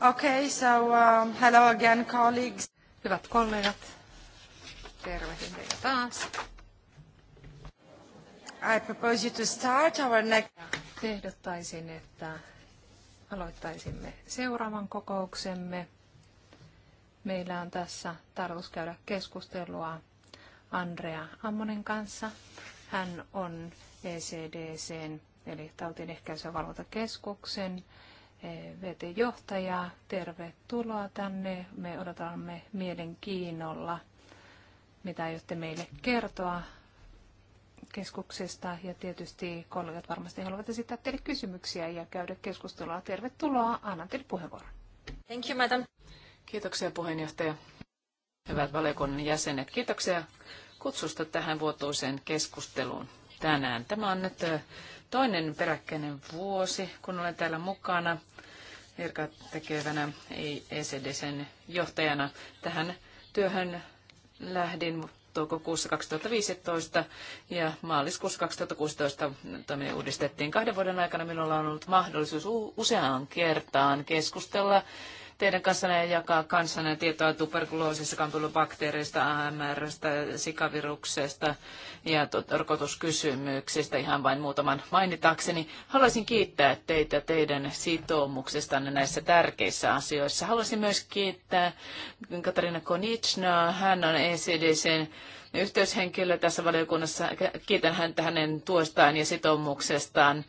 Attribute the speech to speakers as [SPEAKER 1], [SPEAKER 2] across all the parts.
[SPEAKER 1] Okay,
[SPEAKER 2] so um, hello again, colleagues. Hyvät kollegat,
[SPEAKER 1] tervehdin teitä taas.
[SPEAKER 2] I propose you to start our
[SPEAKER 1] next... Ehdottaisin, että aloittaisimme seuraavan kokouksemme. Meillä on tässä tarkoitus käydä keskustelua Andrea Ammonen kanssa. Hän on ECDCn eli tautien ehkäisy- E, vt johtaja Tervetuloa tänne. Me odotamme mielenkiinnolla, mitä aiotte meille kertoa keskuksesta. Ja tietysti kollegat varmasti haluavat esittää teille kysymyksiä ja käydä keskustelua. Tervetuloa. Annan teille puheenvuoron.
[SPEAKER 3] Thank you, madam. Kiitoksia puheenjohtaja. Hyvät valiokunnan jäsenet, kiitoksia kutsusta tähän vuotuiseen keskusteluun tänään. Tämä on nyt toinen peräkkäinen vuosi, kun olen täällä mukana virkatekevänä ECDCn e johtajana. Tähän työhön lähdin toukokuussa 2015 ja maaliskuussa 2016 toimia uudistettiin. Kahden vuoden aikana minulla on ollut mahdollisuus useaan kertaan keskustella teidän kanssanne jakaa kanssanne tietoa tuberkuloosista, kampylobakteereista, AMRstä, sikaviruksesta ja rokotuskysymyksistä ihan vain muutaman mainitakseni. Haluaisin kiittää teitä teidän sitoumuksestanne näissä tärkeissä asioissa. Haluaisin myös kiittää Katarina Konitsnaa. Hän on ECDCn yhteyshenkilö tässä valiokunnassa. Kiitän häntä hänen tuostaan ja sitoumuksestaan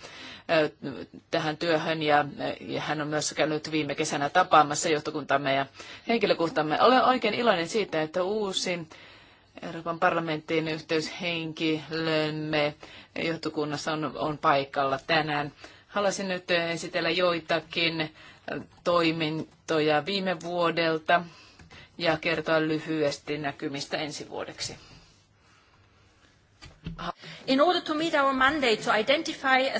[SPEAKER 3] tähän työhön ja, hän on myös käynyt viime kesänä tapaamassa johtokuntamme ja henkilökuntamme. Olen oikein iloinen siitä, että uusi Euroopan parlamenttiin yhteyshenkilömme johtokunnassa on, on paikalla tänään. Haluaisin nyt esitellä joitakin toimintoja viime vuodelta ja kertoa lyhyesti näkymistä ensi vuodeksi. In order to meet our mandate to identify a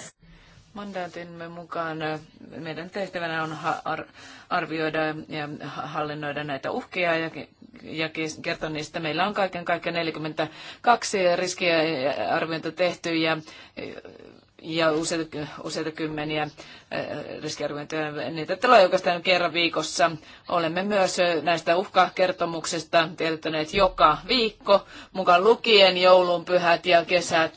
[SPEAKER 3] mandaatimme mukaan äh, meidän tehtävänä on arvioida ja hallinnoida näitä uhkia ja, ja kertoa niistä. Meillä on kaiken kaikkiaan 42 arviointa tehty ja äh, ja useita, useita kymmeniä riskiarviointeja. Niitä tulee oikeastaan kerran viikossa. Olemme myös näistä uhkakertomuksista tiedottaneet joka viikko, mukaan lukien joulun, pyhät ja kesät.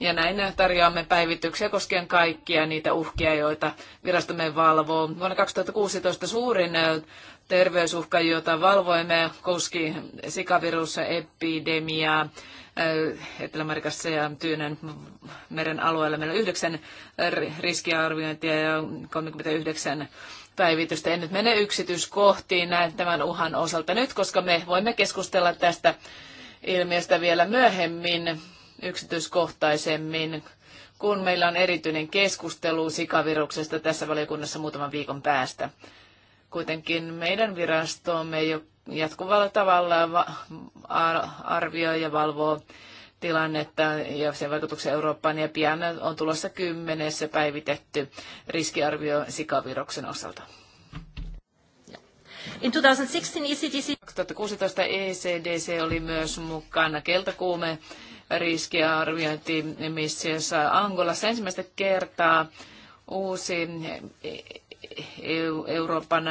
[SPEAKER 3] Ja näin tarjoamme päivityksiä koskien kaikkia niitä uhkia, joita virastomme valvoo. Vuonna 2016 suurin terveysuhka, jota valvoimme, koski sikavirusepidemiaa. Etelä-Amerikassa ja Tyynen meren alueella. Meillä on yhdeksän riskiarviointia ja 39 päivitystä. En nyt mene yksityiskohtiin näin tämän uhan osalta nyt, koska me voimme keskustella tästä ilmiöstä vielä myöhemmin yksityiskohtaisemmin, kun meillä on erityinen keskustelu sikaviruksesta tässä valiokunnassa muutaman viikon päästä. Kuitenkin meidän virastomme, jatkuvalla tavalla arvioi ja valvoo tilannetta ja sen vaikutuksen Eurooppaan. Ja pian on tulossa kymmenessä päivitetty riskiarvio sikaviruksen osalta. In 2016 ECDC... 2016 ECDC oli myös mukana keltakuume riskiarviointimissiossa Angolassa ensimmäistä kertaa uusi e- e- e- Euroopan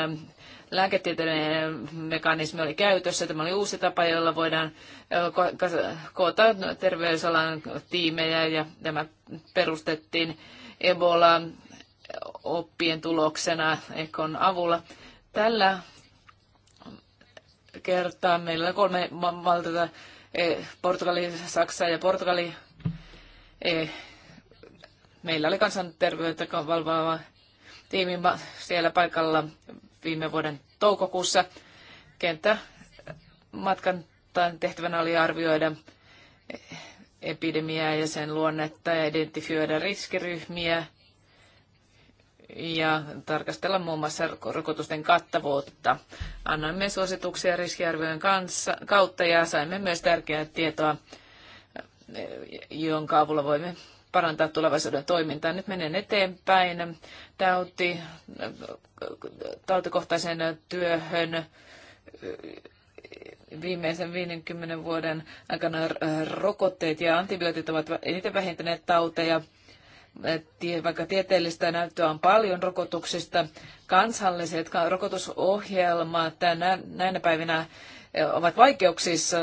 [SPEAKER 3] lääketieteellinen mekanismi oli käytössä. Tämä oli uusi tapa, jolla voidaan koota terveysalan tiimejä ja tämä perustettiin Ebola-oppien tuloksena Ekon avulla. Tällä kertaa meillä on kolme valtiota, e, Portugali, Saksa ja Portugali. E, meillä oli kansanterveyttä valvaava tiimi siellä paikalla viime vuoden toukokuussa. Kenttä matkan tehtävänä oli arvioida epidemiaa ja sen luonnetta ja identifioida riskiryhmiä ja tarkastella muun muassa rokotusten kattavuutta. Annoimme suosituksia riskiarvojen kanssa, kautta ja saimme myös tärkeää tietoa, jonka avulla voimme parantaa tulevaisuuden toimintaa. Nyt menen eteenpäin tauti, tautikohtaisen työhön viimeisen 50 vuoden aikana rokotteet ja antibiootit ovat eniten vähentäneet tauteja. Vaikka tieteellistä näyttöä on paljon rokotuksista, kansalliset rokotusohjelmat näinä päivinä ovat vaikeuksissa,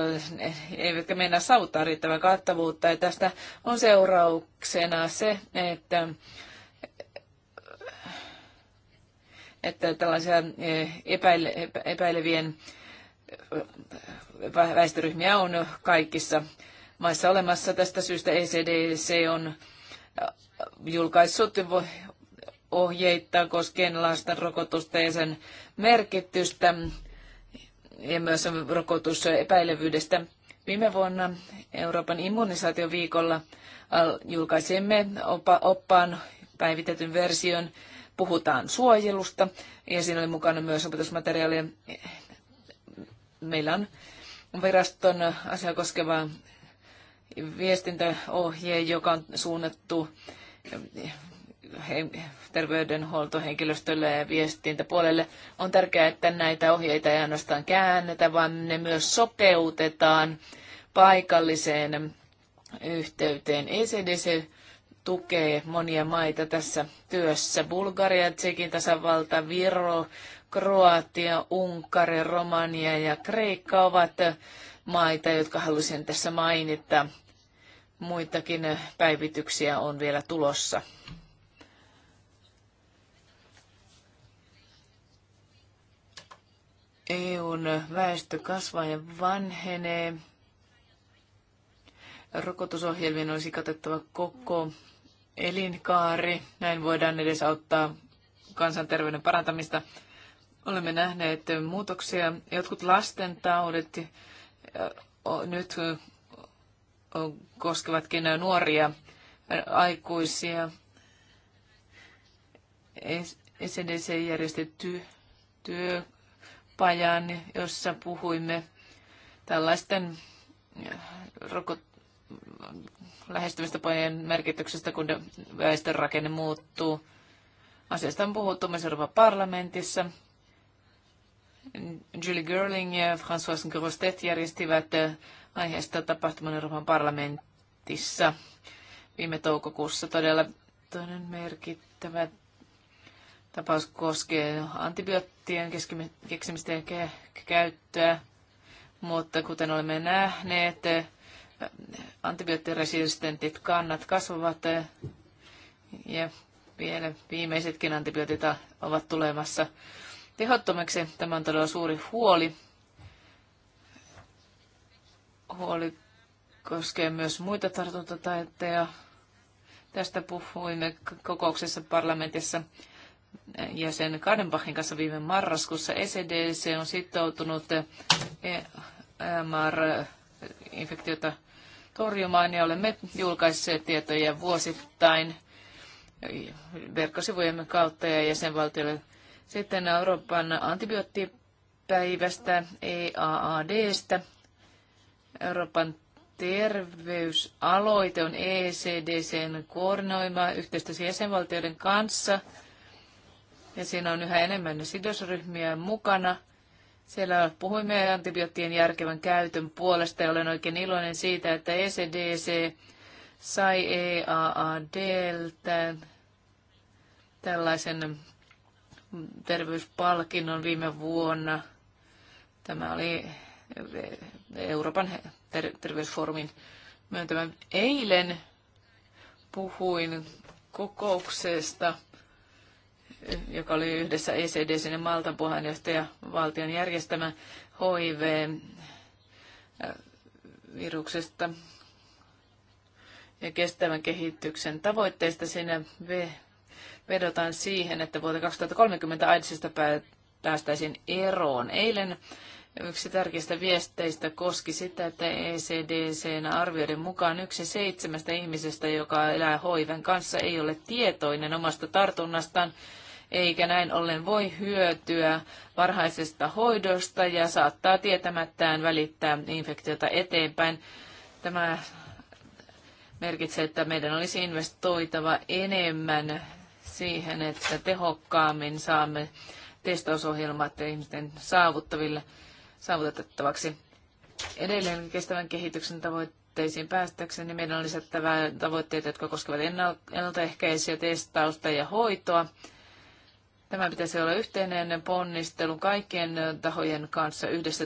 [SPEAKER 3] eivätkä mennä saavuttaa riittävää kattavuutta. Ja tästä on seurauksena se, että että tällaisia e, epäile, epäilevien e, väestöryhmiä on kaikissa maissa olemassa. Tästä syystä ECDC on julkaissut ohjeita koskien lasten rokotusta ja sen merkitystä ja myös rokotusepäilevyydestä. Viime vuonna Euroopan immunisaatioviikolla julkaisimme oppaan päivitetyn version Puhutaan suojelusta ja siinä oli mukana myös opetusmateriaalia. Meillä on viraston asiaa koskeva viestintäohje, joka on suunnattu terveydenhuoltohenkilöstölle ja viestintäpuolelle. On tärkeää, että näitä ohjeita ei ainoastaan käännetä, vaan ne myös sopeutetaan paikalliseen yhteyteen. ECDC tukee monia maita tässä työssä. Bulgaria, Tsekin tasavalta, Viro, Kroatia, Unkari, Romania ja Kreikka ovat maita, jotka halusin tässä mainita. Muitakin päivityksiä on vielä tulossa. EUn väestö kasvaa ja vanhenee. Rokotusohjelmien olisi katettava koko elinkaari. Näin voidaan edesauttaa kansanterveyden parantamista. Olemme nähneet muutoksia. Jotkut lasten taudit nyt koskevatkin nuoria aikuisia. ECDC järjestetty työ pajan, jossa puhuimme tällaisten rokot, lähestymistapojen merkityksestä, kun väestön rakenne muuttuu. Asiasta on puhuttu myös Euroopan parlamentissa. Julie Gerling ja François Grostet järjestivät äh, aiheesta tapahtuman Euroopan parlamentissa viime toukokuussa. Todella toinen merkittävä Tapaus koskee antibioottien keksimistä ja käyttöä, mutta kuten olemme nähneet, antibioottiresistentit kannat kasvavat ja vielä viimeisetkin antibiootit ovat tulemassa tehottomaksi. Tämä on todella suuri huoli. Huoli koskee myös muita tartuntataiteja. Tästä puhuimme kokouksessa parlamentissa jäsen Kadenbachin kanssa viime marraskuussa. ECDC on sitoutunut EMR-infektiota e torjumaan ja olemme julkaisseet tietoja vuosittain verkkosivujemme kautta ja jäsenvaltioille. Sitten Euroopan antibioottipäivästä, EAADstä. Euroopan terveysaloite on ECDCn koordinoima yhteistyössä jäsenvaltioiden kanssa – ja siinä on yhä enemmän sidosryhmiä mukana. Siellä puhuimme antibioottien järkevän käytön puolesta ja olen oikein iloinen siitä, että ECDC sai EAADltä tällaisen terveyspalkinnon viime vuonna. Tämä oli Euroopan ter- terveysfoorumin myöntämä. Eilen puhuin kokouksesta – joka oli yhdessä ECD sinne Maltan puheenjohtaja valtion järjestämä HIV-viruksesta ja kestävän kehityksen tavoitteista. Siinä vedotaan siihen, että vuoteen 2030 AIDSista päästäisiin eroon. Eilen yksi tärkeistä viesteistä koski sitä, että ECDCn arvioiden mukaan yksi seitsemästä ihmisestä, joka elää hoiven kanssa, ei ole tietoinen omasta tartunnastaan eikä näin ollen voi hyötyä varhaisesta hoidosta ja saattaa tietämättään välittää infektiota eteenpäin. Tämä merkitsee, että meidän olisi investoitava enemmän siihen, että tehokkaammin saamme testausohjelmat ihmisten saavuttaville saavutettavaksi. Edelleen kestävän kehityksen tavoitteisiin päästäkseen niin meidän on lisättävä tavoitteita, jotka koskevat ennaltaehkäisyä, testausta ja hoitoa. Tämä pitäisi olla yhteinen ponnistelu kaikkien tahojen kanssa yhdessä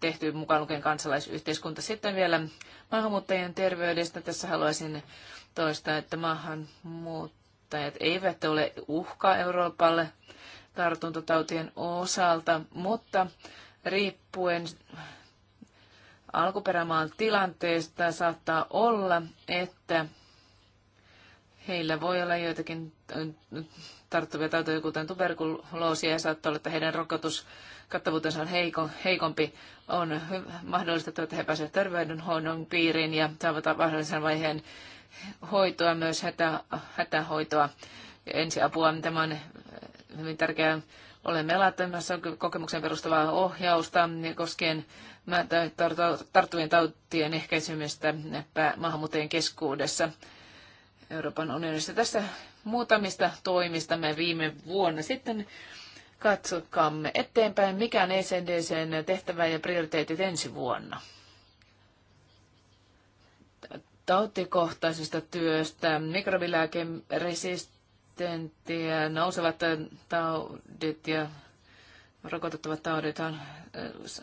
[SPEAKER 3] tehty mukaan lukien kansalaisyhteiskunta. Sitten vielä maahanmuuttajien terveydestä. Tässä haluaisin toistaa, että maahanmuuttajat eivät ole uhka Euroopalle tartuntatautien osalta, mutta riippuen alkuperämaan tilanteesta saattaa olla, että heillä voi olla joitakin tarttuvia tauteja, kuten tuberkuloosia, ja saattaa olla, että heidän rokotuskattavuutensa on heiko, heikompi. On mahdollista että he pääsevät terveydenhoidon piiriin ja saavat mahdollisen vaiheen hoitoa, myös hätä, hätähoitoa ja ensiapua. Tämä on hyvin tärkeää. Olemme laittamassa kokemuksen perustuvaa ohjausta koskien tarttuvien tautien ehkäisemistä maahanmuuttajien keskuudessa Euroopan unionissa. Tässä muutamista toimistamme viime vuonna. Sitten katsokamme eteenpäin, mikä on ECDCn tehtävä ja prioriteetit ensi vuonna. Tautikohtaisesta työstä, mikrobilääkeresistenttiä, nousevat taudit ja rokotettavat taudit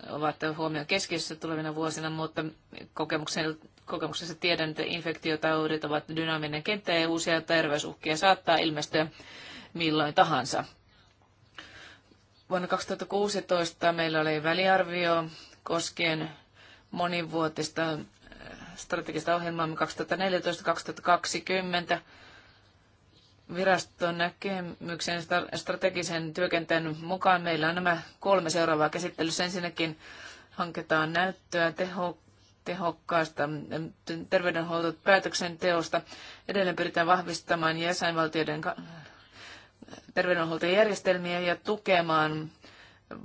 [SPEAKER 3] ovat huomioon keskiössä tulevina vuosina, mutta kokemuksessa tiedän, että infektiotaudit ovat dynaaminen kenttä ja uusia terveysuhkia saattaa ilmestyä milloin tahansa. Vuonna 2016 meillä oli väliarvio koskien monivuotista strategista ohjelmaa 2014-2020 viraston näkemyksen strategisen työkentän mukaan meillä on nämä kolme seuraavaa käsittelyssä. Ensinnäkin hanketaan näyttöä teho, tehokkaasta terveydenhuoltopäätöksenteosta. Edelleen pyritään vahvistamaan jäsenvaltioiden terveydenhuoltojärjestelmiä ja tukemaan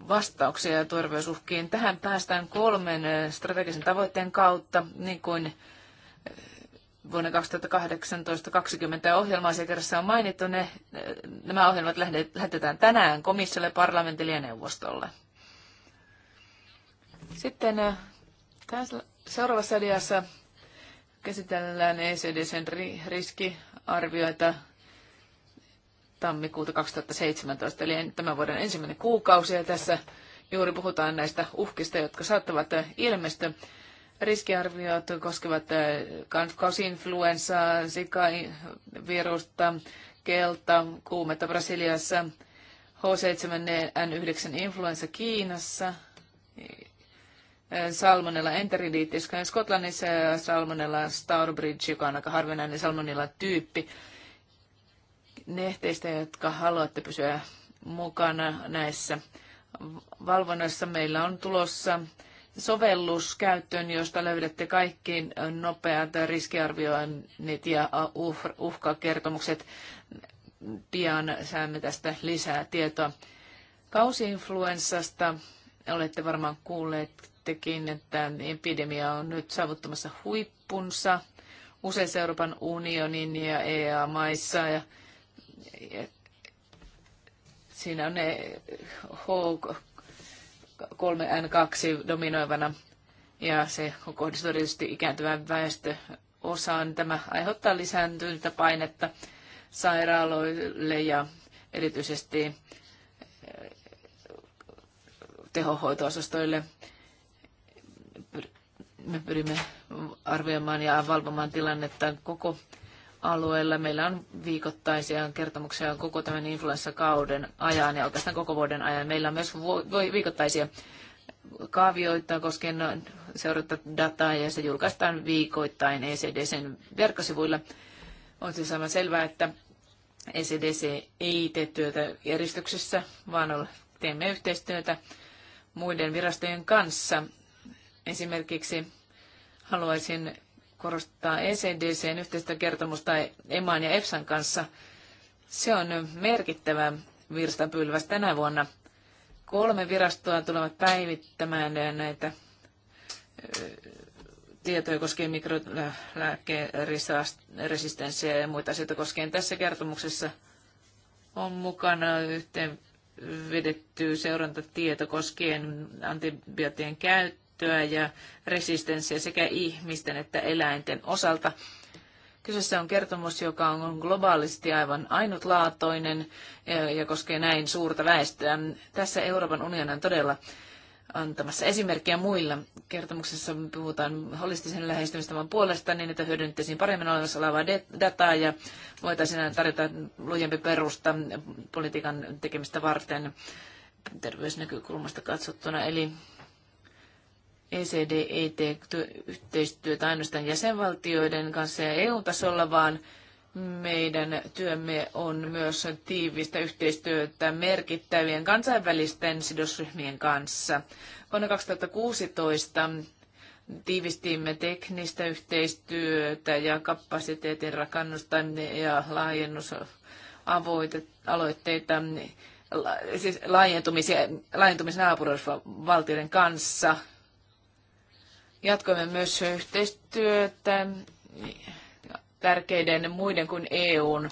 [SPEAKER 3] vastauksia ja terveysuhkiin. Tähän päästään kolmen strategisen tavoitteen kautta, niin kuin vuonna 2018-2020 ohjelma-asiakirjassa on mainittu, ne, nämä ohjelmat lähetetään tänään komissiolle, parlamentille ja neuvostolle. Sitten äh, tässä seuraavassa diassa käsitellään ECDCn riskiarvioita tammikuuta 2017, eli tämän vuoden ensimmäinen kuukausi, ja tässä juuri puhutaan näistä uhkista, jotka saattavat ilmestyä riskiarviot koskevat äh, kausinfluenssaa, sikavirusta, kelta, kuumetta Brasiliassa, H7N9 influenssa Kiinassa, äh, Salmonella enteriliittis, Skotlannissa ja Salmonella Starbridge, joka on aika harvinainen Salmonella tyyppi. Nehteistä, jotka haluatte pysyä mukana näissä valvonnoissa, meillä on tulossa sovellus käyttöön, josta löydätte kaikki nopeat riskiarvioinnit ja uh, uhkakertomukset. Pian saamme tästä lisää tietoa. Kausiinfluenssasta olette varmaan kuulleet tekin, että epidemia on nyt saavuttamassa huippunsa useissa Euroopan unionin ja EA-maissa. Ja, ja siinä on ne 3N2 dominoivana ja se on kohdistunut erityisesti ikääntyvän väestöosaan. Tämä aiheuttaa lisääntynyttä painetta sairaaloille ja erityisesti eh, tehohoitoosastoille. Me pyrimme arvioimaan ja valvomaan tilannetta koko alueella. Meillä on viikoittaisia kertomuksia koko tämän influenssakauden ajan ja oikeastaan koko vuoden ajan. Meillä on myös viikoittaisia kaavioita koskien dataa ja se julkaistaan viikoittain ECDCn verkkosivuilla. On siis aivan selvää, että ECDC ei tee työtä järjestyksessä, vaan teemme yhteistyötä muiden virastojen kanssa. Esimerkiksi haluaisin korostaa ECDCn yhteistä kertomusta EMAan ja EFSAn kanssa. Se on merkittävä virstanpylväs tänä vuonna. Kolme virastoa tulevat päivittämään näitä tietoja koskien mikrolääkeresistenssiä ja muita asioita koskien. Tässä kertomuksessa on mukana yhteen vedetty seurantatieto koskien antibioottien käyttöä käyttöä ja resistenssiä sekä ihmisten että eläinten osalta. Kyseessä on kertomus, joka on globaalisti aivan ainutlaatoinen ja koskee näin suurta väestöä. Tässä Euroopan unionin on todella antamassa esimerkkiä muilla. Kertomuksessa puhutaan holistisen lähestymistavan puolesta niin, että hyödynnettäisiin paremmin olemassa olevaa dataa ja voitaisiin tarjota lujempi perusta politiikan tekemistä varten terveysnäkökulmasta katsottuna. Eli ECD ei yhteistyötä ainoastaan jäsenvaltioiden kanssa ja EU-tasolla, vaan meidän työmme on myös tiivistä yhteistyötä merkittävien kansainvälisten sidosryhmien kanssa. Vuonna 2016 tiivistimme teknistä yhteistyötä ja kapasiteetin rakennusta ja laajennusaloitteita siis laajentumisen, laajentumisen naapurivaltioiden kanssa – Jatkoimme myös yhteistyötä tärkeiden muiden kuin EUn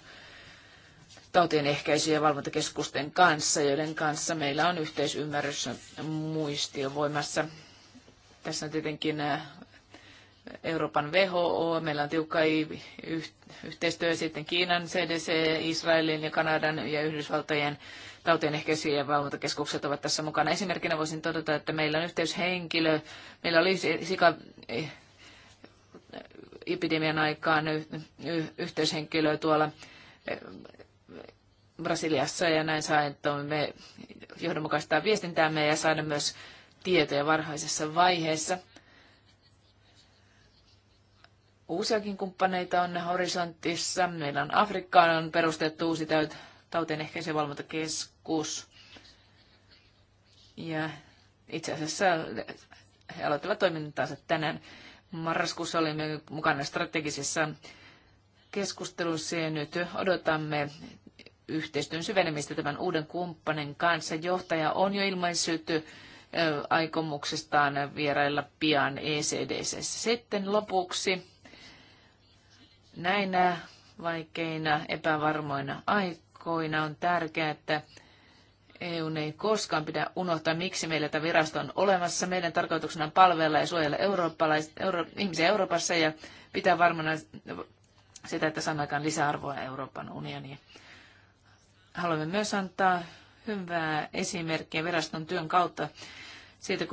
[SPEAKER 3] tautien ehkäisy- ja valvontakeskusten kanssa, joiden kanssa meillä on yhteisymmärrys muistio voimassa. Tässä on tietenkin Euroopan WHO, meillä on tiukka yhteistyö sitten Kiinan, CDC, Israelin ja Kanadan ja Yhdysvaltojen tautien ehkäisy- ja valvontakeskukset ovat tässä mukana. Esimerkkinä voisin todeta, että meillä on yhteyshenkilö, meillä oli sika eh, epidemian aikaan yhteyshenkilö tuolla eh, Brasiliassa ja näin sain, että me johdonmukaistaa viestintäämme ja saada myös tietoja varhaisessa vaiheessa. Uusiakin kumppaneita on horisontissa. Meillä on Afrikkaan on perustettu uusi täyt tautien ehkäisen valvontakeskus. Ja itse asiassa he aloittavat toimintaansa tänään. Marraskuussa olimme mukana strategisessa keskustelussa ja nyt odotamme yhteistyön syvenemistä tämän uuden kumppanin kanssa. Johtaja on jo ilmaissut aikomuksestaan vierailla pian ECDC. Sitten lopuksi näinä vaikeina epävarmoina aikoina aikoina on tärkeää, että EU ei koskaan pidä unohtaa, miksi meillä tämä virasto on olemassa. Meidän tarkoituksena on palvella ja suojella eurooppalais, euro, ihmisiä Euroopassa ja pitää varmana sitä, että saamme aikaan lisäarvoa Euroopan unioniin. Haluamme myös antaa hyvää esimerkkiä viraston työn kautta siitä,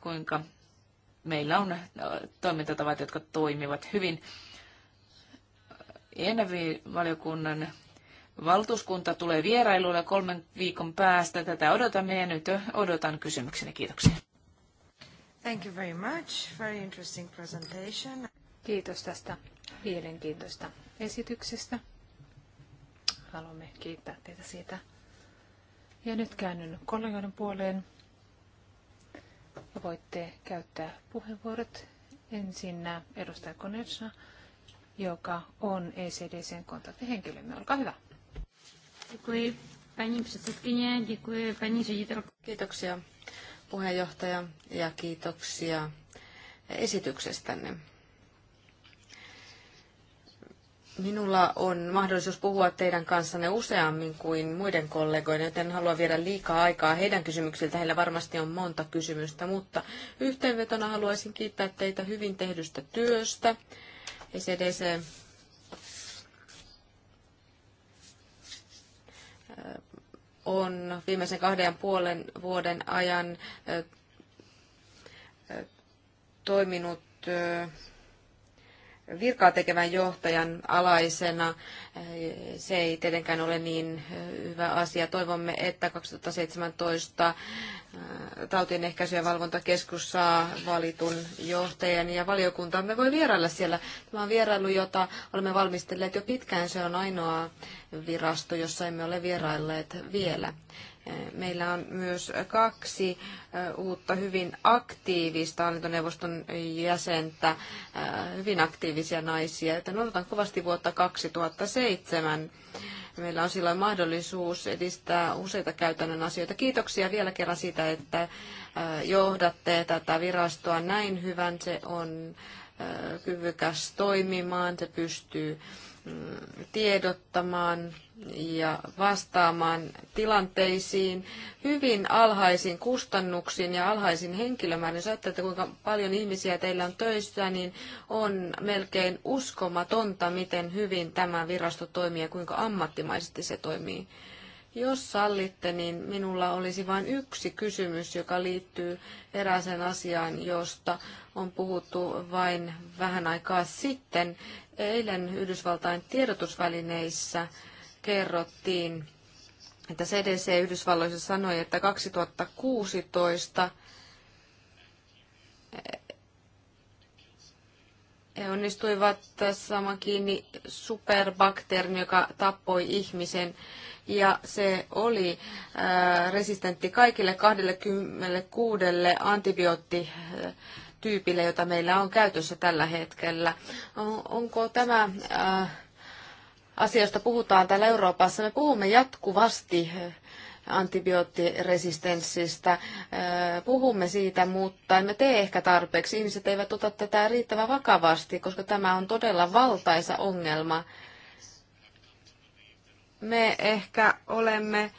[SPEAKER 3] kuinka meillä on toimintatavat, jotka toimivat hyvin. Enävi-valiokunnan Valtuuskunta tulee vierailulle kolmen viikon päästä. Tätä odotamme ja nyt odotan kysymykseni. Kiitoksia.
[SPEAKER 2] Thank you very much. Very interesting presentation.
[SPEAKER 1] Kiitos tästä mielenkiintoista esityksestä. Haluamme kiittää teitä siitä. Ja nyt käännyn kollegoiden puoleen. Voitte käyttää puheenvuorot ensin edustaja Konersa, joka on ECDCn kontaktihenkilömme. Olkaa hyvä.
[SPEAKER 2] Děkuji paní předsedkyně, děkuji paní ředitelko. Kiitoksia puheenjohtaja ja kiitoksia esityksestänne. Minulla on mahdollisuus puhua teidän kanssanne useammin kuin muiden kollegoiden, joten haluan viedä liikaa aikaa heidän kysymyksiltä. Heillä varmasti on monta kysymystä, mutta yhteenvetona haluaisin kiittää teitä hyvin tehdystä työstä. ECDC on viimeisen kahden ja puolen vuoden ajan toiminut virkaa tekevän johtajan alaisena. Se ei tietenkään ole niin hyvä asia. Toivomme, että 2017 äh, tautien ehkäisy- ja valvontakeskus saa valitun johtajan ja valiokuntamme voi vierailla siellä. Tämä on vierailu, jota olemme valmistelleet jo pitkään. Se on ainoa virasto, jossa emme ole vierailleet vielä. Meillä on myös kaksi uutta hyvin aktiivista hallintoneuvoston jäsentä, hyvin aktiivisia naisia, joten odotan kovasti vuotta 2007. Meillä on silloin mahdollisuus edistää useita käytännön asioita. Kiitoksia vielä kerran siitä, että johdatte tätä virastoa näin hyvän. Se on kyvykäs toimimaan, se pystyy tiedottamaan ja vastaamaan tilanteisiin hyvin alhaisin kustannuksiin ja alhaisin henkilömäärin. Jos ajattelette, kuinka paljon ihmisiä teillä on töissä, niin on melkein uskomatonta, miten hyvin tämä virasto toimii ja kuinka ammattimaisesti se toimii. Jos sallitte, niin minulla olisi vain yksi kysymys, joka liittyy erääseen asiaan, josta on puhuttu vain vähän aikaa sitten. Eilen Yhdysvaltain tiedotusvälineissä kerrottiin, että CDC Yhdysvalloissa sanoi, että 2016 he onnistuivat saamaan kiinni superbakteerin, joka tappoi ihmisen ja se oli äh, resistentti kaikille 26 antibioottityypille, tyypille, jota meillä on käytössä tällä hetkellä. Onko tämä äh, asia, josta puhutaan täällä Euroopassa? Me puhumme jatkuvasti äh, antibioottiresistenssistä. Puhumme siitä, mutta emme tee ehkä tarpeeksi. Ihmiset eivät ota tätä riittävän vakavasti, koska tämä on todella valtaisa ongelma me ehkä olemme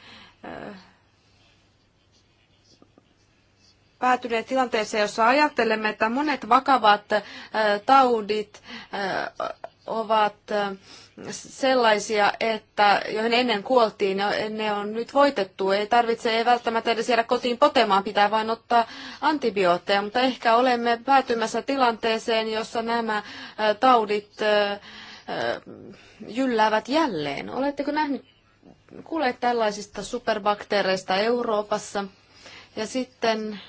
[SPEAKER 2] päätyneet tilanteeseen, jossa ajattelemme, että monet vakavat taudit ovat sellaisia, että joihin ennen kuoltiin, ne on nyt voitettu. Ei tarvitse ei välttämättä edes jäädä kotiin potemaan, pitää vain ottaa antibiootteja, mutta ehkä olemme päätymässä tilanteeseen, jossa nämä taudit jylläävät jälleen. Oletteko nähnyt, kuulleet tällaisista superbakteereista Euroopassa? Ja sitten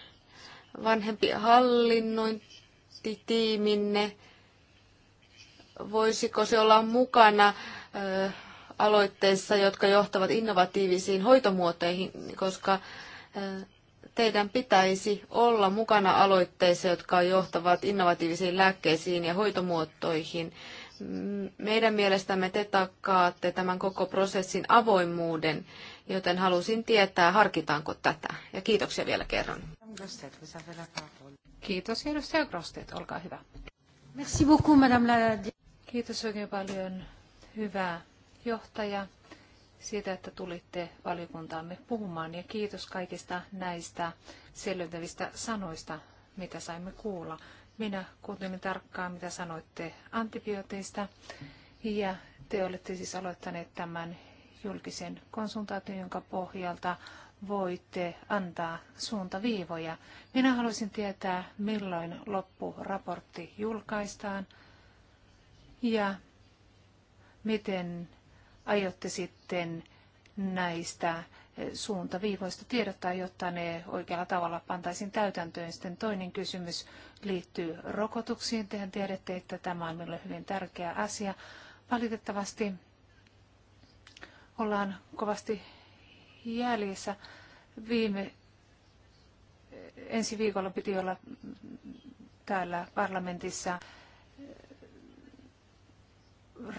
[SPEAKER 2] vanhempi hallinnointitiiminne, voisiko se olla mukana aloitteissa, jotka johtavat innovatiivisiin hoitomuotoihin, koska teidän pitäisi olla mukana aloitteissa, jotka johtavat innovatiivisiin lääkkeisiin ja hoitomuotoihin. Meidän mielestämme te takaatte tämän koko prosessin avoimuuden, joten halusin tietää, harkitaanko tätä. Ja kiitoksia vielä kerran. Kiitos,
[SPEAKER 1] edustaja Grosteet. Olkaa hyvä. Merci beaucoup, madame la... Kiitos oikein paljon, hyvä johtaja, siitä, että tulitte valiokuntaamme puhumaan. Ja kiitos kaikista näistä selventävistä sanoista, mitä saimme kuulla. Minä kuuntelin tarkkaan, mitä sanoitte antibiooteista. Ja te olette siis aloittaneet tämän julkisen konsultaation, jonka pohjalta voitte antaa suuntaviivoja. Minä haluaisin tietää, milloin loppuraportti julkaistaan ja miten aiotte sitten näistä suuntaviivoista tiedottaa, jotta ne oikealla tavalla pantaisiin täytäntöön. Sitten toinen kysymys liittyy rokotuksiin. Tehän tiedätte, että tämä on minulle hyvin tärkeä asia. Valitettavasti ollaan kovasti jäljessä. Viime, ensi viikolla piti olla täällä parlamentissa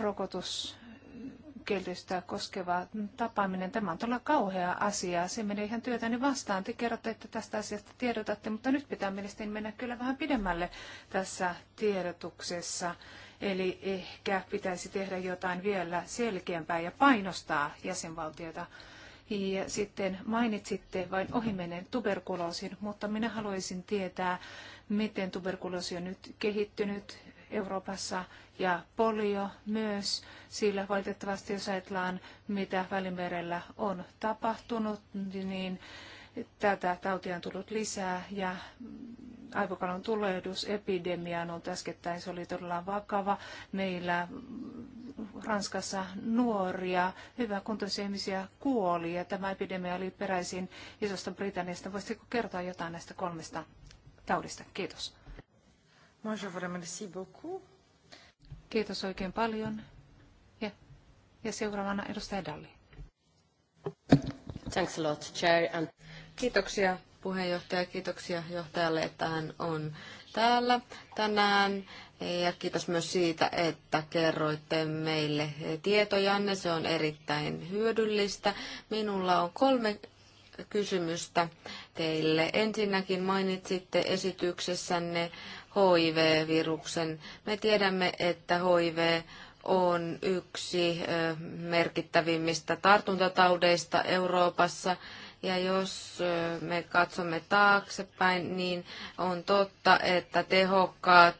[SPEAKER 1] rokotus kielteistöä koskeva tapaaminen. Tämä on todella kauhea asia. Se menee ihan työtäni vastaan. Te kerrotte, että tästä asiasta tiedotatte, mutta nyt pitää mielestäni mennä kyllä vähän pidemmälle tässä tiedotuksessa. Eli ehkä pitäisi tehdä jotain vielä selkeämpää ja painostaa jäsenvaltiota. Ja sitten mainitsitte vain ohimennen tuberkuloosin, mutta minä haluaisin tietää, miten tuberkuloosi on nyt kehittynyt, Euroopassa ja polio myös, sillä valitettavasti jos ajatellaan, mitä Välimerellä on tapahtunut, niin tätä tautia on tullut lisää ja aivokalon tulehdusepidemia on ollut äskettäin, se oli todella vakava. Meillä Ranskassa nuoria, hyväkuntoisia ihmisiä kuoli ja tämä epidemia oli peräisin Isosta Britanniasta. Voisitko kertoa jotain näistä kolmesta taudista? Kiitos. Moi, je vous remercie beaucoup. Kiitos oikein paljon. Ja, ja seuraavana edustaja Dalli.
[SPEAKER 2] Thanks a lot, Chair. And... Kiitoksia puheenjohtaja, kiitoksia johtajalle, että hän on täällä tänään. Ja kiitos myös siitä, että kerroitte meille tietojanne. Se on erittäin hyödyllistä. Minulla on kolme kysymystä teille. Ensinnäkin mainitsitte esityksessänne HIV-viruksen. Me tiedämme, että HIV on yksi merkittävimmistä tartuntataudeista Euroopassa. Ja jos me katsomme taaksepäin, niin on totta, että tehokkaat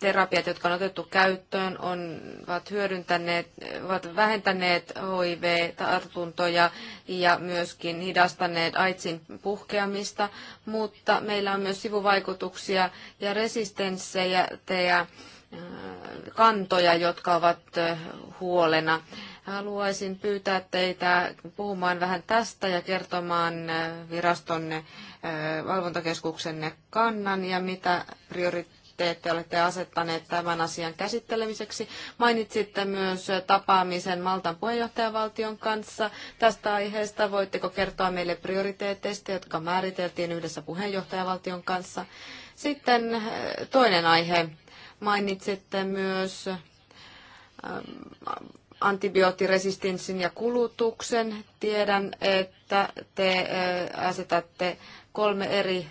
[SPEAKER 2] terapiat, jotka on otettu käyttöön, on, ovat, hyödyntäneet, ovat vähentäneet HIV-tartuntoja ja myöskin hidastaneet AIDSin puhkeamista, mutta meillä on myös sivuvaikutuksia ja resistenssejä ja äh, kantoja, jotka ovat äh, huolena. Haluaisin pyytää teitä puhumaan vähän tästä ja kertomaan äh, virastonne valvontakeskuksenne kannan ja mitä priori- te, te olette asettaneet tämän asian käsittelemiseksi. Mainitsitte myös tapaamisen Maltan puheenjohtajavaltion kanssa tästä aiheesta. Voitteko kertoa meille prioriteeteista, jotka määriteltiin yhdessä puheenjohtajavaltion kanssa? Sitten eh, toinen aihe. Mainitsitte myös eh, antibioottiresistenssin ja kulutuksen. Tiedän, että te eh, asetatte kolme eri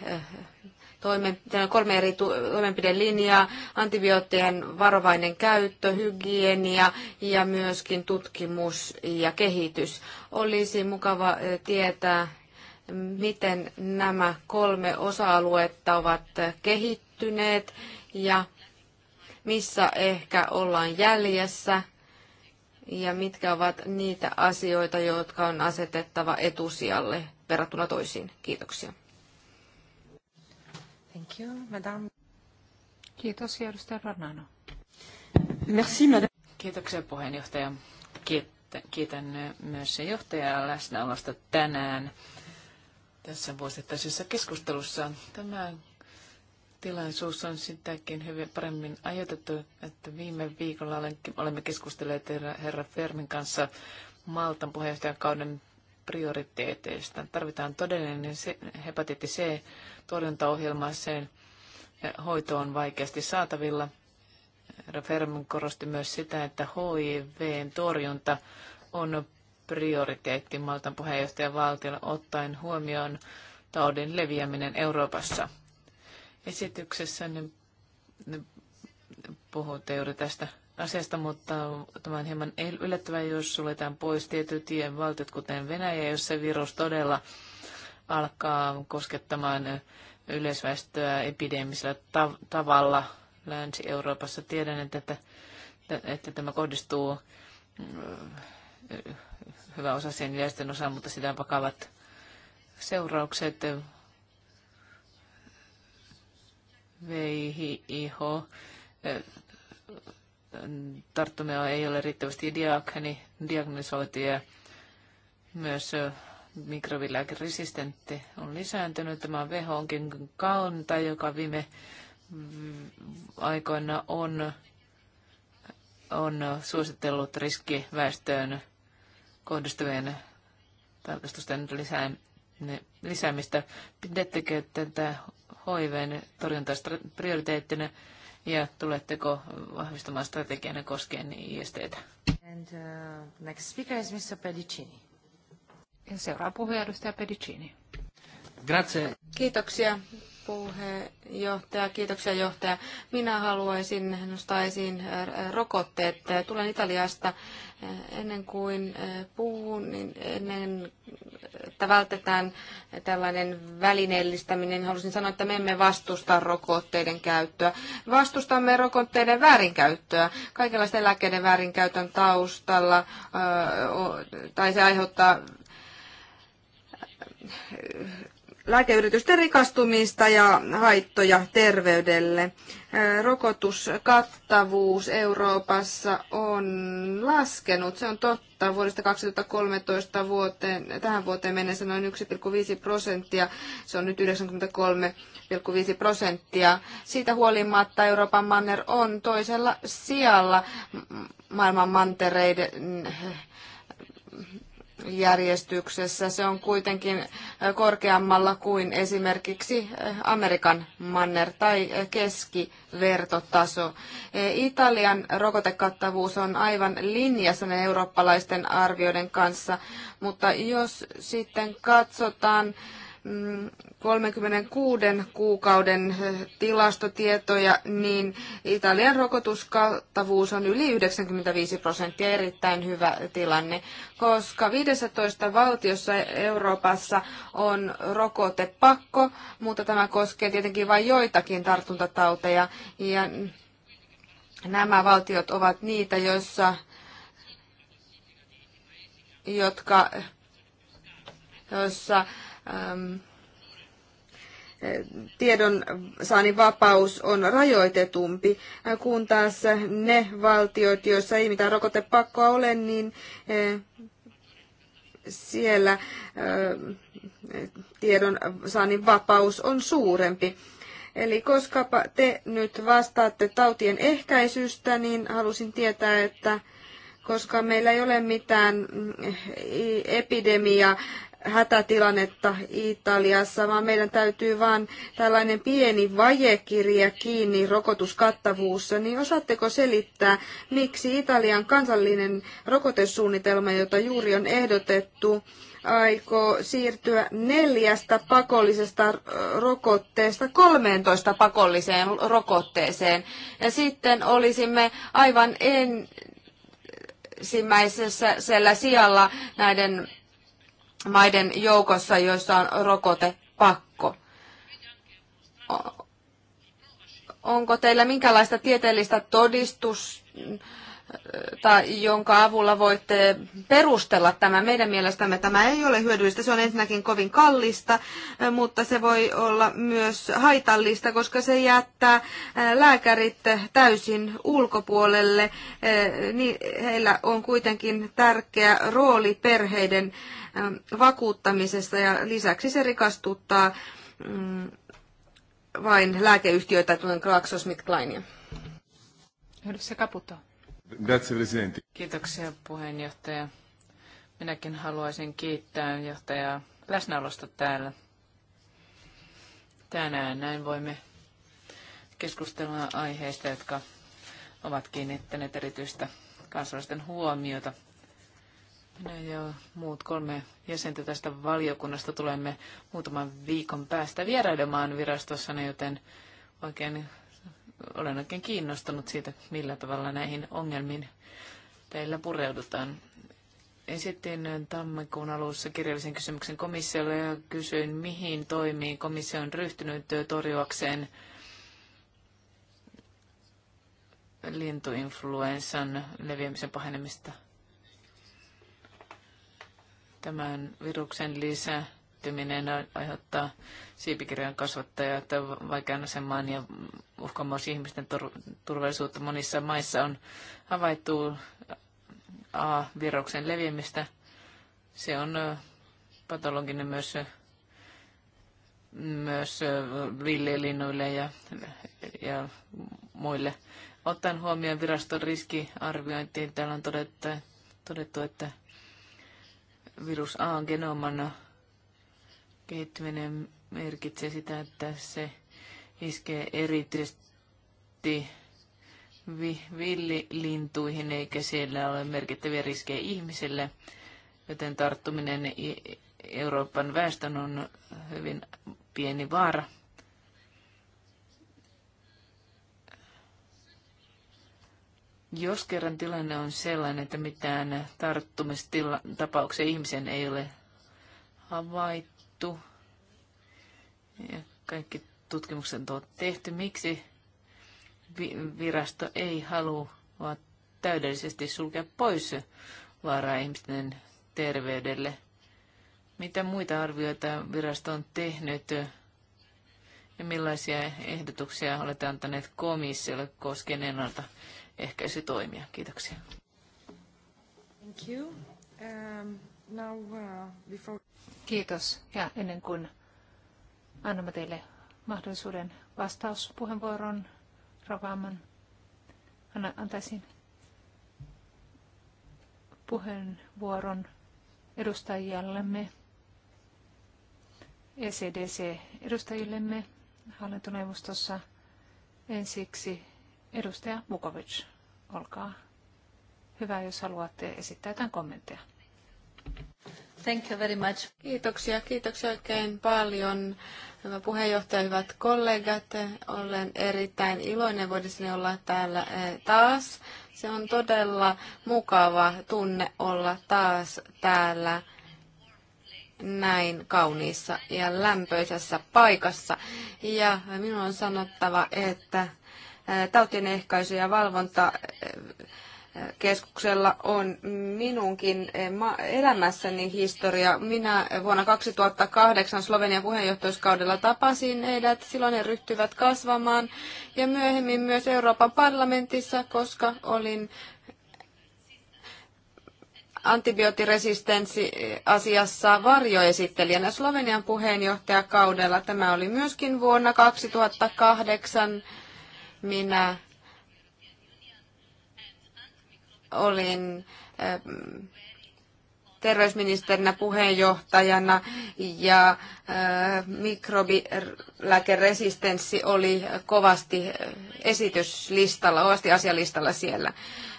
[SPEAKER 2] toimenpiteitä, kolme eri toimenpidelinjaa, antibioottien varovainen käyttö, hygienia ja myöskin tutkimus ja kehitys. Olisi mukava tietää, miten nämä kolme osa-aluetta ovat kehittyneet ja missä ehkä ollaan jäljessä ja mitkä ovat niitä asioita, jotka on asetettava etusijalle verrattuna toisiin. Kiitoksia.
[SPEAKER 1] Thank you, madame. Kiitos, edustaja Ranano.
[SPEAKER 3] Merci, madame. Kiitoksia, puheenjohtaja. Kiitän äh, myös johtajaa läsnäolosta tänään tässä vuosittaisessa keskustelussa. Tämä tilaisuus on sitäkin hyvin paremmin ajoitettu, että viime viikolla olemme keskustelleet herra Fermin kanssa Maltan puheenjohtajakauden prioriteeteista. Tarvitaan todellinen hepatiitti C torjuntaohjelma, sen hoito on vaikeasti saatavilla. Referm korosti myös sitä, että HIVn torjunta on prioriteetti Maltan puheenjohtajan valtiolla ottaen huomioon taudin leviäminen Euroopassa. Esityksessä puhutte juuri tästä asiasta, mutta tämä on hieman yllättävää, jos suljetaan pois tietyt valtiot, kuten Venäjä, jossa virus todella alkaa koskettamaan yleisväestöä epidemisellä tav- tavalla Länsi-Euroopassa. Tiedän, että, että, että tämä kohdistuu mm, hyvä osa sen yleisten osaan, mutta sitä on vakavat seuraukset. VIH tarttumia ei ole riittävästi niin diagnosoitu ja myös mikrobilääkeresistentti on lisääntynyt. Tämä on WHOnkin kanta, joka viime mm, aikoina on, on suositellut riskiväestöön kohdistuvien tarkastusten lisäämistä. Pidättekö tätä hoiveen torjuntaa prioriteettina ja tuletteko vahvistamaan strategiana koskien ISTtä? And, uh,
[SPEAKER 2] next speaker is Mr. Pedicini. Ja seuraa puhuja edustaja Pedicini. Grazie. Kiitoksia puheenjohtaja, kiitoksia johtaja. Minä haluaisin nostaa esiin äh, rokotteet. Tulen Italiasta äh, ennen kuin äh, puhun, niin ennen, että vältetään tällainen välineellistäminen, niin halusin sanoa, että me emme vastusta rokotteiden käyttöä. Vastustamme rokotteiden väärinkäyttöä. Kaikenlaisten lääkkeiden väärinkäytön taustalla tai se aiheuttaa lääkeyritysten rikastumista ja haittoja terveydelle. Rokotuskattavuus Euroopassa on laskenut, se on totta. Vuodesta 2013 vuoteen, tähän vuoteen mennessä noin 1,5 prosenttia, se on nyt 93,5 prosenttia. Siitä huolimatta Euroopan manner on toisella sijalla maailman mantereiden järjestyksessä. Se on kuitenkin äh, korkeammalla kuin esimerkiksi äh, Amerikan manner tai äh, keskivertotaso. Italian rokotekattavuus on aivan linjassa ne eurooppalaisten arvioiden kanssa, mutta jos sitten katsotaan 36 kuukauden tilastotietoja, niin Italian rokotuskattavuus on yli 95 prosenttia, erittäin hyvä tilanne, koska 15 valtiossa Euroopassa on rokotepakko, mutta tämä koskee tietenkin vain joitakin tartuntatauteja, ja nämä valtiot ovat niitä, joissa jotka, joissa Ähm, tiedon saannin vapaus on rajoitetumpi, äh, kun taas ne valtiot, joissa ei mitään rokotepakkoa ole, niin äh, siellä äh, tiedon saannin vapaus on suurempi. Eli koska te nyt vastaatte tautien ehkäisystä, niin halusin tietää, että koska meillä ei ole mitään mm, epidemia hätätilannetta Italiassa, vaan meidän täytyy vain tällainen pieni vajekirja kiinni rokotuskattavuus, niin osaatteko selittää, miksi Italian kansallinen rokotesuunnitelma, jota juuri on ehdotettu, aikoo siirtyä neljästä pakollisesta rokotteesta 13 pakolliseen rokotteeseen. Ja sitten olisimme aivan ensimmäisessä sillä sijalla näiden maiden joukossa, joissa on rokotepakko. Onko teillä minkälaista tieteellistä todistusta? tai jonka avulla voitte perustella tämä. Meidän mielestämme tämä ei ole hyödyllistä. Se on ensinnäkin kovin kallista, eh, mutta se voi olla myös haitallista, koska se jättää eh, lääkärit täysin ulkopuolelle. Eh, heillä on kuitenkin tärkeä rooli perheiden vakuuttamisessa ja lisäksi se rikastuttaa mm, vain lääkeyhtiöitä, kuten GlaxoSmithKlinea. Yhdessä kaputaan.
[SPEAKER 3] Grazie, presidente.
[SPEAKER 2] Kiitoksia puheenjohtaja.
[SPEAKER 3] Minäkin haluaisin kiittää johtajaa läsnäolosta täällä tänään. Näin voimme keskustella aiheista, jotka ovat kiinnittäneet erityistä kansalaisten huomiota. Minä ja muut kolme jäsentä tästä valiokunnasta tulemme muutaman viikon päästä vierailemaan virastossa, joten oikein olen oikein kiinnostunut siitä, millä tavalla näihin ongelmiin teillä pureudutaan. Esitin tammikuun alussa kirjallisen kysymyksen komissiolle ja kysyin, mihin toimiin komissio on ryhtynyt torjuakseen lintuinfluenssan leviämisen pahenemista. Tämän viruksen lisää kehittyminen aiheuttaa siipikirjan että vaikean asemaan ja uhkamaus ihmisten turvallisuutta monissa maissa on havaittu A-viruksen leviämistä. Se on patologinen myös, myös villielinnuille ja, ja muille. Ottaen huomioon viraston riskiarviointiin, täällä on todettu, todettu että virus A on genoman kehittyminen merkitsee sitä, että se iskee erityisesti vi- villilintuihin, eikä siellä ole merkittäviä riskejä ihmisille, joten tarttuminen Euroopan väestön on hyvin pieni vaara. Jos kerran tilanne on sellainen, että mitään tarttumistapauksia ihmisen ei ole havaittu, tutkittu. ja kaikki tutkimukset on tehty. Miksi virasto ei halua täydellisesti sulkea pois vaaraa ihmisten terveydelle? Mitä muita arvioita virasto on tehnyt ja millaisia ehdotuksia olette antaneet komissiolle koskien ennalta ehkäisytoimia? Kiitoksia.
[SPEAKER 1] Thank you.
[SPEAKER 2] Um, now, uh,
[SPEAKER 1] before... Kiitos. Ja ennen kuin annamme teille mahdollisuuden vastauspuheenvuoron Ravaaman, antaisin puheenvuoron edustajallemme, ECDC-edustajillemme hallintoneuvostossa. Ensiksi edustaja Mukovic, olkaa hyvä, jos haluatte esittää jotain kommentteja.
[SPEAKER 2] Thank you very much. Kiitoksia, kiitoksia oikein paljon. Hyvä puheenjohtaja, hyvät kollegat, olen erittäin iloinen voidessani olla täällä eh, taas. Se on todella mukava tunne olla taas täällä näin kauniissa ja lämpöisessä paikassa. Ja minun on sanottava, että eh, tautien ehkäisy ja valvonta eh, keskuksella on minunkin eh, elämässäni historia. Minä vuonna 2008 Slovenian puheenjohtajuuskaudella tapasin heidät. Silloin he ryhtyivät kasvamaan ja myöhemmin myös Euroopan parlamentissa, koska olin antibioottiresistenssiasiassa varjoesittelijänä Slovenian puheenjohtajakaudella. Tämä oli myöskin vuonna 2008. Minä olin ähm, terveysministerinä puheenjohtajana ja äh, mikrobilääkeresistenssi oli kovasti äh, esityslistalla, kovasti asialistalla siellä.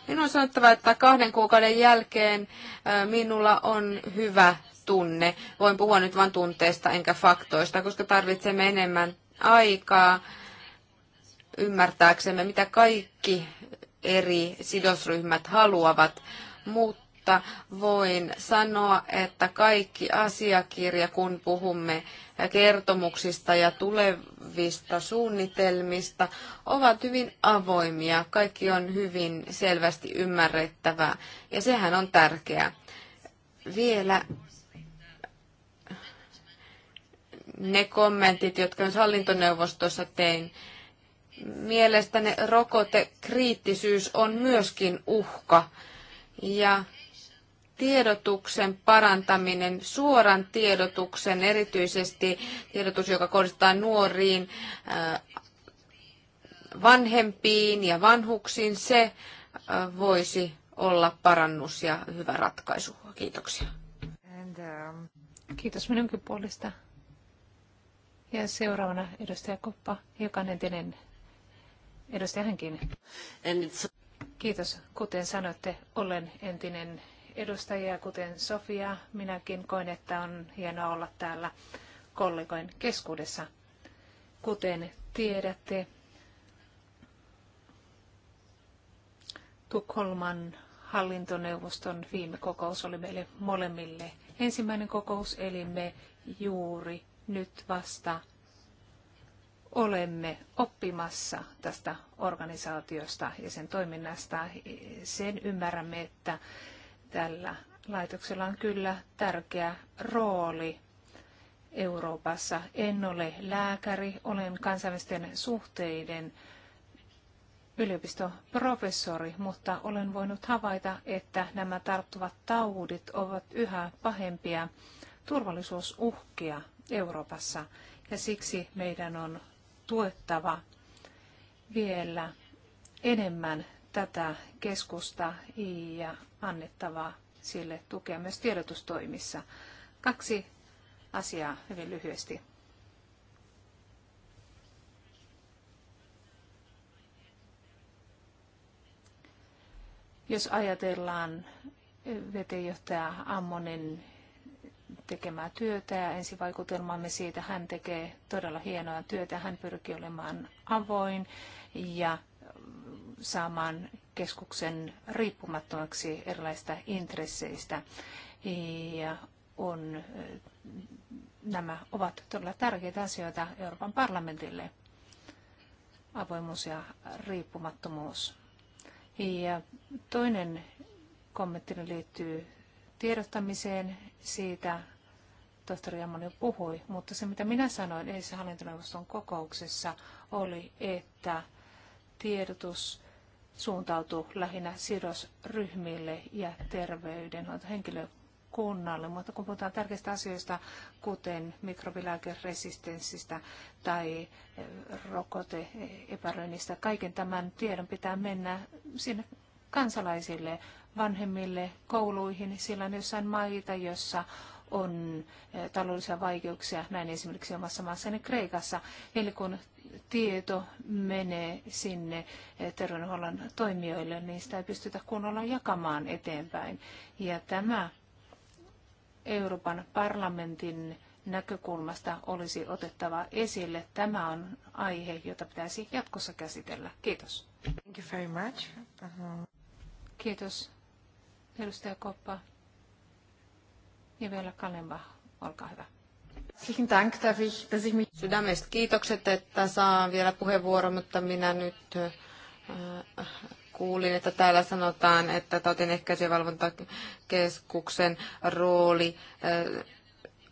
[SPEAKER 2] Minun on sanottava, että kahden kuukauden jälkeen äh, minulla on hyvä tunne. Voin puhua nyt vain tunteesta enkä faktoista, koska tarvitsemme enemmän aikaa ymmärtääksemme, mitä kaikki eri sidosryhmät haluavat, mutta voin sanoa, että kaikki asiakirja, kun puhumme kertomuksista ja tulevista suunnitelmista, ovat hyvin avoimia. Kaikki on hyvin selvästi ymmärrettävää ja sehän on tärkeää. Vielä ne kommentit, jotka myös hallintoneuvostossa tein, mielestäni rokotekriittisyys on myöskin uhka. Ja tiedotuksen parantaminen, suoran tiedotuksen, erityisesti tiedotus, joka kohdistaa nuoriin, äh, vanhempiin ja vanhuksiin, se äh, voisi olla parannus ja hyvä ratkaisu. Kiitoksia.
[SPEAKER 1] And, um... Kiitos minunkin puolesta. Ja seuraavana edustaja Koppa, joka on entinen Edustaja Kiitos. Kuten sanoitte, olen entinen edustaja, kuten Sofia. Minäkin koen, että on hienoa olla täällä kollegojen keskuudessa. Kuten tiedätte, Tukholman hallintoneuvoston viime kokous oli meille molemmille ensimmäinen kokous, eli me juuri nyt vasta olemme oppimassa tästä organisaatiosta ja sen toiminnasta. Sen ymmärrämme, että tällä laitoksella on kyllä tärkeä rooli Euroopassa. En ole lääkäri, olen kansainvälisten suhteiden yliopistoprofessori, mutta olen voinut havaita, että nämä tarttuvat taudit ovat yhä pahempia turvallisuusuhkia Euroopassa ja siksi meidän on tuettava vielä enemmän tätä keskusta ja annettava sille tukea myös tiedotustoimissa. Kaksi asiaa hyvin lyhyesti. Jos ajatellaan vetejohtaja Ammonen tekemää työtä ja ensivaikutelmamme siitä hän tekee todella hienoa työtä. Hän pyrkii olemaan avoin ja saamaan keskuksen riippumattomaksi erilaisista intresseistä. Ja on, nämä ovat todella tärkeitä asioita Euroopan parlamentille, avoimuus ja riippumattomuus. Ja toinen kommenttini liittyy tiedottamiseen siitä, tohtori Jamon jo puhui, mutta se mitä minä sanoin edellisessä hallintoneuvoston kokouksessa oli, että tiedotus suuntautuu lähinnä sidosryhmille ja terveydenhoitohenkilökunnalle, mutta kun puhutaan tärkeistä asioista, kuten mikrobilääkeresistenssistä tai eh, rokoteepäröinnistä, kaiken tämän tiedon pitää mennä sinne kansalaisille, vanhemmille, kouluihin, sillä on jossain maita, jossa on eh, taloudellisia vaikeuksia, näin esimerkiksi omassa maassani Kreikassa. Eli kun tieto menee sinne eh, terveydenhuollon toimijoille, niin sitä ei pystytä kunnolla jakamaan eteenpäin. Ja tämä Euroopan parlamentin näkökulmasta olisi otettava esille. Tämä on aihe, jota pitäisi jatkossa käsitellä. Kiitos. Thank you very much. Uh-huh. Kiitos. Edustaja Koppa vielä Kalenba, olkaa hyvä.
[SPEAKER 2] Sydämestä kiitokset, että saan vielä puheenvuoron, mutta minä nyt äh, kuulin, että täällä sanotaan, että tautin ehkäisyvalvontakeskuksen rooli äh,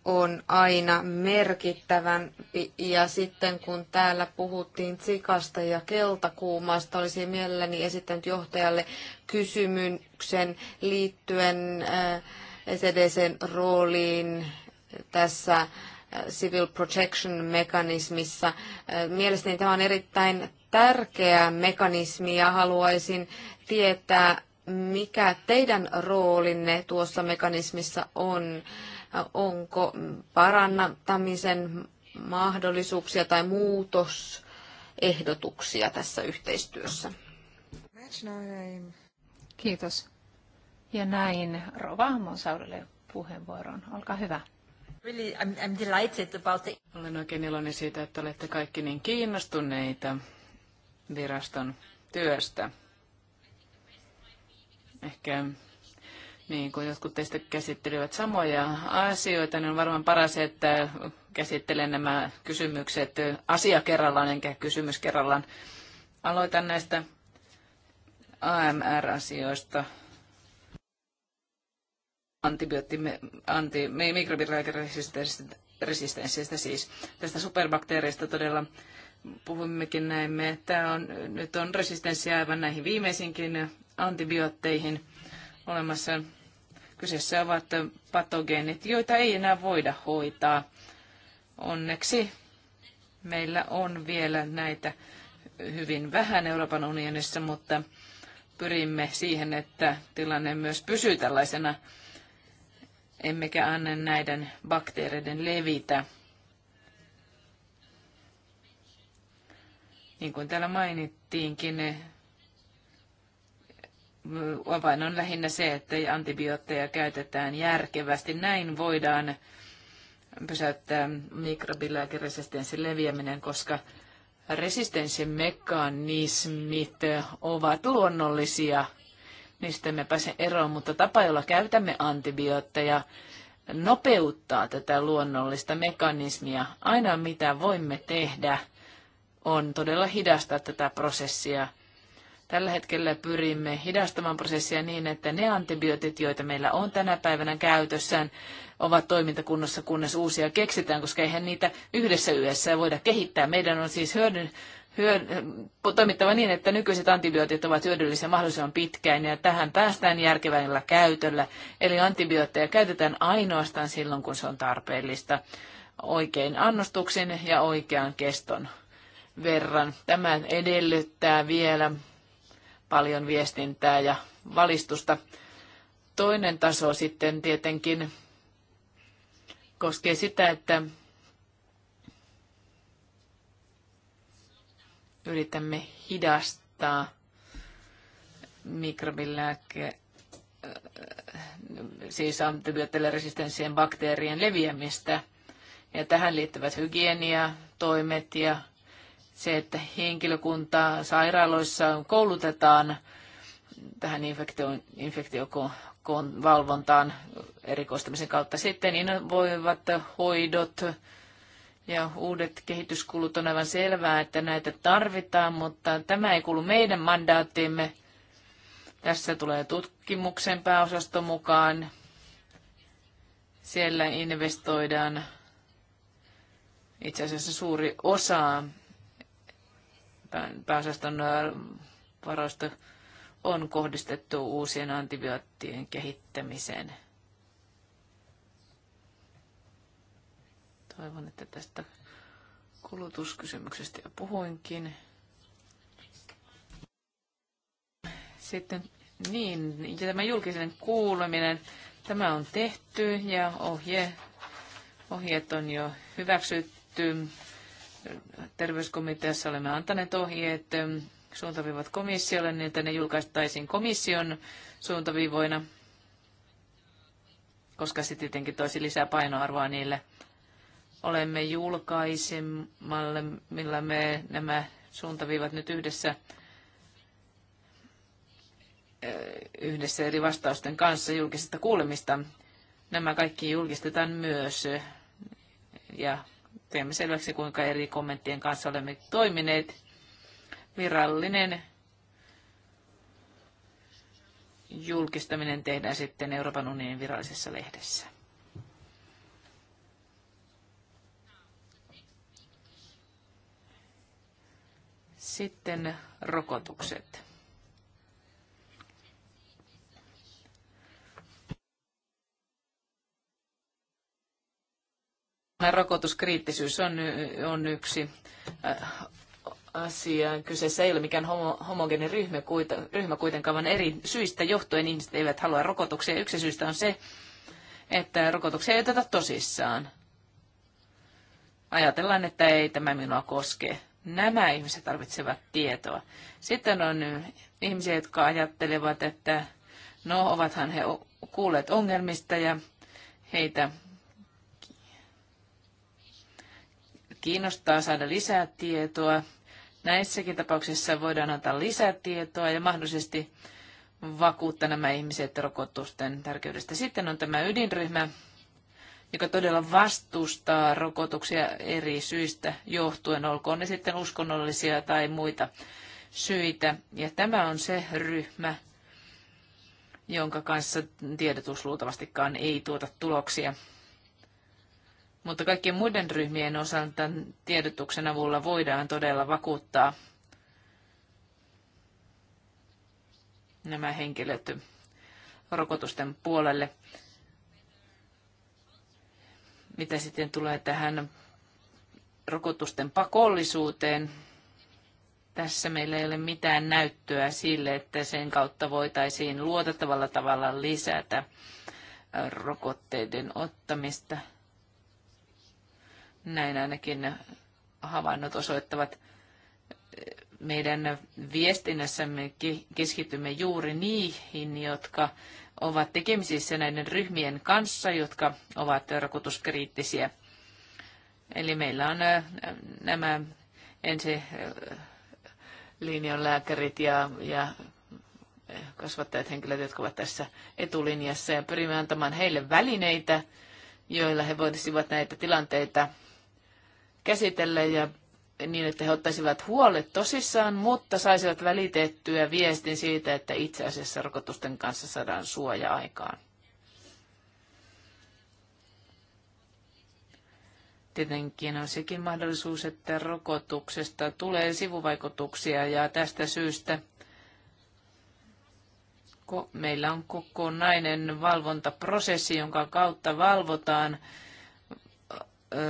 [SPEAKER 2] on aina merkittävämpi. Ja sitten kun täällä puhuttiin tsikasta ja keltakuumasta, olisi mielelläni esittänyt johtajalle kysymyksen liittyen äh, ECDCn rooliin tässä äh, Civil Protection mekanismissa. Äh, mielestäni tämä on erittäin tärkeä mekanismi ja haluaisin tietää, mikä teidän roolinne tuossa mekanismissa on. Äh, onko parannamisen mahdollisuuksia tai muutosehdotuksia tässä yhteistyössä?
[SPEAKER 1] Kiitos. Ja näin Rova Monsaudelle puheenvuoron. Olkaa hyvä.
[SPEAKER 3] Really, I'm, I'm delighted about the... Olen oikein iloinen siitä, että olette kaikki niin kiinnostuneita viraston työstä. Ehkä niin kuin jotkut teistä käsittelivät samoja asioita, niin on varmaan paras, että käsittelen nämä kysymykset asia kerrallaan enkä kysymys kerrallaan. Aloitan näistä AMR-asioista antibioottimme, anti, mikrobilääkeresistenssistä siis. Tästä superbakteereista todella puhuimmekin näemme. että on, nyt on resistenssiä aivan näihin viimeisinkin antibiootteihin olemassa. Kyseessä ovat patogeenit, joita ei enää voida hoitaa. Onneksi meillä on vielä näitä hyvin vähän Euroopan unionissa, mutta pyrimme siihen, että tilanne myös pysyy tällaisena emmekä anna näiden bakteereiden levitä. Niin kuin täällä mainittiinkin, ne avain on lähinnä se, että antibiootteja käytetään järkevästi. Näin voidaan pysäyttää mikrobilääkeresistenssin leviäminen, koska resistenssimekanismit ovat luonnollisia niistä me pääse eroon, mutta tapa, jolla käytämme antibiootteja, nopeuttaa tätä luonnollista mekanismia. Aina mitä voimme tehdä, on todella hidastaa tätä prosessia. Tällä hetkellä pyrimme hidastamaan prosessia niin, että ne antibiootit, joita meillä on tänä päivänä käytössään, ovat toimintakunnossa, kunnes uusia keksitään, koska eihän niitä yhdessä yössä voida kehittää. Meidän on siis hyödyn, toimittava niin, että nykyiset antibiootit ovat hyödyllisiä mahdollisimman pitkään ja tähän päästään järkevällä käytöllä. Eli antibiootteja käytetään ainoastaan silloin, kun se on tarpeellista oikein annostuksen ja oikean keston verran. Tämä edellyttää vielä paljon viestintää ja valistusta. Toinen taso sitten tietenkin koskee sitä, että yritämme hidastaa mikrobilääkkeen, siis antibiootille resistenssien bakteerien leviämistä. Ja tähän liittyvät hygienia, ja se, että henkilökuntaa sairaaloissa koulutetaan tähän infektio, infektiovalvontaan erikoistamisen kautta. Sitten innovoivat hoidot, ja uudet kehityskulut on aivan selvää, että näitä tarvitaan, mutta tämä ei kuulu meidän mandaattiimme. Tässä tulee tutkimuksen pääosasto mukaan. Siellä investoidaan itse asiassa suuri osa pääosaston varoista on kohdistettu uusien antibioottien kehittämiseen. Toivon, että tästä kulutuskysymyksestä jo puhuinkin. Sitten niin, ja tämä julkisen kuuleminen, tämä on tehty ja ohje, ohjeet on jo hyväksytty. Terveyskomiteassa olemme antaneet ohjeet suuntaviivat komissiolle, niin että ne julkaistaisiin komission suuntaviivoina, koska se tietenkin toisi lisää painoarvoa niille olemme julkaisemalle, millä me nämä suuntaviivat nyt yhdessä eh, yhdessä eri vastausten kanssa julkisesta kuulemista. Nämä kaikki julkistetaan myös eh, ja teemme selväksi, kuinka eri kommenttien kanssa olemme toimineet. Virallinen julkistaminen tehdään sitten Euroopan unionin virallisessa lehdessä. Sitten rokotukset. Rokotuskriittisyys on, on yksi äh, asia. Kyseessä ei ole mikään homo, homogeeninen ryhmä, ryhmä kuitenkaan, vaan eri syistä johtuen ihmiset eivät halua rokotuksia. Yksi syystä on se, että rokotuksia ei oteta tosissaan. Ajatellaan, että ei tämä minua koske. Nämä ihmiset tarvitsevat tietoa. Sitten on ihmisiä, jotka ajattelevat, että no ovathan he kuulleet ongelmista ja heitä kiinnostaa saada lisää tietoa. Näissäkin tapauksissa voidaan antaa lisää tietoa ja mahdollisesti vakuuttaa nämä ihmiset rokotusten tärkeydestä. Sitten on tämä ydinryhmä, joka todella vastustaa rokotuksia eri syistä johtuen, olkoon ne sitten uskonnollisia tai muita syitä. Ja tämä on se ryhmä, jonka kanssa tiedotus luultavastikaan ei tuota tuloksia. Mutta kaikkien muiden ryhmien osalta tiedotuksen avulla voidaan todella vakuuttaa nämä henkilöt rokotusten puolelle. Mitä sitten tulee tähän rokotusten pakollisuuteen, tässä meillä ei ole mitään näyttöä sille, että sen kautta voitaisiin luotettavalla tavalla lisätä rokotteiden ottamista. Näin ainakin havainnot osoittavat meidän viestinnässämme keskitymme juuri niihin, jotka ovat tekemisissä näiden ryhmien kanssa, jotka ovat rokotuskriittisiä. Eli meillä on äh, nämä ensi äh, linjan lääkärit ja, ja äh, kasvattajat henkilöt, jotka ovat tässä etulinjassa ja pyrimme antamaan heille välineitä, joilla he voisivat näitä tilanteita käsitellä ja niin, että he ottaisivat huolet tosissaan, mutta saisivat välitettyä viestin siitä, että itse asiassa rokotusten kanssa saadaan suoja aikaan. Tietenkin on sekin mahdollisuus, että rokotuksesta tulee sivuvaikutuksia ja tästä syystä meillä on kokonainen valvontaprosessi, jonka kautta valvotaan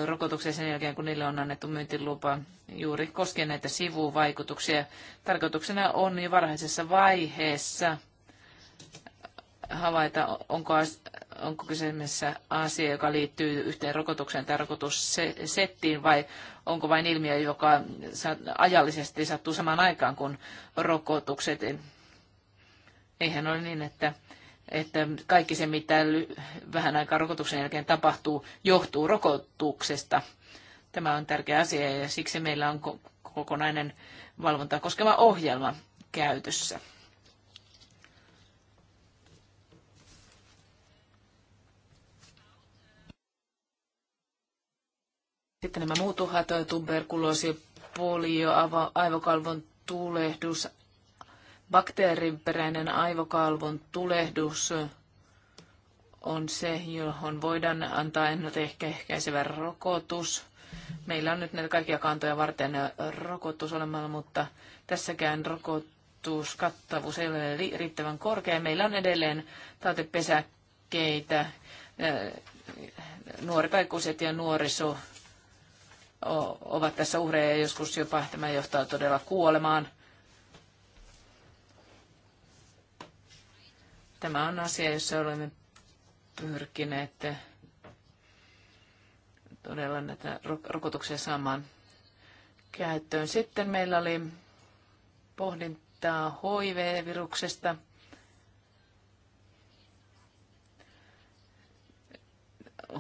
[SPEAKER 3] rokotuksia sen jälkeen, kun niille on annettu myyntilupa juuri koskien näitä sivuvaikutuksia. Tarkoituksena on jo varhaisessa vaiheessa havaita, onko, onko kyseessä asia, joka liittyy yhteen rokotukseen tai rokotussettiin, vai onko vain ilmiö, joka ajallisesti sattuu samaan aikaan kuin rokotukset. Eihän ole niin, että että kaikki se, mitä vähän aikaa rokotuksen jälkeen tapahtuu, johtuu rokotuksesta. Tämä on tärkeä asia ja siksi meillä on kokonainen valvontaa koskeva ohjelma käytössä. Sitten nämä muut uhat, tuberkuloosi, polio, aivokalvon tulehdus, bakteerinperäinen aivokalvon tulehdus on se, johon voidaan antaa ennaltaehkäisevä rokotus. Meillä on nyt näitä kaikkia kantoja varten rokotus olemalla, mutta tässäkään rokotuskattavuus ei ole riittävän korkea. Meillä on edelleen taatepesäkkeitä, eh, nuoret aikuiset ja nuoriso ovat tässä uhreja ja joskus jopa tämä johtaa todella kuolemaan – Tämä on asia, jossa olemme pyrkineet todella näitä rokotuksia saamaan käyttöön. Sitten meillä oli pohdintaa HIV-viruksesta.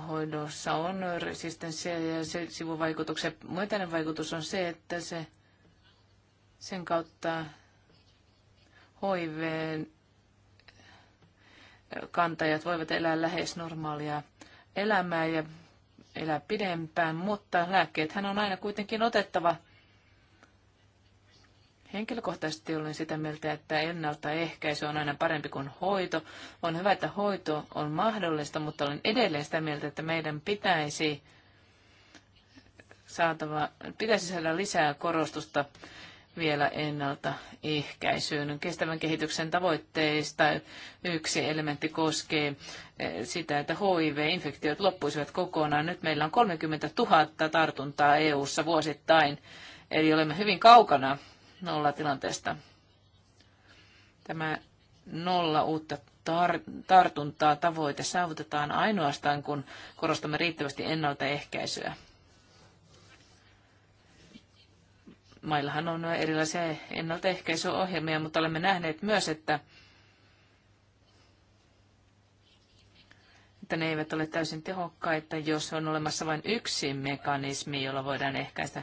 [SPEAKER 3] Hoidossa on resistenssiä ja se sivuvaikutuksia. vaikutus on se, että se, sen kautta HIVn kantajat voivat elää lähes normaalia elämää ja elää pidempään, mutta lääkkeethän on aina kuitenkin otettava. Henkilökohtaisesti olen sitä mieltä, että ennaltaehkäisy on aina parempi kuin hoito. On hyvä, että hoito on mahdollista, mutta olen edelleen sitä mieltä, että meidän pitäisi saatava, pitäisi saada lisää korostusta vielä ennaltaehkäisyyn. Kestävän kehityksen tavoitteista yksi elementti koskee eh, sitä, että HIV-infektiot loppuisivat kokonaan. Nyt meillä on 30 000 tartuntaa EU-ssa vuosittain, eli olemme hyvin kaukana nollatilanteesta. Tämä nolla uutta tar- tartuntaa tavoite saavutetaan ainoastaan, kun korostamme riittävästi ennaltaehkäisyä. maillahan on erilaisia ennaltaehkäisyohjelmia, mutta olemme nähneet myös, että, että ne eivät ole täysin tehokkaita, jos on olemassa vain yksi mekanismi, jolla voidaan ehkäistä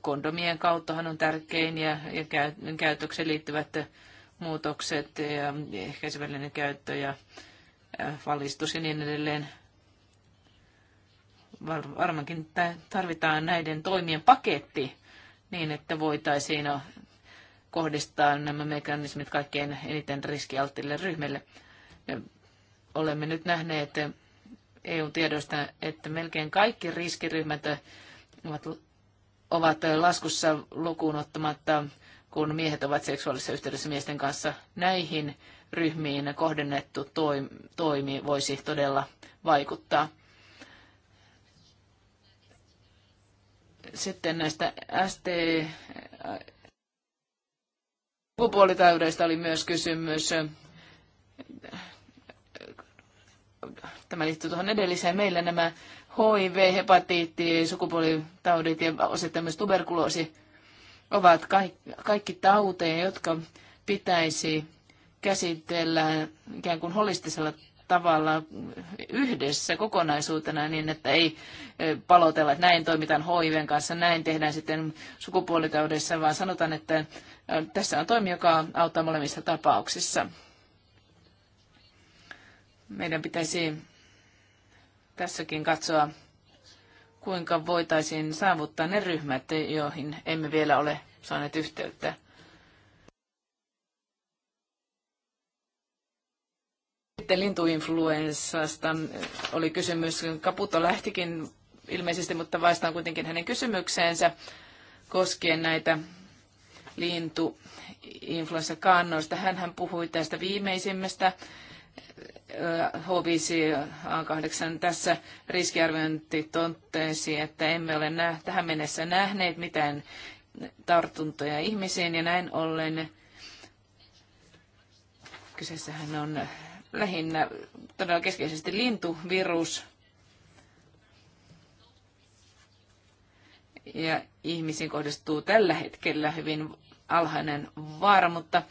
[SPEAKER 3] kondomien kauttahan on tärkein ja, ja käytökseen liittyvät muutokset ja ehkäisyvälinen käyttö ja valistus ja niin edelleen. Varmaankin tarvitaan näiden toimien paketti, niin, että voitaisiin no, kohdistaa nämä mekanismit kaikkein eniten riskialttille ryhmille. Olemme nyt nähneet EU-tiedoista, että melkein kaikki riskiryhmät ovat, ovat laskussa lukuun ottamatta, kun miehet ovat seksuaalisessa yhteydessä miesten kanssa. Näihin ryhmiin kohdennettu toimi voisi todella vaikuttaa. Sitten näistä ST ulkopuolitäydeistä oli myös kysymys. Tämä liittyy tuohon edelliseen. Meillä nämä HIV, hepatiitti, sukupuolitaudit ja osittain myös tuberkuloosi ovat kaikki, kaikki tauteja, jotka pitäisi käsitellä, ikään kuin holistisella tavalla yhdessä kokonaisuutena niin, että ei palotella, että näin toimitaan hoiven kanssa, näin tehdään sitten sukupuolitaudessa, vaan sanotaan, että tässä on toimi, joka auttaa molemmissa tapauksissa. Meidän pitäisi tässäkin katsoa, kuinka voitaisiin saavuttaa ne ryhmät, joihin emme vielä ole saaneet yhteyttä. Sitten lintuinfluenssasta oli kysymys. Kaputo lähtikin ilmeisesti, mutta vastaan kuitenkin hänen kysymykseensä koskien näitä lintuinfluenssakannoista. Hänhän puhui tästä viimeisimmästä h 5 8 tässä riskiarviointi totesi, että emme ole nä- tähän mennessä nähneet mitään tartuntoja ihmisiin ja näin ollen kyseessähän on lähinnä todella keskeisesti lintuvirus ja ihmisiin kohdistuu tällä hetkellä hyvin alhainen vaara, mutta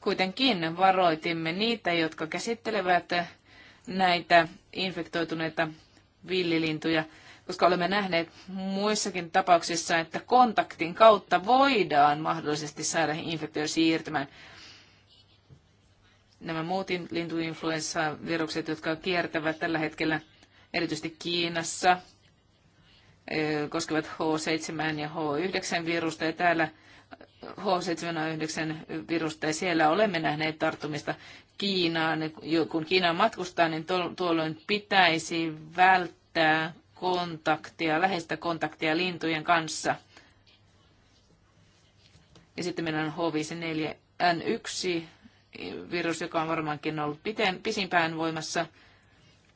[SPEAKER 3] kuitenkin varoitimme niitä, jotka käsittelevät näitä infektoituneita villilintuja, koska olemme nähneet muissakin tapauksissa, että kontaktin kautta voidaan mahdollisesti saada infektio siirtymään nämä muut lintuinfluenssavirukset, jotka kiertävät tällä hetkellä erityisesti Kiinassa, e, koskevat H7 ja H9 virusta ja täällä h 7 h 9 virusta ja siellä olemme nähneet tarttumista Kiinaan. Kun Kiina matkustaa, niin tuolloin pitäisi välttää kontaktia, läheistä kontaktia lintujen kanssa. Ja sitten meillä on H5N1 virus, joka on varmaankin ollut piten, pisimpään voimassa.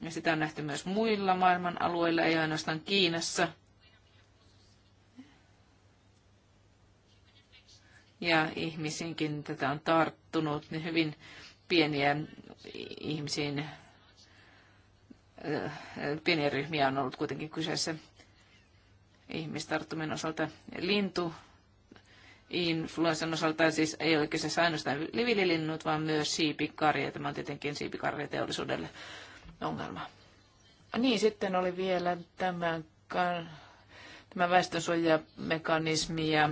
[SPEAKER 3] Ja sitä on nähty myös muilla maailman alueilla, ei ainoastaan Kiinassa. Ja ihmisiinkin tätä on tarttunut, niin hyvin pieniä ihmisiin, äh, pieniä ryhmiä on ollut kuitenkin kyseessä ihmistarttumien osalta lintu influenssan osalta siis ei ole kyse ainoastaan livililinnut, vaan myös siipikarja. Tämä on tietenkin siipikarjateollisuudelle ongelma. Niin, sitten oli vielä tämä, tämä väestönsuojamekanismi ja,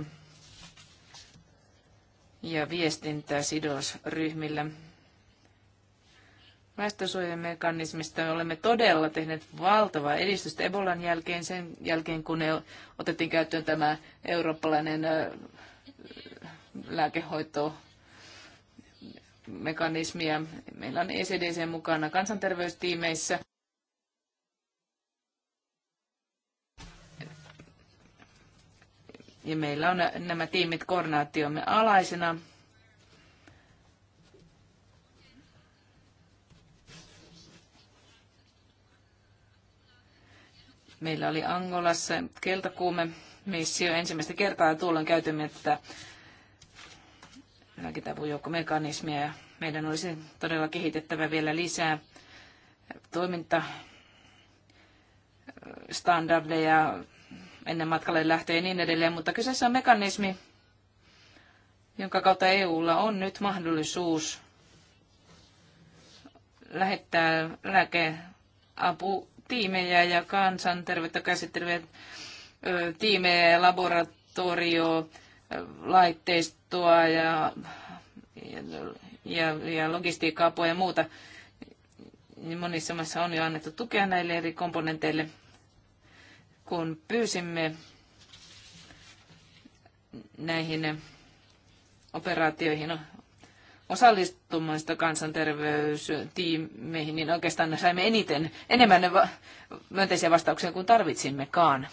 [SPEAKER 3] ja viestintä sidosryhmillä. Väestönsuojamekanismista olemme todella tehneet valtavaa edistystä Ebolan jälkeen, sen jälkeen kun otettiin käyttöön tämä eurooppalainen lääkehoitoa mekanismia. Meillä on ECDC mukana kansanterveystiimeissä. Ja meillä on nämä tiimit koordinaatiomme alaisena. Meillä oli Angolassa keltakuume missio ensimmäistä kertaa tuolloin käytämättä lääkintäapujoukkomekanismia ja meidän olisi todella kehitettävä vielä lisää toimintastandardeja standardeja ennen matkalle lähtöä ja niin edelleen, mutta kyseessä on mekanismi, jonka kautta EUlla on nyt mahdollisuus lähettää lääkeaputiimejä ja kansanterveyttä käsitteleviä tiimejä, laboratorio, laitteistoa ja, ja, ja logistiikka-apua ja muuta. Niin monissa maissa on jo annettu tukea näille eri komponenteille. Kun pyysimme näihin operaatioihin osallistumista kansanterveystiimeihin, niin oikeastaan saimme eniten, enemmän myönteisiä vastauksia kuin tarvitsimmekaan.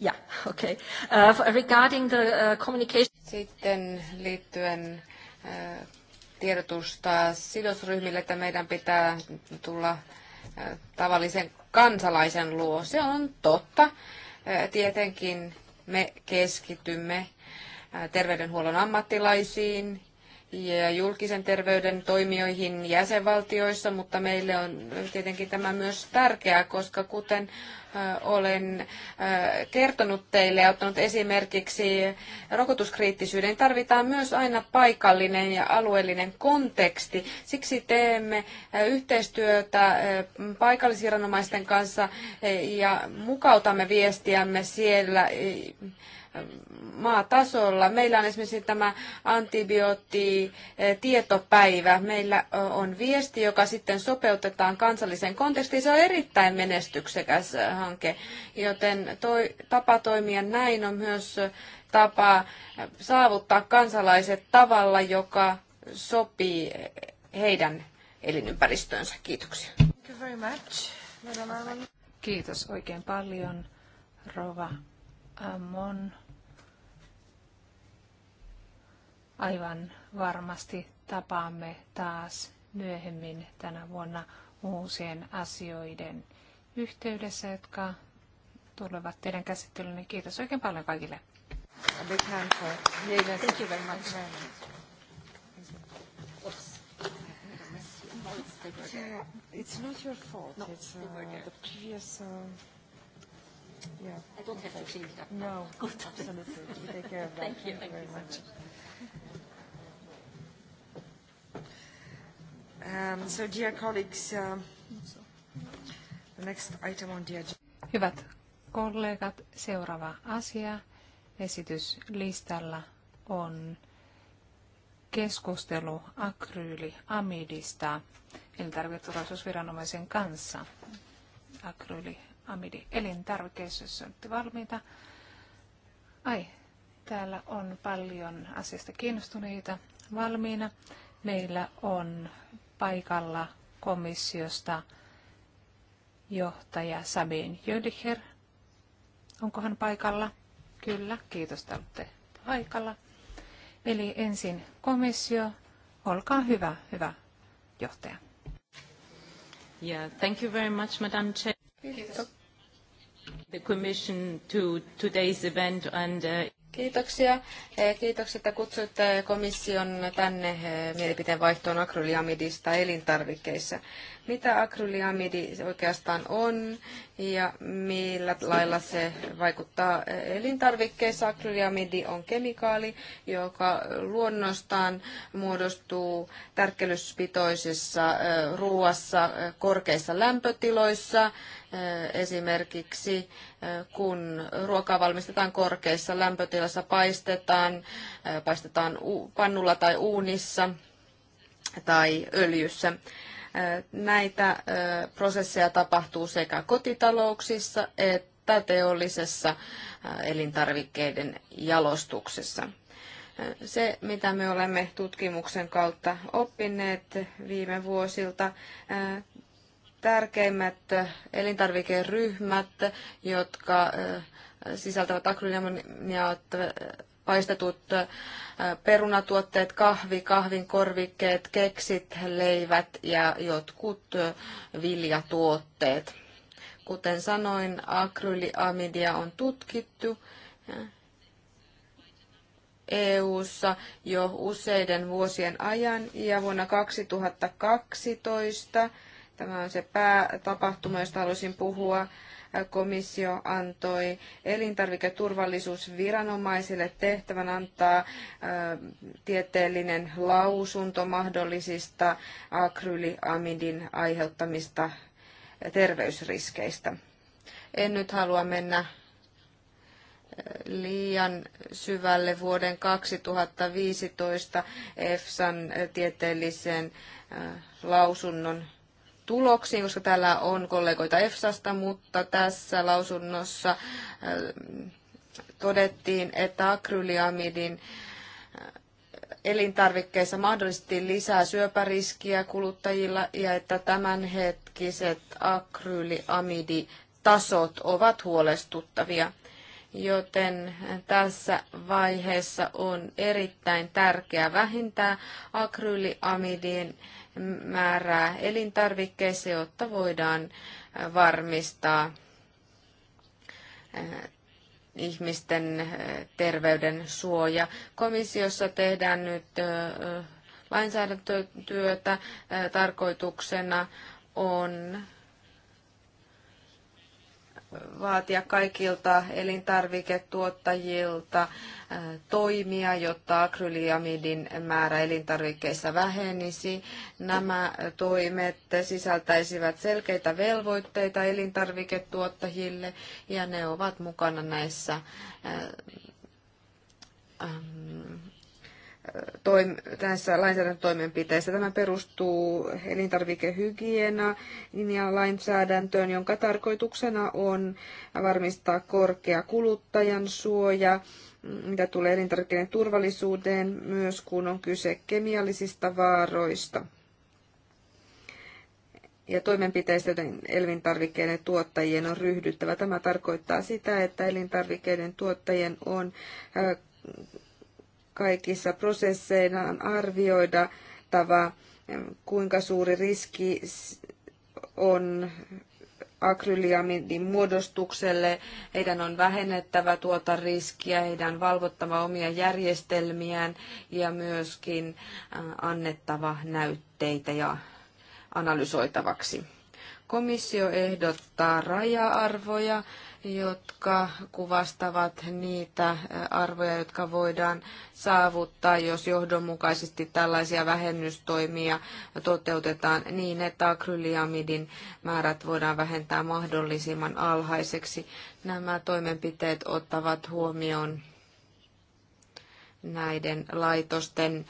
[SPEAKER 2] Yeah, okay. Uh, regarding the uh, communication... Sitten liittyen uh, tiedotusta sidosryhmille, että meidän pitää tulla uh, tavallisen kansalaisen luo. Se on totta. Uh, tietenkin me keskitymme uh, terveydenhuollon ammattilaisiin ja julkisen terveyden toimijoihin jäsenvaltioissa, mutta meille on tietenkin tämä myös tärkeää, koska kuten olen kertonut teille ja ottanut esimerkiksi rokotuskriittisyyden, tarvitaan myös aina paikallinen ja alueellinen konteksti. Siksi teemme yhteistyötä paikallisviranomaisten kanssa ja mukautamme viestiämme siellä maatasolla. Meillä on esimerkiksi tämä antibioottitietopäivä. Meillä on viesti, joka sitten sopeutetaan kansalliseen kontekstiin. Se on erittäin menestyksekäs hanke, joten toi, tapa toimia näin on myös tapa saavuttaa kansalaiset tavalla, joka sopii heidän elinympäristöönsä. Kiitoksia. Kiitos oikein paljon, Rova
[SPEAKER 1] Amon. aivan varmasti tapaamme taas myöhemmin tänä vuonna uusien asioiden yhteydessä, jotka tulevat teidän käsittelyyn. Kiitos oikein paljon kaikille. Thank you very
[SPEAKER 2] much. It's
[SPEAKER 1] not your fault. No, it's uh, the previous. Uh, yeah. I don't
[SPEAKER 2] have to change that. No, absolutely. Take care of that. Thank you. Thank you very much.
[SPEAKER 1] Hyvät kollegat, seuraava asia esityslistalla on keskustelu akryyliamidista elintarviketurvallisuusviranomaisen kanssa. Akryyliamidi elintarvikkeissa, jos olette valmiita. Ai, täällä on paljon asiasta kiinnostuneita valmiina. Meillä on paikalla komissiosta johtaja Sabine Jödiger. Onko hän paikalla? Kyllä, kiitos, että olette paikalla. Eli ensin komissio, olkaa hyvä, hyvä johtaja.
[SPEAKER 3] Yeah, thank you very much, Madam Chair. Kiitos. The Commission to
[SPEAKER 2] today's event and uh, Kiitoksia. E, kiitoksia, että kutsuitte komission tänne e, mielipiteen vaihtoon akrylamidista elintarvikkeissa mitä akryliamidi oikeastaan on ja millä lailla se vaikuttaa elintarvikkeissa. Akryliamidi on kemikaali, joka luonnostaan muodostuu tärkkelyspitoisessa ruoassa korkeissa lämpötiloissa. Esimerkiksi kun ruokaa valmistetaan korkeissa lämpötilassa, paistetaan, paistetaan pannulla tai uunissa tai öljyssä. Näitä prosesseja tapahtuu sekä kotitalouksissa että teollisessa elintarvikkeiden jalostuksessa. Se, mitä me olemme tutkimuksen kautta oppineet viime vuosilta, tärkeimmät elintarvikeryhmät, jotka sisältävät akrylaminia paistetut perunatuotteet, kahvi, kahvin korvikkeet, keksit, leivät ja jotkut viljatuotteet. Kuten sanoin, akryliamidia on tutkittu EU:ssa jo useiden vuosien ajan ja vuonna 2012 Tämä on se päätapahtuma, josta haluaisin puhua komissio antoi elintarviketurvallisuusviranomaisille tehtävän antaa tieteellinen lausunto mahdollisista akryliamidin aiheuttamista terveysriskeistä. En nyt halua mennä liian syvälle vuoden 2015 EFSAn tieteellisen lausunnon tuloksiin, koska täällä on kollegoita EFSAsta, mutta tässä lausunnossa äh, todettiin, että akryliamidin äh, elintarvikkeissa mahdollisesti lisää syöpäriskiä kuluttajilla ja että tämänhetkiset akryliamiditasot ovat huolestuttavia. Joten tässä vaiheessa on erittäin tärkeää vähentää akryliamidin määrää elintarvikkeissa, jotta voidaan äh, varmistaa äh, ihmisten äh, terveyden suoja. Komissiossa tehdään nyt lainsäädäntötyötä. Tarkoituksena on vaatia kaikilta elintarviketuottajilta äh, toimia, jotta akryliamidin määrä elintarvikkeissa vähenisi. Nämä toimet sisältäisivät selkeitä velvoitteita elintarviketuottajille ja ne ovat mukana näissä äh, toim- näissä lainsäädäntötoimenpiteissä. Tämä perustuu elintarvikehygiena ja lainsäädäntöön, jonka tarkoituksena on varmistaa korkea kuluttajan suoja, mitä tulee elintarvikkeiden turvallisuuteen, myös kun on kyse kemiallisista vaaroista ja toimenpiteistä, joten elintarvikkeiden tuottajien on ryhdyttävä. Tämä tarkoittaa sitä, että elintarvikkeiden tuottajien on kaikissa prosesseina on arvioida tava, kuinka suuri riski on akryliamidin muodostukselle. Heidän on vähennettävä tuota riskiä, heidän on valvottava omia järjestelmiään ja myöskin annettava näytteitä ja analysoitavaksi. Komissio ehdottaa raja-arvoja jotka kuvastavat niitä arvoja, jotka voidaan saavuttaa, jos johdonmukaisesti tällaisia vähennystoimia toteutetaan niin, että akryliamidin määrät voidaan vähentää mahdollisimman alhaiseksi. Nämä toimenpiteet ottavat huomioon näiden laitosten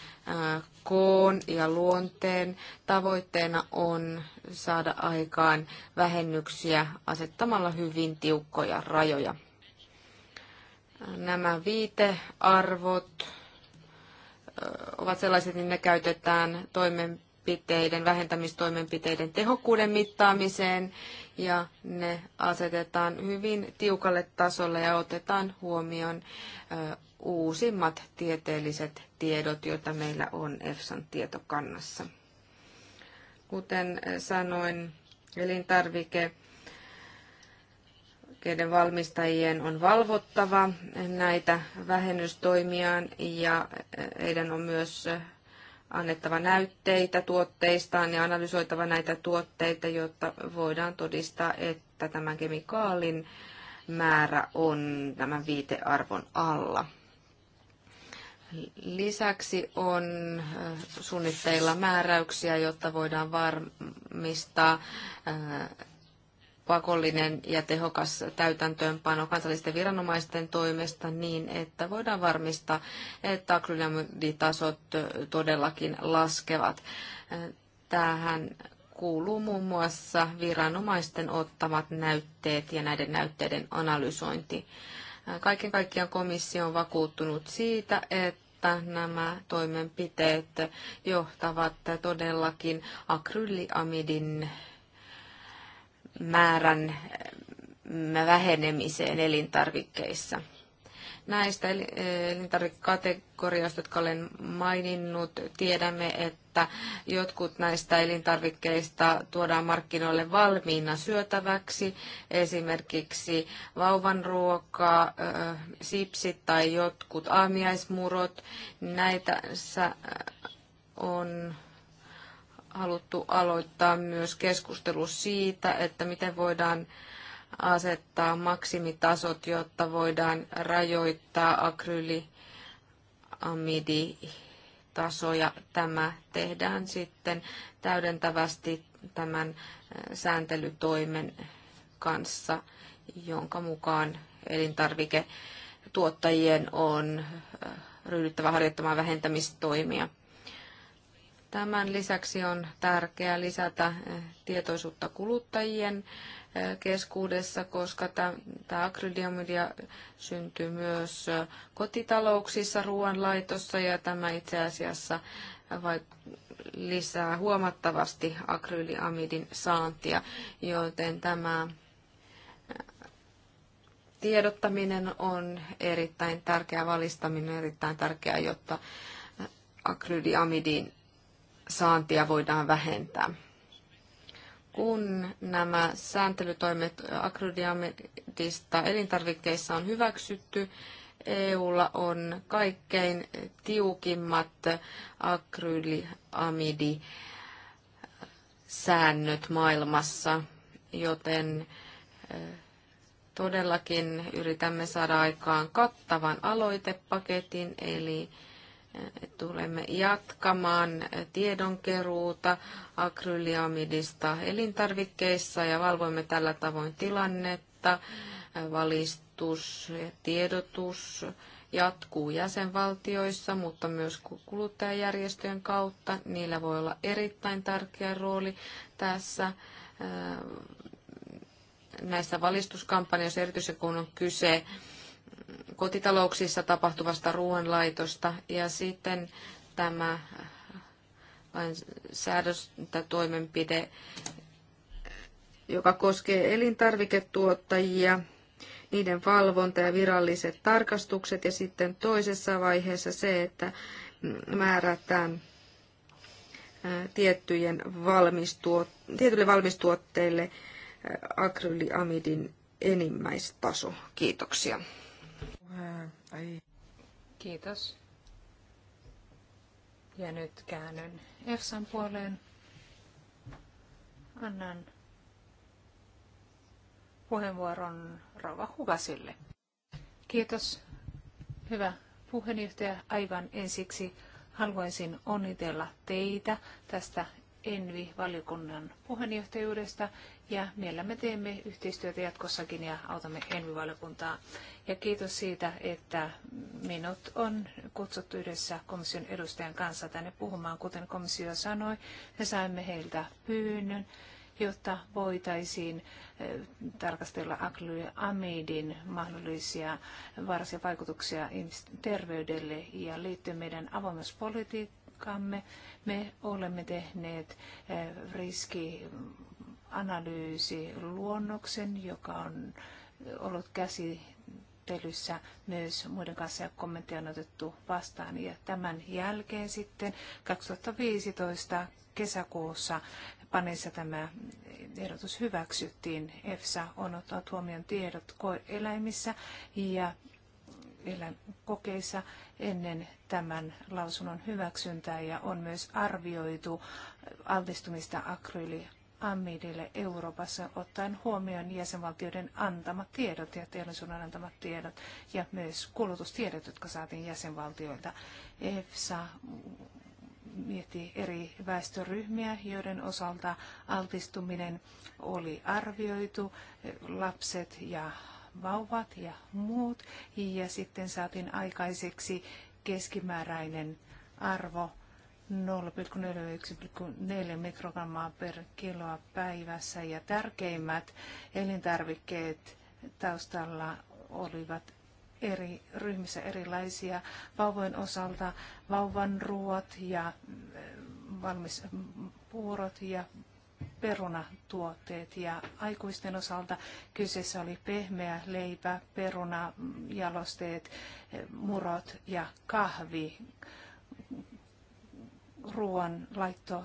[SPEAKER 2] koon ja luonteen. Tavoitteena on saada aikaan vähennyksiä asettamalla hyvin tiukkoja rajoja. Nämä viitearvot ovat sellaiset, niin ne käytetään toimenpiteiden, vähentämistoimenpiteiden tehokkuuden mittaamiseen ja ne asetetaan hyvin tiukalle tasolle ja otetaan huomioon uusimmat tieteelliset tiedot, joita meillä on EFSAn tietokannassa. Kuten sanoin, elintarvike keiden valmistajien on valvottava näitä vähennystoimiaan ja heidän on myös annettava näytteitä tuotteistaan ja analysoitava näitä tuotteita, jotta voidaan todistaa, että tämän kemikaalin määrä on tämän viitearvon alla. Lisäksi on äh, suunnitteilla määräyksiä, jotta voidaan varmistaa äh, pakollinen ja tehokas täytäntöönpano kansallisten viranomaisten toimesta niin, että voidaan varmistaa, että akrylamiditasot äh, todellakin laskevat. Tähän kuuluu muun muassa viranomaisten ottamat näytteet ja näiden näytteiden analysointi. Kaiken kaikkiaan komissio on vakuuttunut siitä, että että nämä toimenpiteet johtavat todellakin akryyliamidin määrän vähenemiseen elintarvikkeissa. Näistä eh, elintarvikekategorioista, jotka olen maininnut, tiedämme, että jotkut näistä elintarvikkeista tuodaan markkinoille valmiina syötäväksi, esimerkiksi vauvanruoka, eh, sipsit tai jotkut aamiaismurot. Näitä eh, on haluttu aloittaa myös keskustelu siitä, että miten voidaan asettaa maksimitasot, jotta voidaan rajoittaa akryyliamiditasoja. Tämä tehdään sitten täydentävästi tämän sääntelytoimen kanssa, jonka mukaan elintarviketuottajien on ryhdyttävä harjoittamaan vähentämistoimia. Tämän lisäksi on tärkeää lisätä tietoisuutta kuluttajien keskuudessa, koska tämä akrydiamidia syntyy myös kotitalouksissa, ruoanlaitossa ja tämä itse asiassa lisää huomattavasti akryyliamidin saantia, joten tämä tiedottaminen on erittäin tärkeää, valistaminen on erittäin tärkeää, jotta akryyliamidin saantia voidaan vähentää kun nämä sääntelytoimet akrodiamidista elintarvikkeissa on hyväksytty, EUlla on kaikkein tiukimmat akryyliamidisäännöt maailmassa, joten eh, todellakin yritämme saada aikaan kattavan aloitepaketin, eli tulemme jatkamaan tiedonkeruuta akryliamidista elintarvikkeissa ja valvoimme tällä tavoin tilannetta. Valistus ja tiedotus jatkuu jäsenvaltioissa, mutta myös kuluttajajärjestöjen kautta. Niillä voi olla erittäin tärkeä rooli tässä äh, näissä valistuskampanjoissa, erityisesti kun on kyse kotitalouksissa tapahtuvasta ruoanlaitosta ja sitten tämä säädöstoimenpide, joka koskee elintarviketuottajia, niiden valvonta ja viralliset tarkastukset ja sitten toisessa vaiheessa se, että määrätään tiettyjen valmistuot, tietylle valmistuotteille akryliamidin enimmäistaso. Kiitoksia.
[SPEAKER 1] Kiitos. Ja nyt käännyn EFSAn puoleen. Annan puheenvuoron Rova Hugasille. Kiitos, hyvä puheenjohtaja. Aivan ensiksi haluaisin onnitella teitä tästä Envi-valiokunnan puheenjohtajuudesta ja mielellämme teemme yhteistyötä jatkossakin ja autamme Envi-valiokuntaa. Ja kiitos siitä, että minut on kutsuttu yhdessä komission edustajan kanssa tänne puhumaan. Kuten komissio sanoi, me saimme heiltä pyynnön jotta voitaisiin eh, tarkastella aklyamidin mahdollisia vaarallisia vaikutuksia terveydelle ja liittyen meidän avoimuuspolitiikkaan asiakkaamme. Me olemme tehneet eh, riskianalyysi luonnoksen, joka on eh, ollut käsittelyssä myös muiden kanssa ja kommentteja on otettu vastaan. Ja tämän jälkeen sitten 2015 kesäkuussa paneessa tämä ehdotus hyväksyttiin. EFSA on ottanut huomioon tiedot eläimissä ja Kokeissa ennen tämän lausunnon hyväksyntää ja on myös arvioitu altistumista akryyli Euroopassa ottaen huomioon jäsenvaltioiden antamat tiedot ja teollisuuden antamat tiedot ja myös kulutustiedot, jotka saatiin jäsenvaltioilta. EFSA mietti eri väestöryhmiä, joiden osalta altistuminen oli arvioitu. Lapset ja vauvat ja muut. Ja sitten saatiin aikaiseksi keskimääräinen arvo 0,41,4 mikrogrammaa per kiloa päivässä. Ja tärkeimmät elintarvikkeet taustalla olivat eri ryhmissä erilaisia vauvojen osalta vauvan ruoat ja mm, valmis puurot ja perunatuotteet ja aikuisten osalta kyseessä oli pehmeä leipä, perunajalosteet, murot ja kahvi, ruoan laitto,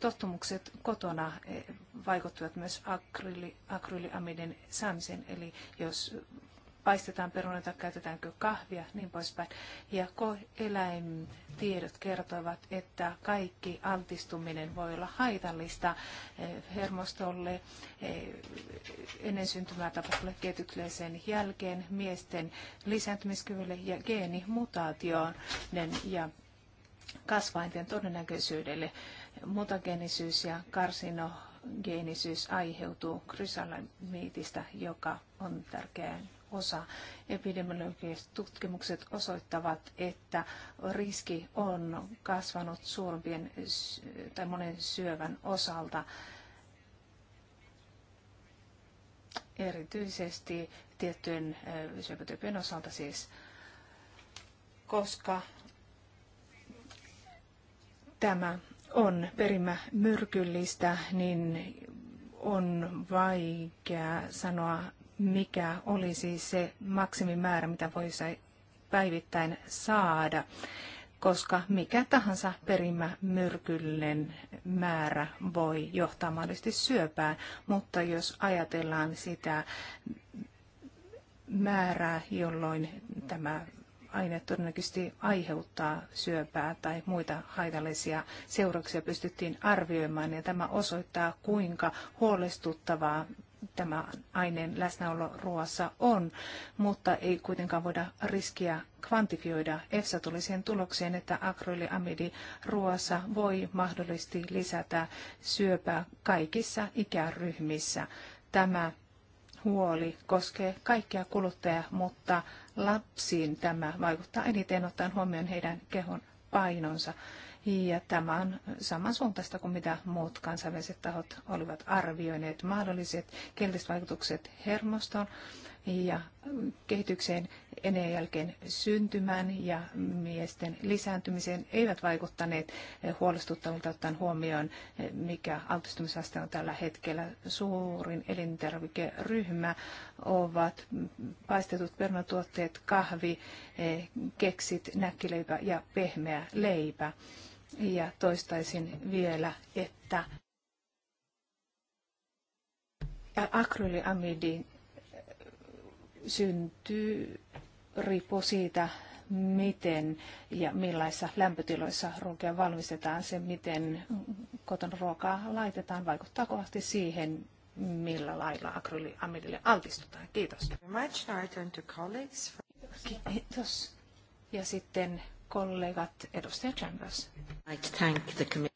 [SPEAKER 1] tottumukset kotona eh, vaikuttivat myös akryli, akryyliamidin saamiseen, eli jos paistetaan perunoita, käytetäänkö kahvia, niin poispäin. Ja eläintiedot kertoivat, että kaikki altistuminen voi olla haitallista eh, hermostolle, eh, ennen syntymää tapahtuneelle ketykleeseen jälkeen, miesten lisääntymiskyvylle ja geenimutaatioon ja kasvainten todennäköisyydelle. Mutageenisyys ja karsino geenisyys aiheutuu krysalamiitista, joka on tärkeä osa. Epidemiologiset tutkimukset osoittavat, että riski on kasvanut suurimpien tai monen syövän osalta. Erityisesti tiettyjen syöpätyypien osalta siis, koska tämä on perimä myrkyllistä, niin on vaikea sanoa, mikä olisi se maksimimäärä, mitä voisi päivittäin saada, koska mikä tahansa perimä myrkyllinen määrä voi johtaa mahdollisesti syöpään, mutta jos ajatellaan sitä määrää, jolloin tämä aine todennäköisesti aiheuttaa syöpää tai muita haitallisia seurauksia pystyttiin arvioimaan. Ja tämä osoittaa, kuinka huolestuttavaa tämä aineen läsnäolo ruoassa on, mutta ei kuitenkaan voida riskiä kvantifioida. EFSA tuli siihen tulokseen, että akryliamidi ruoassa voi mahdollisesti lisätä syöpää kaikissa ikäryhmissä. Tämä huoli koskee kaikkia kuluttajia, mutta lapsiin tämä vaikuttaa eniten ottaen huomioon heidän kehon painonsa. Ja tämä on samansuuntaista kuin mitä muut kansainväliset tahot olivat arvioineet. Mahdolliset kielelliset vaikutukset hermostoon ja kehitykseen ennen jälkeen syntymään ja miesten lisääntymiseen eivät vaikuttaneet huolestuttavilta ottaen huomioon, mikä altistumisaste on tällä hetkellä. Suurin elintarvikeryhmä ovat paistetut permatuotteet, kahvi, keksit, näkkileipä ja pehmeä leipä. Ja toistaisin vielä, että akryliamidi eh, syntyy riippuu siitä, miten ja millaisissa lämpötiloissa ruokia valmistetaan, se miten koton ruokaa laitetaan, vaikuttaa kovasti siihen, millä lailla akryliamidille altistutaan. Kiitos. Kiitos. Ja sitten kollegat, edustaja
[SPEAKER 3] Chambers.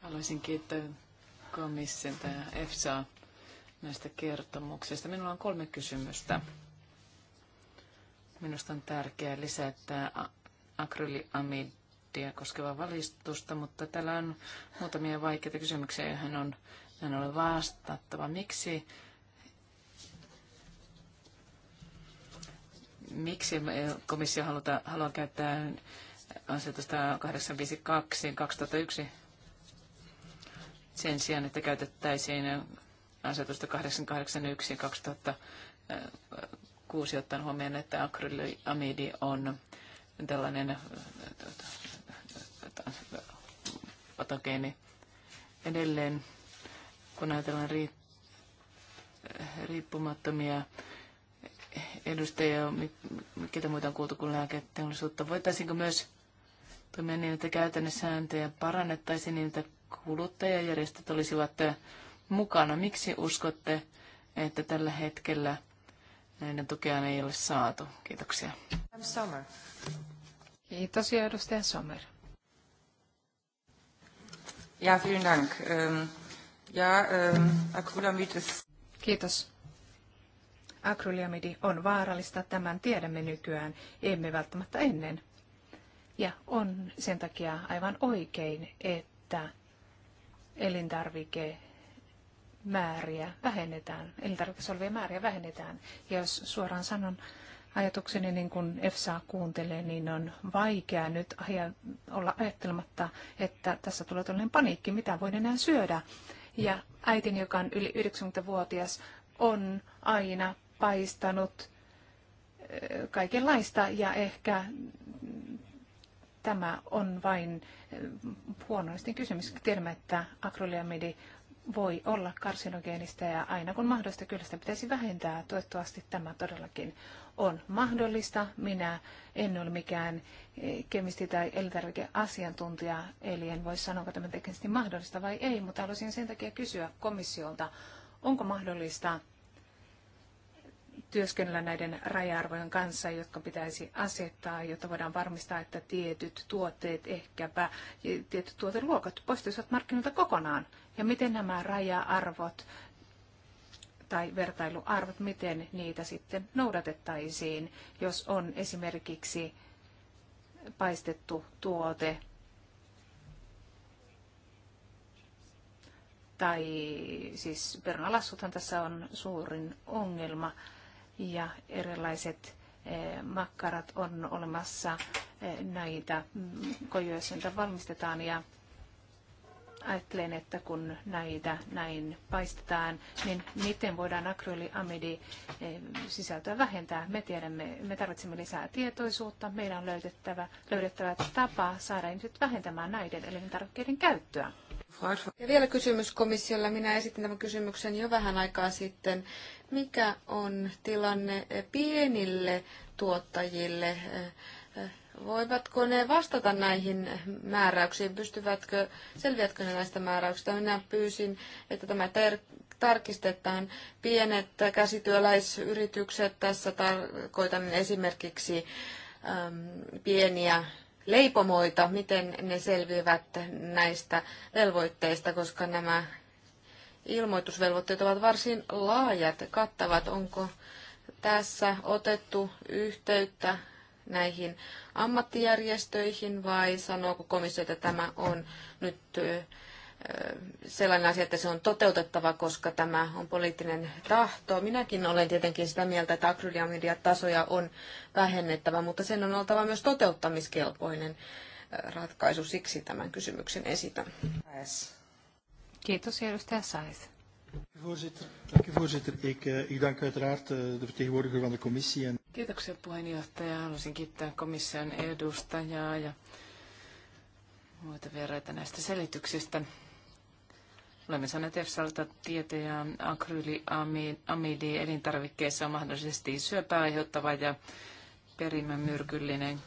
[SPEAKER 3] Haluaisin kiittää komissiota ja EFSA näistä kertomuksista. Minulla on kolme kysymystä. Minusta on tärkeää lisätä akryliamidia koskevaa valistusta, mutta täällä on muutamia vaikeita kysymyksiä, joihin on näin ole vastattava. Miksi miksi komissio haluta, haluaa käyttää asetusta 852 2001 sen sijaan, että käytettäisiin asetusta 881 2006 ottaen huomioon, että akrylamiidi on tällainen äh, äh, äh, patogeeni edelleen, kun ajatellaan riippumattomia edustajia, ketä muita on kuultu kuin lääketeollisuutta. Voitaisiinko myös toimia niin, että sääntöjä parannettaisiin niin, että kuluttajajärjestöt olisivat mukana. Miksi uskotte, että tällä hetkellä näiden tukea ei ole saatu?
[SPEAKER 2] Kiitoksia.
[SPEAKER 1] Summer. Kiitos edustaja Sommer.
[SPEAKER 2] Ja, vielen dank. Ähm, ja, ähm,
[SPEAKER 1] acrylamidis. Kiitos. Akrylamidi on vaarallista, tämän tiedämme nykyään, emme välttämättä ennen ja on sen takia aivan oikein, että elintarvike määriä vähennetään, elintarvikkeessa olevia määriä vähennetään. Ja jos suoraan sanon ajatukseni, niin kun EFSA kuuntelee, niin on vaikea nyt aja, olla ajattelematta, että tässä tulee tällainen paniikki, mitä voin enää syödä. Ja äitin, joka on yli 90-vuotias, on aina paistanut kaikenlaista ja ehkä tämä on vain eh, huonoisten kysymys. Tiedämme, että akrylamidi voi olla karsinogeenista ja aina kun mahdollista, kyllä sitä pitäisi vähentää. Toivottavasti tämä todellakin on mahdollista. Minä en ole mikään eh, kemisti tai elintarvikeasiantuntija, eli en voi sanoa, onko tämä teknisesti mahdollista vai ei, mutta haluaisin sen takia kysyä komissiolta, onko mahdollista työskennellä näiden raja-arvojen kanssa, jotka pitäisi asettaa, jotta voidaan varmistaa, että tietyt tuotteet, ehkäpä tietyt tuoteluokat poistuisivat markkinoilta kokonaan. Ja miten nämä raja-arvot tai vertailuarvot, miten niitä sitten noudatettaisiin, jos on esimerkiksi paistettu tuote tai siis perunalassuthan tässä on suurin ongelma ja erilaiset eh, makkarat on olemassa eh, näitä mm, kojoisilta valmistetaan ja ajattelen, että kun näitä näin paistetaan, niin miten voidaan akryyliamidi eh, sisältöä vähentää? Me tiedämme, me tarvitsemme lisää tietoisuutta, meidän on löydettävä, löydettävä tapa saada ihmiset vähentämään näiden
[SPEAKER 2] elintarvikkeiden käyttöä. Ja vielä kysymys komissiolle. Minä esitin tämän kysymyksen jo vähän aikaa sitten mikä on tilanne pienille tuottajille? Voivatko ne vastata näihin määräyksiin? Pystyvätkö, selviätkö ne näistä määräyksistä? Minä pyysin, että tämä tarkistetaan. Pienet käsityöläisyritykset, tässä tarkoitan esimerkiksi äm, pieniä leipomoita, miten ne selviävät näistä velvoitteista, koska nämä ilmoitusvelvoitteet ovat varsin laajat, kattavat. Onko tässä otettu yhteyttä näihin ammattijärjestöihin vai sanooko komissio, että tämä on nyt sellainen asia, että se on toteutettava, koska tämä on poliittinen tahto. Minäkin olen tietenkin sitä mieltä, että tasoja on vähennettävä, mutta sen on oltava myös toteuttamiskelpoinen ratkaisu. Siksi tämän kysymyksen esitän.
[SPEAKER 1] Yes. Kiitos, edustaja Sais. Eh,
[SPEAKER 2] eh,
[SPEAKER 3] Kiitoksia puheenjohtaja. Haluaisin kiittää komission edustajaa ja muita vieraita näistä selityksistä. Olemme saaneet EFSAlta tietoja akryyliamidi elintarvikkeissa on mahdollisesti syöpää aiheuttava ja perimän myrkyllinen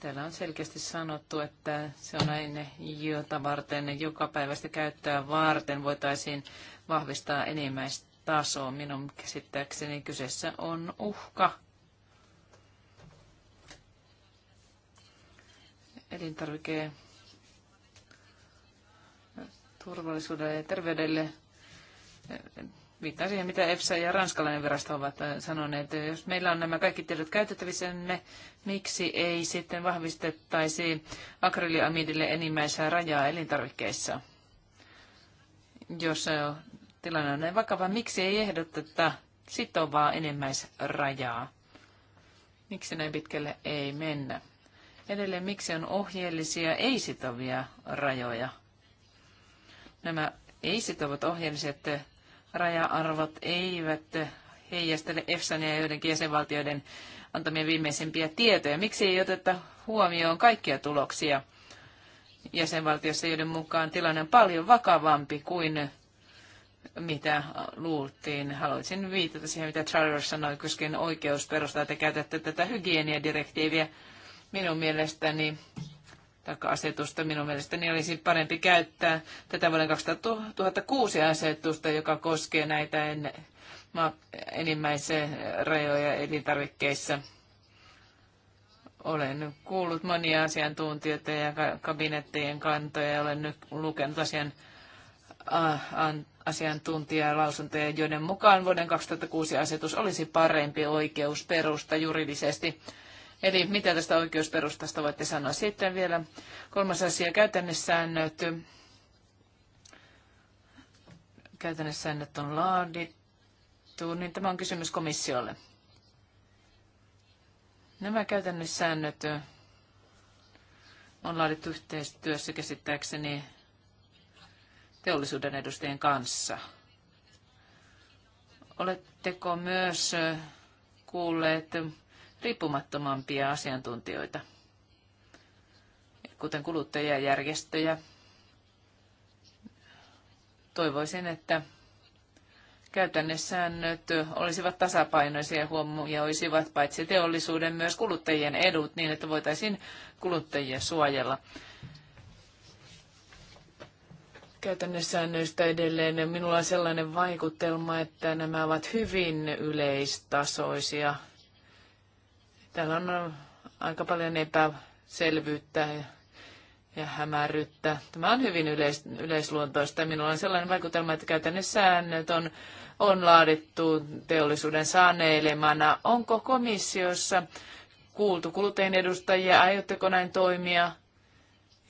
[SPEAKER 3] Täällä on selkeästi sanottu, että se on aine, jota varten, joka päivästä käyttöä varten voitaisiin vahvistaa enimmäistasoa. Minun käsittääkseni kyseessä on uhka. Elintarvike turvallisuudelle ja terveydelle viittaan siihen, mitä EFSA ja ranskalainen virasto ovat äh, sanoneet. Jos meillä on nämä kaikki tiedot käytettävissä, me miksi ei sitten vahvistettaisi akryliamidille enimmäisää rajaa elintarvikkeissa? Jos äh, tilanne on näin vakava, miksi ei ehdoteta sitovaa enimmäisrajaa? Miksi näin pitkälle ei mennä? Edelleen, miksi on ohjeellisia ei-sitovia rajoja? Nämä ei-sitovat ohjeelliset raja-arvot eivät heijastele EFSAn ja joidenkin jäsenvaltioiden antamia viimeisimpiä tietoja. Miksi ei oteta huomioon kaikkia tuloksia jäsenvaltiossa, joiden mukaan tilanne on paljon vakavampi kuin mitä luultiin. Haluaisin viitata siihen, mitä Travers sanoi koskien oikeusperustaa, että käytätte tätä hygieniadirektiiviä. Minun mielestäni taka asetusta. Minun mielestäni olisi parempi käyttää tätä vuoden 2006 asetusta, joka koskee näitä en, ma, enimmäisen rajoja elintarvikkeissa. Olen kuullut monia asiantuntijoita ja kabinettien kantoja ja olen nyt lukenut asian, asiantuntijalausuntoja, joiden mukaan vuoden 2006 asetus olisi parempi oikeusperusta juridisesti Eli mitä tästä oikeusperustasta voitte sanoa? Sitten vielä kolmas asia, käytännössäännöt. Käytännössäännöt on laadittu, niin tämä on kysymys komissiolle. Nämä käytännössäännöt on laadittu yhteistyössä käsittääkseni teollisuuden edustajien kanssa. Oletteko myös kuulleet riippumattomampia asiantuntijoita, kuten kuluttajajärjestöjä. Toivoisin, että käytännössäännöt olisivat tasapainoisia ja huomioisivat paitsi teollisuuden myös kuluttajien edut niin, että voitaisiin kuluttajia suojella. Käytännössäännöistä edelleen minulla on sellainen vaikutelma, että nämä ovat hyvin yleistasoisia Täällä on aika paljon epäselvyyttä ja, ja hämärryttä. Tämä on hyvin yleis, yleisluontoista. Minulla on sellainen vaikutelma, että käytännössä säännöt on, on laadittu teollisuuden saneilemana. Onko komissiossa kuultu kuluttajien edustajia? Aiotteko näin toimia?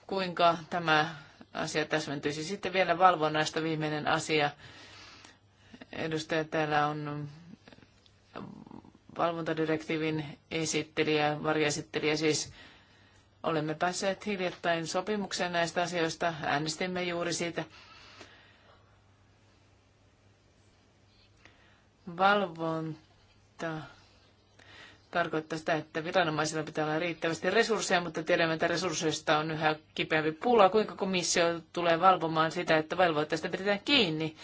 [SPEAKER 3] Kuinka tämä asia täsmentyisi? Sitten vielä valvonnasta viimeinen asia. Edustaja täällä on valvontadirektiivin esittelijä, varjoesittelijä siis. Olemme päässeet hiljattain sopimukseen näistä asioista. Äänestimme juuri siitä. Valvonta tarkoittaa sitä, että viranomaisilla pitää olla riittävästi resursseja, mutta tiedämme, että resursseista on yhä kipeämpi pula. Kuinka komissio tulee valvomaan sitä, että velvoitteista pidetään kiinni?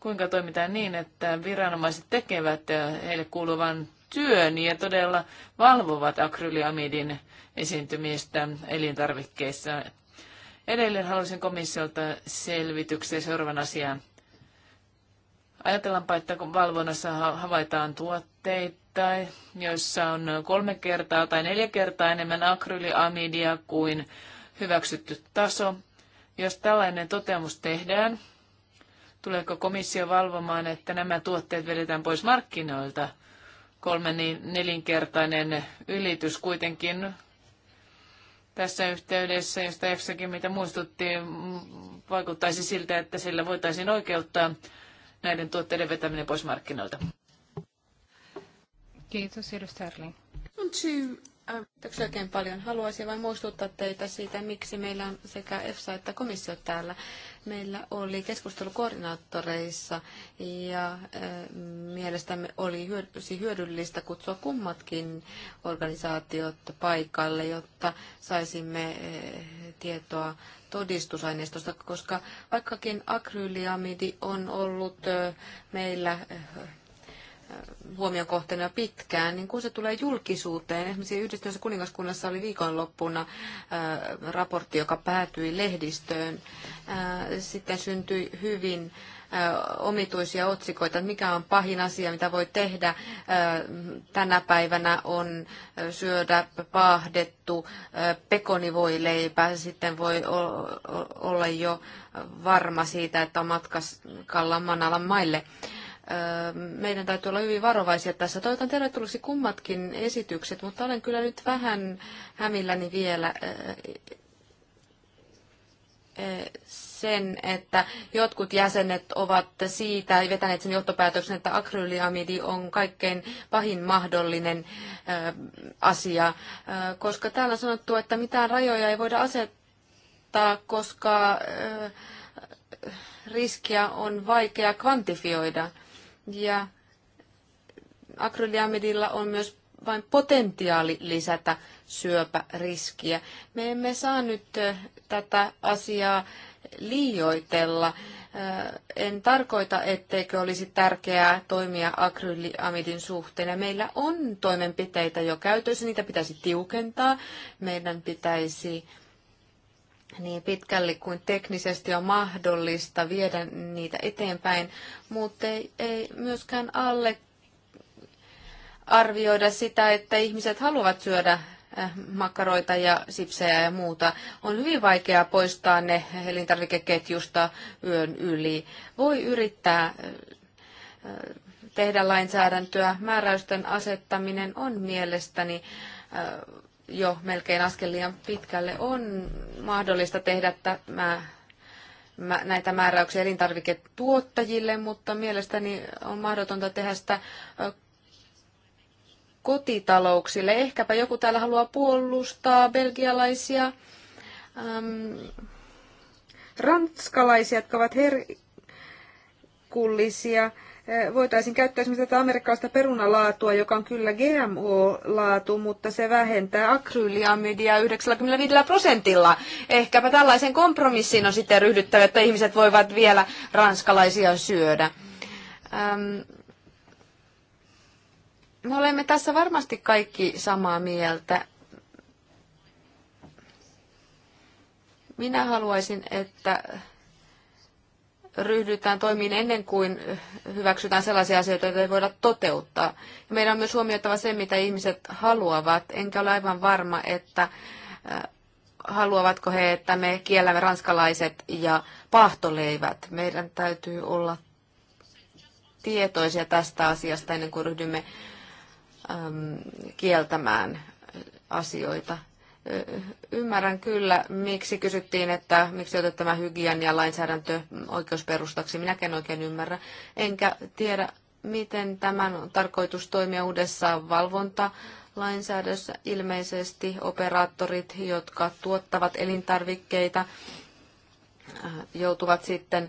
[SPEAKER 3] Kuinka toimitaan niin, että viranomaiset tekevät heille kuuluvan työn ja todella valvovat akryliamidin esiintymistä elintarvikkeissa. Edelleen haluaisin komissiolta selvityksiä seuraavan asian. Ajatellaanpa, että kun valvonnassa havaitaan tuotteita, joissa on kolme kertaa tai neljä kertaa enemmän akryliamidia kuin hyväksytty taso. Jos tällainen toteamus tehdään, tuleeko komissio valvomaan, että nämä tuotteet vedetään pois markkinoilta – kolme niin nelinkertainen ylitys kuitenkin tässä yhteydessä, josta EFSAkin mitä muistutti, vaikuttaisi siltä, että sillä voitaisiin oikeuttaa näiden tuotteiden vetäminen pois markkinoilta.
[SPEAKER 2] Kiitos, edustaja Erling. On Kiitoksia oikein paljon. Haluaisin vain muistuttaa teitä siitä, miksi meillä on sekä EFSA että komissio täällä. Meillä oli keskustelu koordinaattoreissa ja mielestämme oli hyödyllistä kutsua kummatkin organisaatiot paikalle, jotta saisimme tietoa todistusaineistosta, koska vaikkakin akryyliamidi on ollut meillä huomion kohteena pitkään, niin kun se tulee julkisuuteen, esimerkiksi yhdistyneessä kuningaskunnassa oli viikonloppuna äh, raportti, joka päätyi lehdistöön, äh, sitten syntyi hyvin äh, omituisia otsikoita, että mikä on pahin asia, mitä voi tehdä tänä päivänä on syödä paahdettu pekonivoileipä, sitten voi olla jo varma siitä, että on matkalla Manalan maille. Öö, meidän täytyy olla hyvin varovaisia tässä. Toivotan tervetulleeksi kummatkin esitykset, mutta olen kyllä nyt vähän hämilläni vielä öö, öö, sen, että jotkut jäsenet ovat siitä vetäneet sen johtopäätöksen, että akryyliamidi on kaikkein pahin mahdollinen asia, koska täällä on sanottu, että mitään rajoja ei voida asettaa, koska riskiä on vaikea kvantifioida. Ja akryliamidilla on myös vain potentiaali lisätä syöpäriskiä. Me emme saa nyt tätä asiaa liioitella. En tarkoita, etteikö olisi tärkeää toimia akryliamidin suhteen. Meillä on toimenpiteitä jo käytössä, niitä pitäisi tiukentaa. Meidän pitäisi äh, niin pitkälle kuin teknisesti on mahdollista viedä niitä eteenpäin, mutta ei, ei myöskään alle arvioida sitä, että ihmiset haluavat syödä äh, makkaroita ja sipsejä ja muuta. On hyvin vaikeaa poistaa ne elintarvikeketjusta yön yli. Voi yrittää äh, äh, tehdä lainsäädäntöä. Määräysten asettaminen on mielestäni jo melkein askel liian pitkälle. On mahdollista tehdä tämä näitä määräyksiä elintarviketuottajille, mutta mielestäni on mahdotonta tehdä sitä kotitalouksille. Ehkäpä joku täällä haluaa puolustaa belgialaisia, äm, ranskalaisia, jotka ovat herkullisia Eh, voitaisiin käyttää esimerkiksi tätä amerikkalaista perunalaatua, joka on kyllä GMO-laatu, mutta se vähentää akryyliamidia 95 prosentilla. Ehkäpä tällaisen kompromissiin on sitten ryhdyttävä, että ihmiset voivat vielä ranskalaisia syödä. Öm, me olemme tässä varmasti kaikki samaa mieltä. Minä haluaisin, että ryhdytään toimiin ennen kuin hyväksytään sellaisia asioita, joita ei voida toteuttaa. Ja meidän on myös huomioitava se, mitä ihmiset haluavat. Enkä ole aivan varma, että äh, haluavatko he, että me kiellämme ranskalaiset ja pahtoleivät. Meidän täytyy olla tietoisia tästä asiasta ennen kuin ryhdymme äm, kieltämään asioita. Ymmärrän kyllä, miksi kysyttiin, että miksi otetaan tämä hygienia lainsäädäntö oikeusperustaksi. Minäkin oikein ymmärrä. Enkä tiedä, miten tämän on tarkoitus toimia uudessa valvonta lainsäädössä ilmeisesti operaattorit, jotka tuottavat elintarvikkeita, joutuvat sitten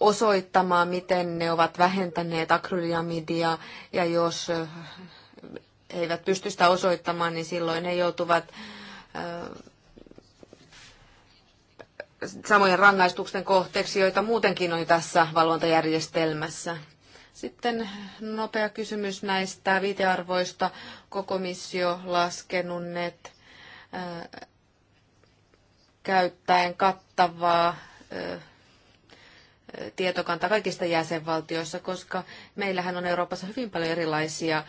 [SPEAKER 2] osoittamaan, miten ne ovat vähentäneet akryliamidia ja jos eivät pysty sitä osoittamaan, niin silloin he joutuvat samojen rangaistusten kohteeksi, joita muutenkin on tässä valvontajärjestelmässä. Sitten nopea kysymys näistä viitearvoista. Kokomissio laskenut ne käyttäen kattavaa tietokanta kaikista jäsenvaltioissa, koska meillähän on Euroopassa hyvin paljon erilaisia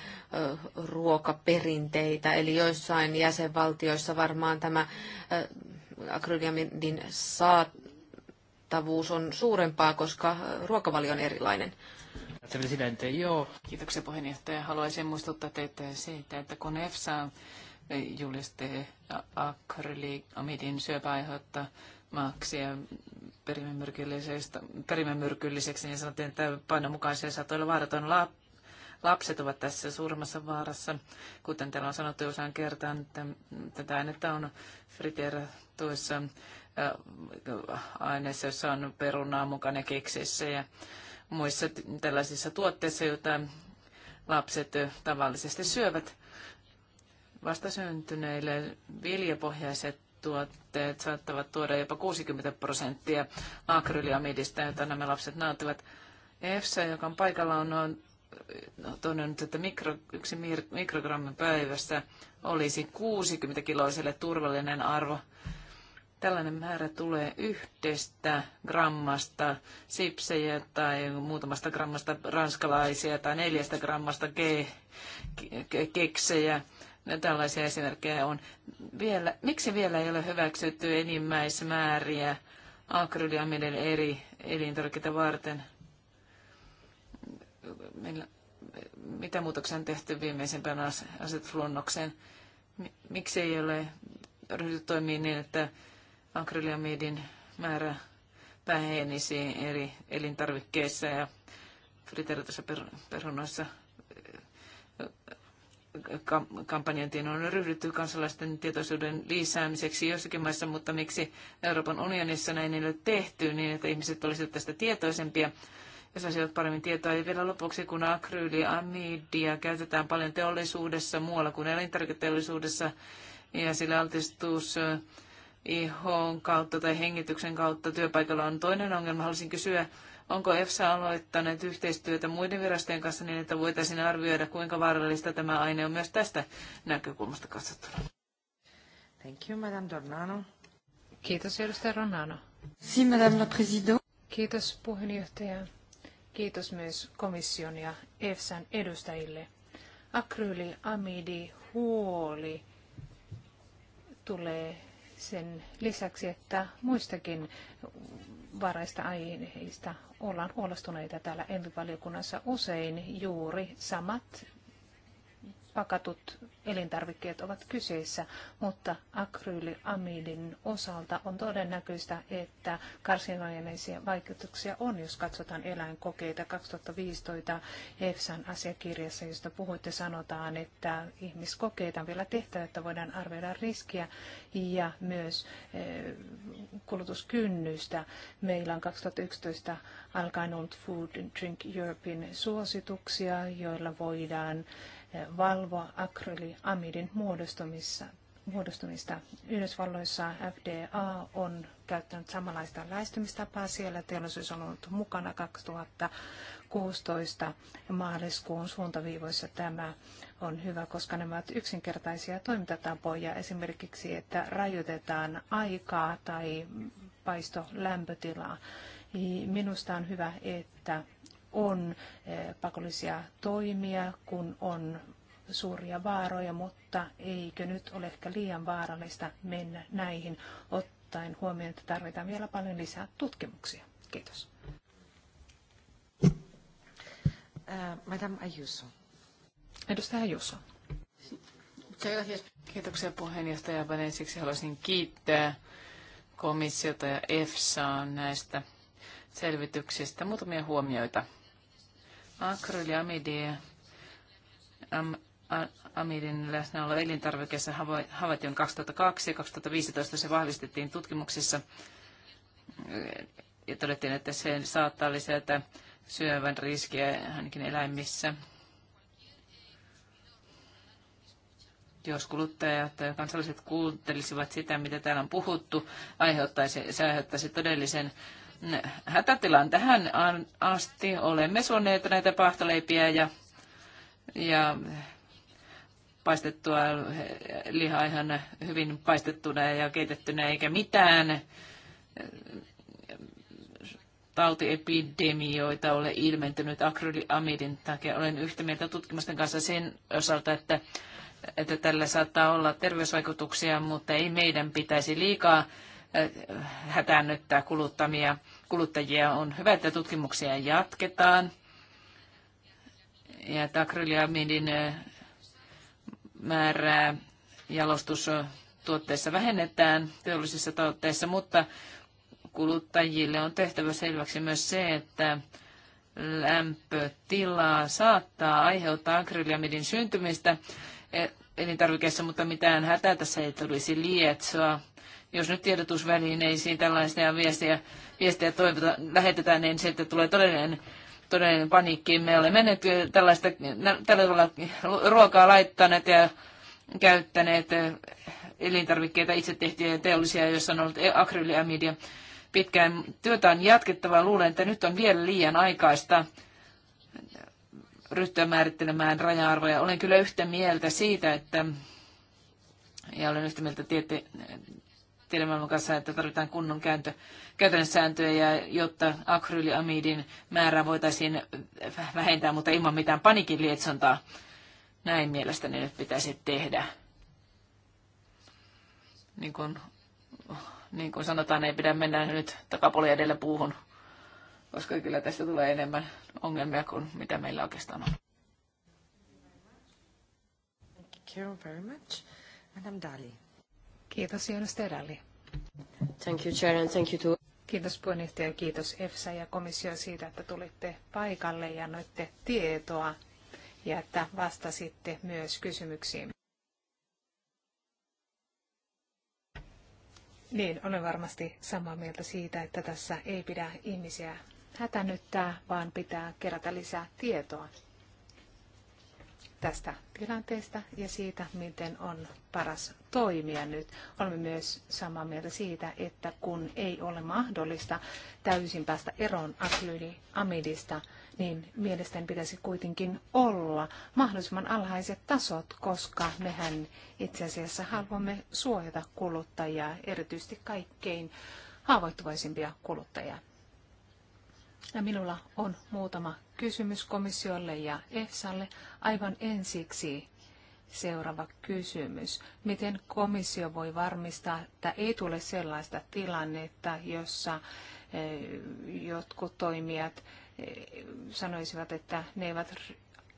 [SPEAKER 2] ruokaperinteitä, eli joissain jäsenvaltioissa varmaan tämä akrylamidin saatavuus on suurempaa, koska ruokavalio on erilainen. Presidente, joo. Kiitoksia puheenjohtaja. Haluaisin muistuttaa teitä
[SPEAKER 3] siitä, että kun EFSA julisti akrylamidin syöpäaiheuttamaksi maaksi ja perimämyrkylliseksi, niin sanottiin, että painonmukaisia satoilla vaaraton lap, lapset ovat tässä suurimmassa vaarassa. Kuten täällä on sanottu usean kertaan, että tätä ainetta on friteera tuossa äh, aineessa, jossa on perunaa mukana keksissä ja muissa tällaisissa tuotteissa, joita lapset äh, tavallisesti syövät. Vastasyntyneille viljapohjaiset tuotteet saattavat tuoda jopa 60 prosenttia akrylamidista, jota nämä lapset nauttivat. EFSA, joka on paikalla, on no, todennut, että mikro, yksi mikrogrammi päivässä olisi 60 kiloiselle turvallinen arvo. Tällainen määrä tulee yhdestä grammasta sipsejä tai muutamasta grammasta ranskalaisia tai neljästä grammasta ke, ke, keksejä tällaisia esimerkkejä on. Vielä, miksi vielä ei ole hyväksytty enimmäismääriä akrylamiden eri elintarvikkeita varten? mitä muutoksia on tehty viimeisempään asetusluonnokseen? Miksi ei ole ryhdytty toimii niin, että akrylamidin määrä vähenisi eri elintarvikkeissa ja friteerityssä perunoissa kampanjointiin on ryhdytty kansalaisten tietoisuuden lisäämiseksi jossakin maissa, mutta miksi Euroopan unionissa näin ei ole tehty niin, että ihmiset olisivat tästä tietoisempia ja saisivat paremmin tietoa. Ja vielä lopuksi, kun akryyliamidia käytetään paljon teollisuudessa muualla kuin elintarviketeollisuudessa ja sillä altistus eh, ihon kautta tai hengityksen kautta työpaikalla on toinen ongelma. Haluaisin kysyä, Onko EFSA aloittanut yhteistyötä muiden virastojen kanssa niin, että voitaisiin arvioida, kuinka vaarallista tämä aine on myös tästä näkökulmasta katsottuna?
[SPEAKER 1] Thank you, Madame Dornano. Kiitos, edustaja Ronano. Si, Madame la Présidente. Kiitos, puheenjohtaja. Kiitos myös komission ja EFSAn edustajille. amidi, huoli tulee sen lisäksi, että muistakin varaista aineista ollaan huolestuneita täällä envivaliokunnassa usein juuri samat pakatut elintarvikkeet ovat kyseessä, mutta akryyliamidin osalta on todennäköistä, että karsinogeneisia vaikutuksia on, jos katsotaan eläinkokeita. 2015 EFSAn asiakirjassa, josta puhuitte, sanotaan, että ihmiskokeita on vielä tehtävä, että voidaan arvioida riskiä ja myös eh, kulutuskynnystä. Meillä on 2011 alkaen ollut Food and Drink Europein suosituksia, joilla voidaan valvoa akryliamidin muodostumista. muodostumista. Yhdysvalloissa FDA on käyttänyt samanlaista lähestymistapaa. Siellä teollisuus on ollut mukana 2016 maaliskuun suuntaviivoissa tämä on hyvä, koska nämä ovat yksinkertaisia toimintatapoja. Esimerkiksi, että rajoitetaan aikaa tai paistolämpötilaa. Minusta on hyvä, että on eh, pakollisia toimia, kun on suuria vaaroja, mutta eikö nyt ole ehkä liian vaarallista mennä näihin ottaen huomioon, että tarvitaan vielä paljon lisää tutkimuksia. Kiitos.
[SPEAKER 3] Äh, Madame Ayuso. Edustaja Ayuso. Kiitoksia puheenjohtaja. Vain ensiksi haluaisin kiittää komissiota ja EFSAa näistä selvityksistä. Muutamia huomioita. A amidie am, amidin läsnäolo elintarvikeessa havaittiin 2002 ja 2015 se vahvistettiin tutkimuksissa ja todettiin, että se saattaa lisätä syövän riskiä ainakin eläimissä. jos kuluttajat tai kansalliset kuuntelisivat sitä, mitä täällä on puhuttu, aiheuttaisi, se aiheuttaisi todellisen hätätilan tähän asti. Olemme suoneet näitä pahtaleipiä ja, ja paistettua lihaa ihan hyvin paistettuna ja keitettynä eikä mitään äh, tautiepidemioita ole ilmentynyt akrylamidin takia. Olen yhtä mieltä tutkimusten kanssa sen osalta, että, että tällä saattaa olla terveysvaikutuksia, mutta ei meidän pitäisi liikaa Äh, hätäännyttää kuluttamia, kuluttajia. On hyvä, että tutkimuksia jatketaan. Ja takryliamidin äh, määrää jalostustuotteissa vähennetään teollisissa tuotteissa, mutta kuluttajille on tehtävä selväksi myös se, että lämpötilaa saattaa aiheuttaa akrylamidin syntymistä e- elintarvikeissa, mutta mitään hätää tässä ei tulisi lietsoa. Jos nyt tiedotusvälineisiin tällaisia viestejä, viestejä toivota, lähetetään, niin että tulee todellinen todellinen paniikki. Me olemme nyt tällaista, tällä tavalla ruokaa laittaneet ja käyttäneet eh, elintarvikkeita itse tehtyjä ja teollisia, joissa on ollut e- akryliamidia pitkään. Työtä on jatkettava. Luulen, että nyt on vielä liian aikaista ryhtyä määrittelemään raja-arvoja. Olen kyllä yhtä mieltä siitä, että ja olen yhtä mieltä tiete- tiedemaailman kanssa, että tarvitaan kunnon kääntö, käytännön sääntöjä, jotta akryyliamidin määrää voitaisiin vähentää, mutta ilman mitään panikin lietsontaa. Näin mielestäni nyt pitäisi tehdä. Niin kuin, niin kuin sanotaan, ei pidä mennä nyt takapoli edellä puuhun, koska kyllä tästä tulee enemmän ongelmia kuin mitä meillä oikeastaan on.
[SPEAKER 1] Thank you very much. Madame Dali. Kiitos edustaja Dalli.
[SPEAKER 3] Thank you, Chair, and thank you to...
[SPEAKER 1] Kiitos puheenjohtaja, kiitos EFSA ja komissio siitä, että tulitte paikalle ja annoitte tietoa ja että vastasitte myös kysymyksiin. Niin, olen varmasti samaa mieltä siitä, että tässä ei pidä ihmisiä hätänyttää, vaan pitää kerätä lisää tietoa tästä tilanteesta ja siitä, miten on paras toimia nyt. Olemme myös samaa mieltä siitä, että kun ei ole mahdollista täysin päästä eroon akryliamidista, niin mielestäni pitäisi kuitenkin olla mahdollisimman alhaiset tasot, koska mehän itse asiassa haluamme suojata kuluttajia, erityisesti kaikkein haavoittuvaisimpia kuluttajia. Ja minulla on muutama kysymys komissiolle ja EFSAlle. Aivan ensiksi seuraava kysymys. Miten komissio voi varmistaa, että ei tule sellaista tilannetta, jossa eh, jotkut toimijat eh, sanoisivat, että ne eivät,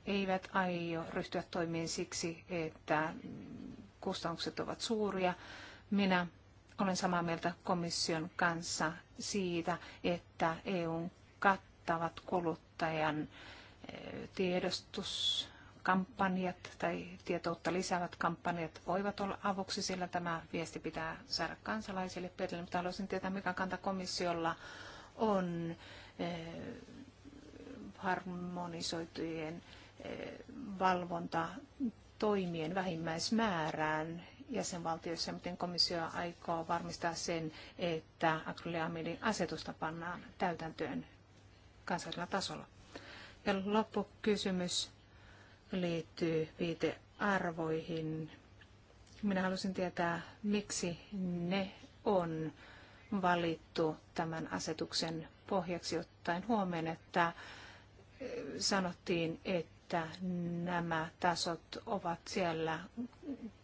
[SPEAKER 1] eivät aio ryhtyä toimiin siksi, että kustannukset ovat suuria. Minä olen samaa mieltä komission kanssa siitä, että EUn kattavat kuluttajan eh, tiedostuskampanjat tai tietoutta lisäävät kampanjat voivat olla avuksi, sillä tämä viesti pitää saada kansalaisille perille. Mutta haluaisin tietää, mikä kanta komissiolla on eh, harmonisoitujen eh, valvontatoimien vähimmäismäärään jäsenvaltioissa, miten komissio aikoo varmistaa sen, että akryliamidin asetusta pannaan täytäntöön kansallisella tasolla. Ja loppukysymys liittyy viitearvoihin. Minä halusin tietää, miksi ne on valittu tämän asetuksen pohjaksi ottaen huomioon, että eh, sanottiin, että nämä tasot ovat siellä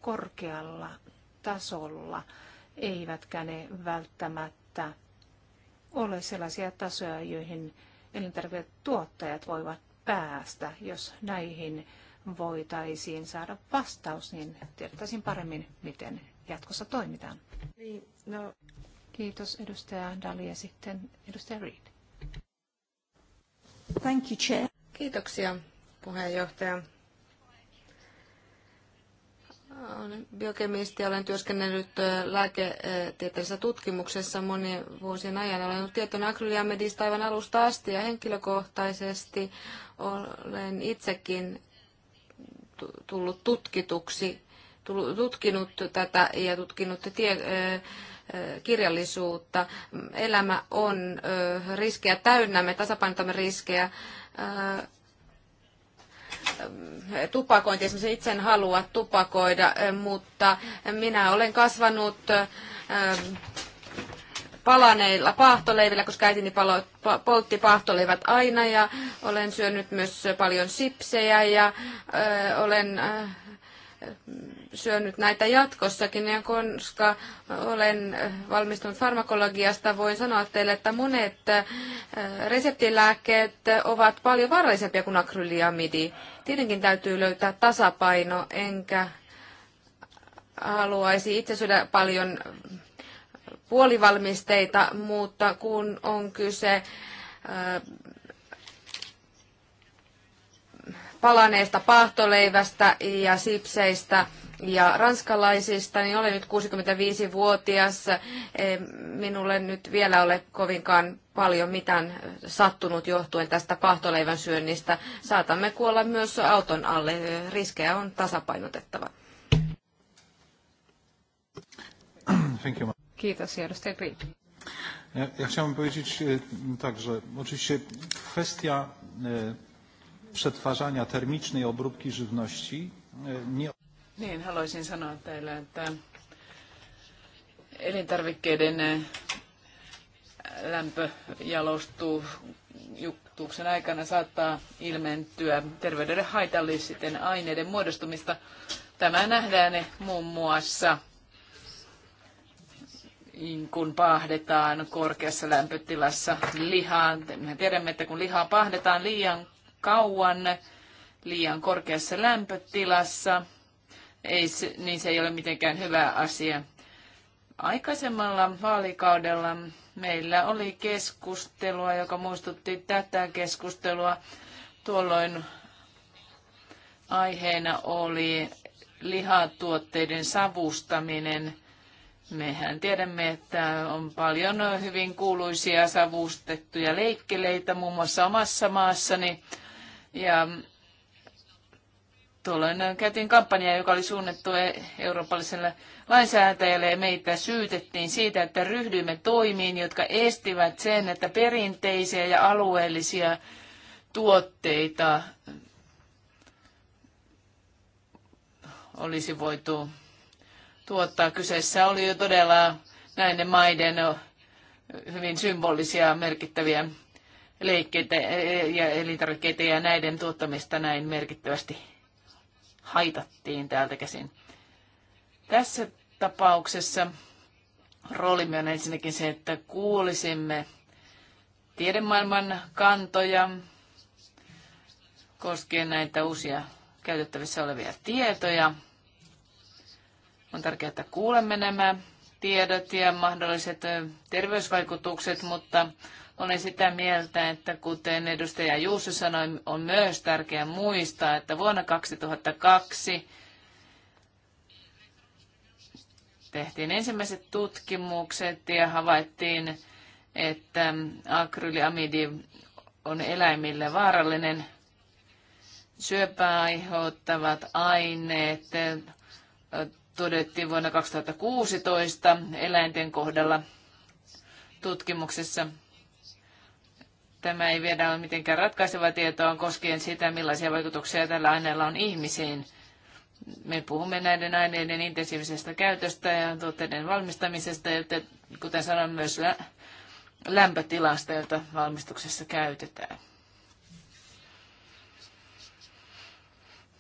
[SPEAKER 1] korkealla tasolla, eivätkä ne välttämättä ole sellaisia tasoja, joihin elintarviketuottajat voivat päästä, jos näihin voitaisiin saada vastaus, niin tiedettäisiin paremmin, miten jatkossa toimitaan. Niin, no. Kiitos edustaja Dali ja sitten edustaja Reid. Thank
[SPEAKER 2] you, Chair. Kiitoksia puheenjohtaja. Olen biokemisti ja olen työskennellyt lääketieteellisessä tutkimuksessa monien vuosien ajan. Olen ollut tietoinen akryliamidista aivan alusta asti ja henkilökohtaisesti olen itsekin tullut tutkituksi, tutkinut tätä ja tutkinut tie, kirjallisuutta. Elämä on riskejä täynnä, me tasapainotamme riskejä tupakointi. Esimerkiksi itse en halua tupakoida, eh, mutta minä olen kasvanut eh, palaneilla pahtoleivillä, koska äitini palo, pa, poltti pahtoleivät aina ja olen syönyt myös paljon sipsejä ja eh, olen syönyt näitä jatkossakin, ja koska olen valmistunut farmakologiasta, voin sanoa teille, että monet äh, reseptilääkkeet ovat paljon vaarallisempia kuin akryliamidi. Tietenkin täytyy löytää tasapaino, enkä haluaisi itse syödä paljon puolivalmisteita, mutta kun on kyse äh, palaneesta pahtoleivästä ja sipseistä ja ranskalaisista, niin olen nyt 65-vuotias. Minulle nyt vielä ole kovinkaan paljon mitään sattunut johtuen tästä pahtoleivän syönnistä. Saatamme kuolla myös auton alle. Riskejä on tasapainotettava. Kiitos, edustaja
[SPEAKER 1] Riipi. Ja, ja chciałbym powiedzieć e, tak, że oczywiście kwestia e, przetwarzania termicznej obróbki żywności e, nie...
[SPEAKER 3] Niin, haluaisin sanoa teille, että elintarvikkeiden e, lämpö jalostuu jutuksen aikana saattaa ilmentyä terveydelle haitallisten aineiden muodostumista. Tämä nähdään muun muassa mm, kun pahdetaan korkeassa lämpötilassa lihaa. Me tiedämme, että kun lihaa pahdetaan liian kauan liian korkeassa lämpötilassa. Ei, niin se ei ole mitenkään hyvä asia. Aikaisemmalla vaalikaudella meillä oli keskustelua, joka muistutti tätä keskustelua. Tuolloin aiheena oli lihatuotteiden savustaminen. Mehän tiedämme, että on paljon hyvin kuuluisia savustettuja leikkeleitä, muun muassa omassa maassani. Ja tuolloin käytiin kampanjaa, joka oli suunnattu e- eurooppalaiselle lainsäätäjälle ja meitä syytettiin siitä, että ryhdyimme toimiin, jotka estivät sen, että perinteisiä ja alueellisia tuotteita olisi voitu tuottaa. Kyseessä oli jo todella näiden maiden hyvin symbolisia merkittäviä leikkeitä e, e, ja elintarvikkeita ja näiden tuottamista näin merkittävästi haitattiin täältä käsin. Tässä tapauksessa roolimme on ensinnäkin se, että kuulisimme tiedemaailman kantoja koskien näitä uusia käytettävissä olevia tietoja. On tärkeää, että kuulemme nämä tiedot ja mahdolliset terveysvaikutukset, mutta olen sitä mieltä, että kuten edustaja Juuso sanoi, on myös tärkeää muistaa, että vuonna 2002 tehtiin ensimmäiset tutkimukset ja havaittiin, että akryliamidi on eläimille vaarallinen syöpää aiheuttavat aineet todettiin vuonna 2016 eläinten kohdalla tutkimuksessa. Tämä ei vielä ole mitenkään ratkaisevaa tietoa koskien sitä, millaisia vaikutuksia tällä aineella on ihmisiin. Me puhumme näiden aineiden intensiivisestä käytöstä ja tuotteiden valmistamisesta, joten kuten sanoin myös lämpötilasta, jota valmistuksessa käytetään.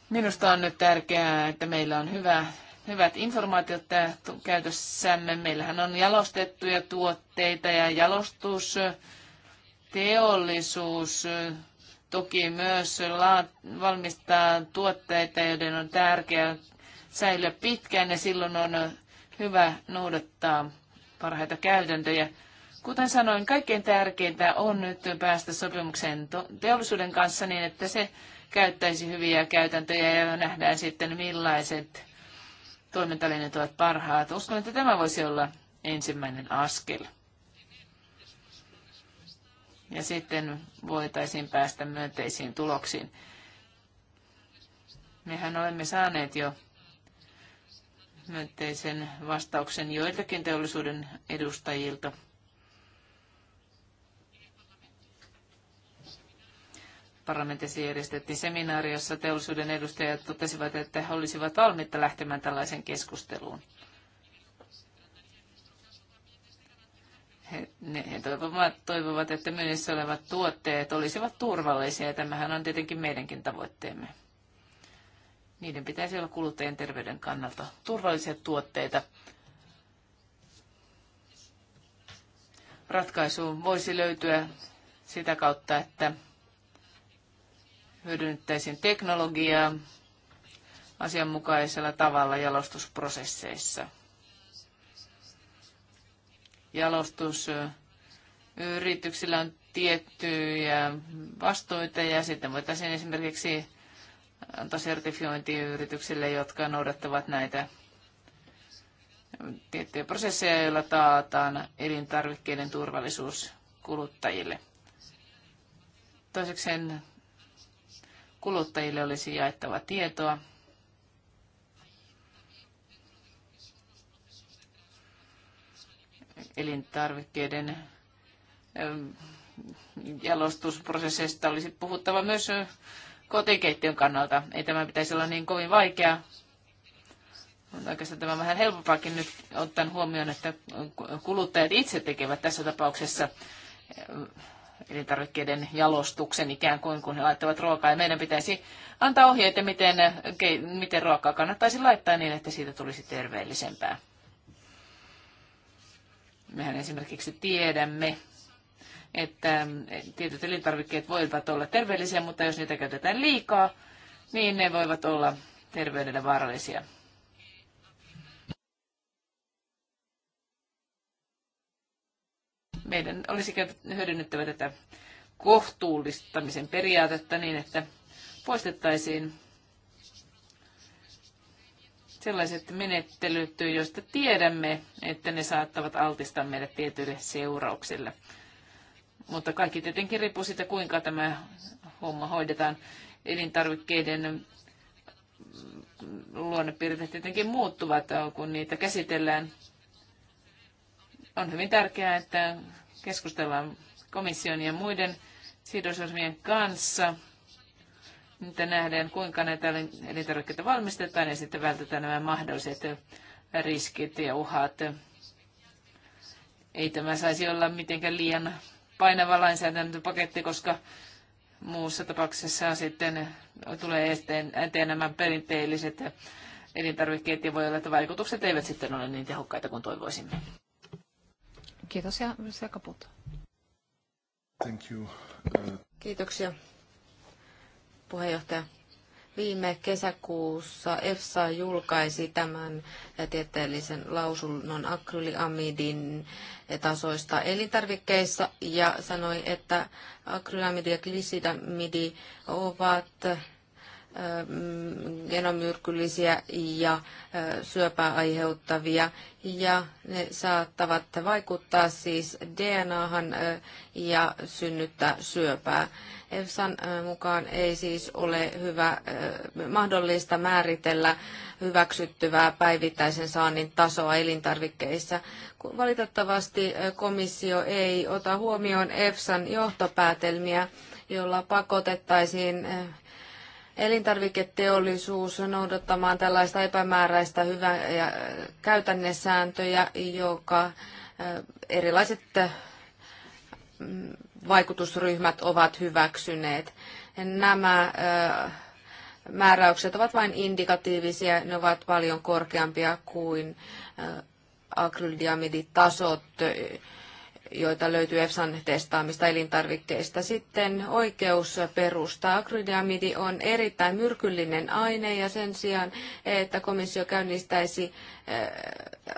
[SPEAKER 3] Minusta on nyt tärkeää, että meillä on hyvä, hyvät informaatiot käytössämme. Meillähän on jalostettuja tuotteita ja jalostus teollisuus toki myös valmistaa tuotteita, joiden on tärkeää säilyä pitkään ja silloin on hyvä noudattaa parhaita käytäntöjä. Kuten sanoin, kaikkein tärkeintä on nyt päästä sopimukseen teollisuuden kanssa niin, että se käyttäisi hyviä käytäntöjä ja nähdään sitten millaiset toimintalinjat ovat parhaat. Uskon, että tämä voisi olla ensimmäinen askel ja sitten voitaisiin päästä myönteisiin tuloksiin. Mehän olemme saaneet jo myönteisen vastauksen joiltakin teollisuuden edustajilta. Parlamentissa järjestettiin seminaari, jossa teollisuuden edustajat totesivat, että he olisivat valmiita lähtemään tällaisen keskusteluun. Ne, he toivovat, toivovat, että myynnissä olevat tuotteet olisivat turvallisia. ja Tämähän on tietenkin meidänkin tavoitteemme. Niiden pitäisi olla kuluttajien terveyden kannalta turvallisia tuotteita. Ratkaisu voisi löytyä sitä kautta, että hyödynnettäisiin teknologiaa asianmukaisella tavalla jalostusprosesseissa jalostusyrityksillä on tiettyjä vastuita ja sitten voitaisiin esimerkiksi antaa sertifiointiyrityksille, jotka noudattavat näitä tiettyjä prosesseja, joilla taataan elintarvikkeiden turvallisuus kuluttajille. Toiseksi kuluttajille olisi jaettava tietoa elintarvikkeiden eh, jalostusprosesseista olisi puhuttava myös eh, kotikeittiön kannalta. Ei tämä pitäisi olla niin kovin vaikeaa. On oikeastaan tämä vähän helpompaakin nyt ottaen huomioon, että kuluttajat itse tekevät tässä tapauksessa eh, elintarvikkeiden jalostuksen ikään kuin, kun he laittavat ruokaa. Ja meidän pitäisi antaa ohjeita, miten, miten ruokaa kannattaisi laittaa niin, että siitä tulisi terveellisempää. Mehän esimerkiksi tiedämme, että eh, tietyt elintarvikkeet voivat olla terveellisiä, mutta jos niitä käytetään liikaa, niin ne voivat olla terveydelle vaarallisia. Meidän olisi hyödynnettävä tätä kohtuullistamisen periaatetta niin, että poistettaisiin sellaiset menettelyt, joista tiedämme, että ne saattavat altistaa meidät tietyille seurauksille. Mutta kaikki tietenkin riippuu siitä, kuinka tämä homma hoidetaan. Elintarvikkeiden luonnepiirteet tietenkin muuttuvat, kun niitä käsitellään. On hyvin tärkeää, että keskustellaan komission ja muiden sidosryhmien kanssa nyt nähdään, kuinka näitä elintarvikkeita valmistetaan ja sitten vältetään nämä mahdolliset riskit ja uhat. Ei tämä saisi olla mitenkään liian painava lainsäädäntöpaketti, koska muussa tapauksessa sitten tulee eteen, eteen nämä perinteelliset elintarvikkeet ja voi olla, että vaikutukset eivät sitten ole niin tehokkaita kuin toivoisimme.
[SPEAKER 1] Kiitos ja Thank you.
[SPEAKER 2] Kiitoksia puheenjohtaja. Viime kesäkuussa EFSA julkaisi tämän tieteellisen lausunnon akryliamidin tasoista elintarvikkeissa ja sanoi, että akryliamidi ja glisidamidi ovat mm, genomyrkyllisiä ja syöpää aiheuttavia ja ne saattavat vaikuttaa siis DNAhan ja synnyttää syöpää. EFSAn mukaan ei siis ole hyvä, mahdollista määritellä hyväksyttyvää päivittäisen saannin tasoa elintarvikkeissa. Valitettavasti komissio ei ota huomioon EFSAn johtopäätelmiä, jolla pakotettaisiin elintarviketeollisuus noudattamaan tällaista epämääräistä hyvää ja käytännesääntöjä, joka erilaiset vaikutusryhmät ovat hyväksyneet. Nämä määräykset ovat vain indikatiivisia, ne ovat paljon korkeampia kuin akrylidiamiditasot, joita löytyy EFSAn testaamista elintarvikkeista. Sitten perustaa. Akrydiamidi on erittäin myrkyllinen aine ja sen sijaan, että komissio käynnistäisi, äh,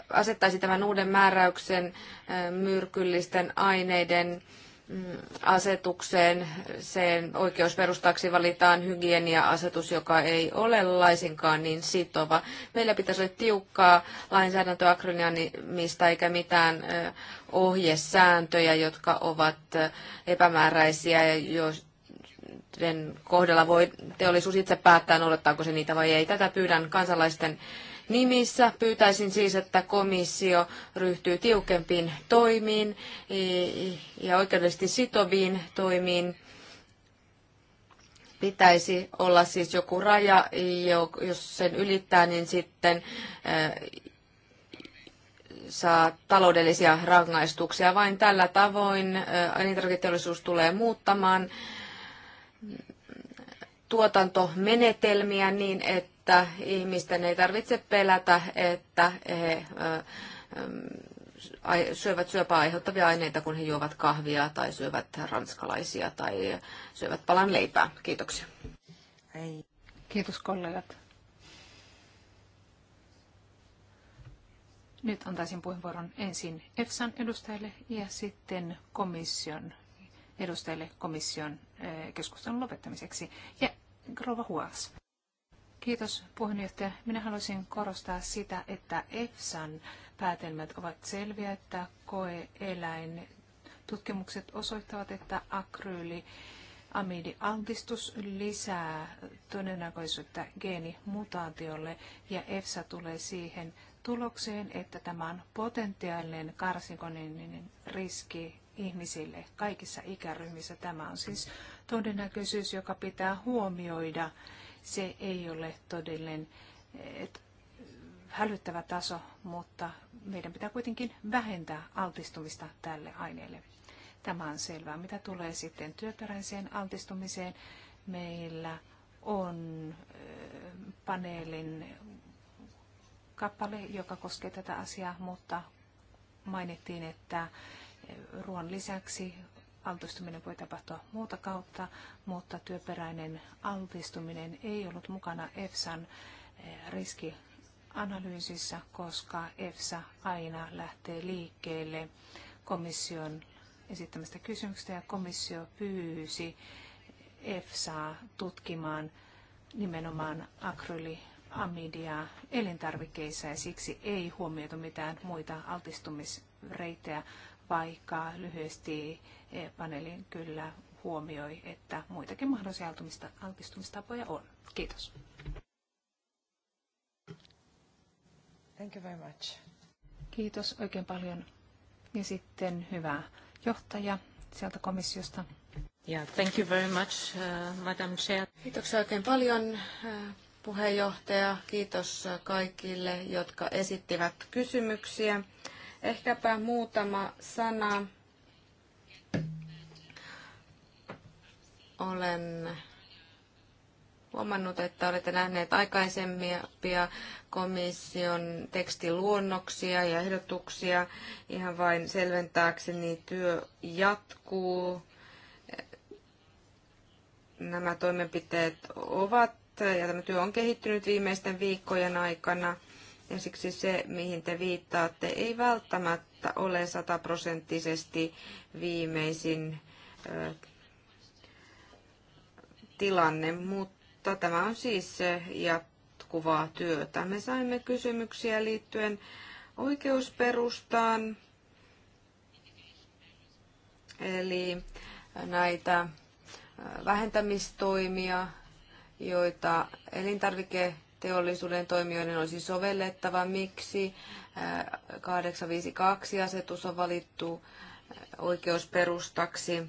[SPEAKER 2] asettaisi tämän uuden määräyksen äh, myrkyllisten aineiden asetukseen. Sen oikeusperustaksi valitaan hygienia-asetus, joka ei ole laisinkaan niin sitova. Meillä pitäisi olla tiukkaa lainsäädäntöä akronyymista eikä mitään ohjesääntöjä, jotka ovat epämääräisiä ja joiden kohdalla voi teollisuus itse päättää, noudattaako se niitä vai ei. Tätä pyydän kansalaisten nimissä. Pyytäisin siis, että komissio ryhtyy tiukempiin toimiin e, ja oikeudellisesti sitoviin toimiin. Pitäisi olla siis joku raja, jos sen ylittää, niin sitten e, saa taloudellisia rangaistuksia. Vain tällä tavoin e, elintarviketeollisuus tulee muuttamaan tuotantomenetelmiä niin, että että ihmisten ei tarvitse pelätä, että he syövät syöpää aiheuttavia aineita, kun he juovat kahvia tai syövät ranskalaisia tai syövät palan leipää. Kiitoksia.
[SPEAKER 1] Kiitos kollegat. Nyt antaisin puheenvuoron ensin EFSAn edustajille ja sitten komission edustajille komission keskustelun lopettamiseksi. Ja Rova Huas. Kiitos puheenjohtaja. Minä haluaisin korostaa sitä, että EFSAn päätelmät ovat selviä, että koeeläin tutkimukset osoittavat, että akryyli amidialtistus lisää todennäköisyyttä geenimutaatiolle ja EFSA tulee siihen tulokseen, että tämä on potentiaalinen karsinogeeninen riski ihmisille kaikissa ikäryhmissä. Tämä on siis todennäköisyys, joka pitää huomioida se ei ole todellinen hälyttävä taso, mutta meidän pitää kuitenkin vähentää altistumista tälle aineelle. Tämä on selvää. Mitä tulee sitten työperäiseen altistumiseen, meillä on paneelin kappale, joka koskee tätä asiaa, mutta mainittiin, että ruoan lisäksi altistuminen voi tapahtua muuta kautta, mutta työperäinen altistuminen ei ollut mukana EFSAn eh, riskianalyysissä, koska EFSA aina lähtee liikkeelle komission esittämästä kysymyksestä ja komissio pyysi EFSAa tutkimaan nimenomaan akryli amidia elintarvikkeissa ja siksi ei huomioitu mitään muita altistumisreittejä vaikka lyhyesti eh, paneelin kyllä huomioi, että muitakin mahdollisia altistumistapoja on. Kiitos. Thank you very much. Kiitos oikein paljon. Ja sitten hyvä johtaja sieltä komissiosta.
[SPEAKER 2] Yeah, thank you very much, uh, Madam Chair. Kiitoksia oikein paljon uh, puheenjohtaja. Kiitos uh, kaikille, jotka esittivät kysymyksiä. Ehkäpä muutama sana. Olen huomannut, että olette nähneet aikaisempia komission tekstiluonnoksia ja ehdotuksia. Ihan vain selventääkseni työ jatkuu. Nämä toimenpiteet ovat ja tämä työ on kehittynyt viimeisten viikkojen aikana ensiksi se, mihin te viittaatte, ei välttämättä ole sataprosenttisesti viimeisin tilanne, mutta tämä on siis jatkuvaa työtä. Me saimme kysymyksiä liittyen oikeusperustaan, eli näitä vähentämistoimia, joita elintarvike teollisuuden toimijoiden olisi sovellettava, miksi 852-asetus äh, on valittu äh, oikeusperustaksi.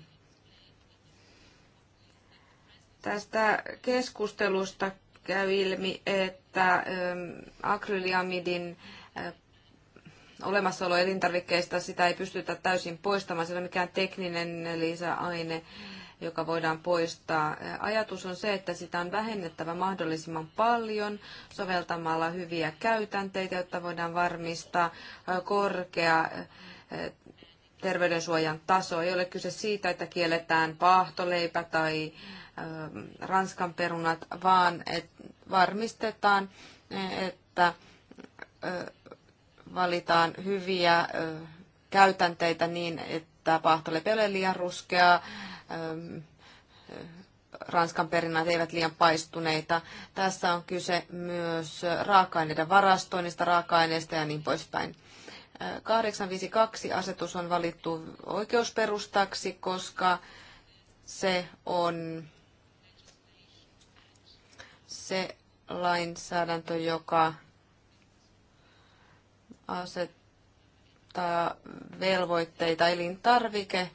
[SPEAKER 2] Tästä keskustelusta käy ilmi, että ähm, akryliamidin äh, olemassaolo elintarvikkeista, sitä ei pystytä täysin poistamaan, se on mikään tekninen lisäaine. aine joka voidaan poistaa. Ajatus on se, että sitä on vähennettävä mahdollisimman paljon soveltamalla hyviä käytänteitä, jotta voidaan varmistaa korkea terveydensuojan taso. Ei ole kyse siitä, että kielletään paahtoleipä tai ranskan perunat, vaan että varmistetaan, että valitaan hyviä käytänteitä niin, että paahtoleipä ei ole liian ruskeaa, Ranskan perinnät eivät liian paistuneita. Tässä on kyse myös raaka-aineiden varastoinnista, raaka-aineista ja niin poispäin. 852-asetus on valittu oikeusperustaksi, koska se on se lainsäädäntö, joka asettaa velvoitteita elintarvike-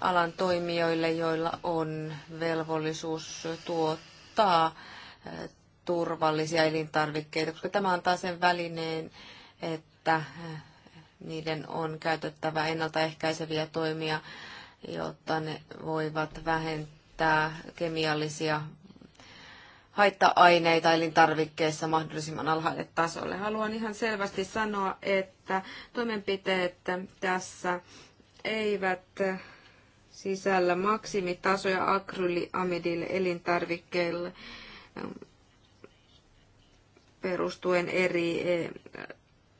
[SPEAKER 2] alan toimijoille, joilla on velvollisuus tuottaa äh, turvallisia elintarvikkeita, koska tämä antaa sen välineen, että äh, niiden on käytettävä ennaltaehkäiseviä toimia, jotta ne voivat vähentää kemiallisia haitta-aineita elintarvikkeissa mahdollisimman alhaalle tasolle. Haluan ihan selvästi sanoa, että toimenpiteet tässä eivät sisällä maksimitasoja akryliamidille elintarvikkeille ähm, perustuen eri äh,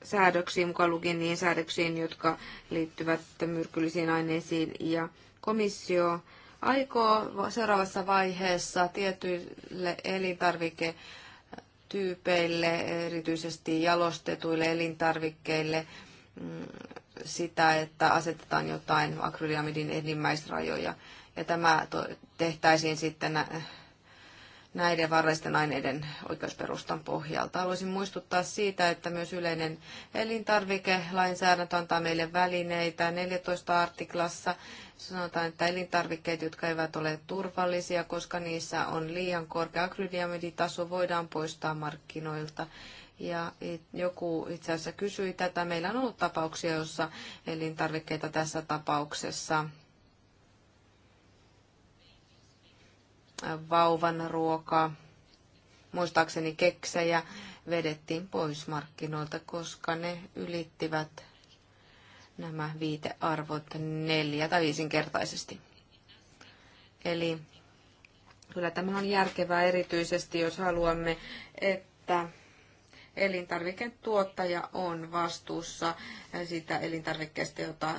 [SPEAKER 2] säädöksiin, mukaan lukien niin säädöksiin, jotka liittyvät myrkyllisiin aineisiin. Ja komissio aikoo seuraavassa vaiheessa tietyille elintarviketyypeille, erityisesti jalostetuille elintarvikkeille, mm, sitä, että asetetaan jotain akrylamidin enimmäisrajoja. Ja tämä tehtäisiin sitten näiden vaarallisten aineiden oikeusperustan pohjalta. Haluaisin muistuttaa siitä, että myös yleinen elintarvikelainsäädäntö antaa meille välineitä. 14 artiklassa sanotaan, että elintarvikkeet, jotka eivät ole turvallisia, koska niissä on liian korkea akrylamiditaso, voidaan poistaa markkinoilta. Ja joku itse asiassa kysyi tätä. Meillä on ollut tapauksia, joissa elintarvikkeita tässä tapauksessa vauvan ruoka, muistaakseni keksejä, vedettiin pois markkinoilta, koska ne ylittivät nämä viitearvot neljä tai viisinkertaisesti. Eli kyllä tämä on järkevää erityisesti, jos haluamme, että elintarviketuottaja on vastuussa siitä elintarvikkeesta, jota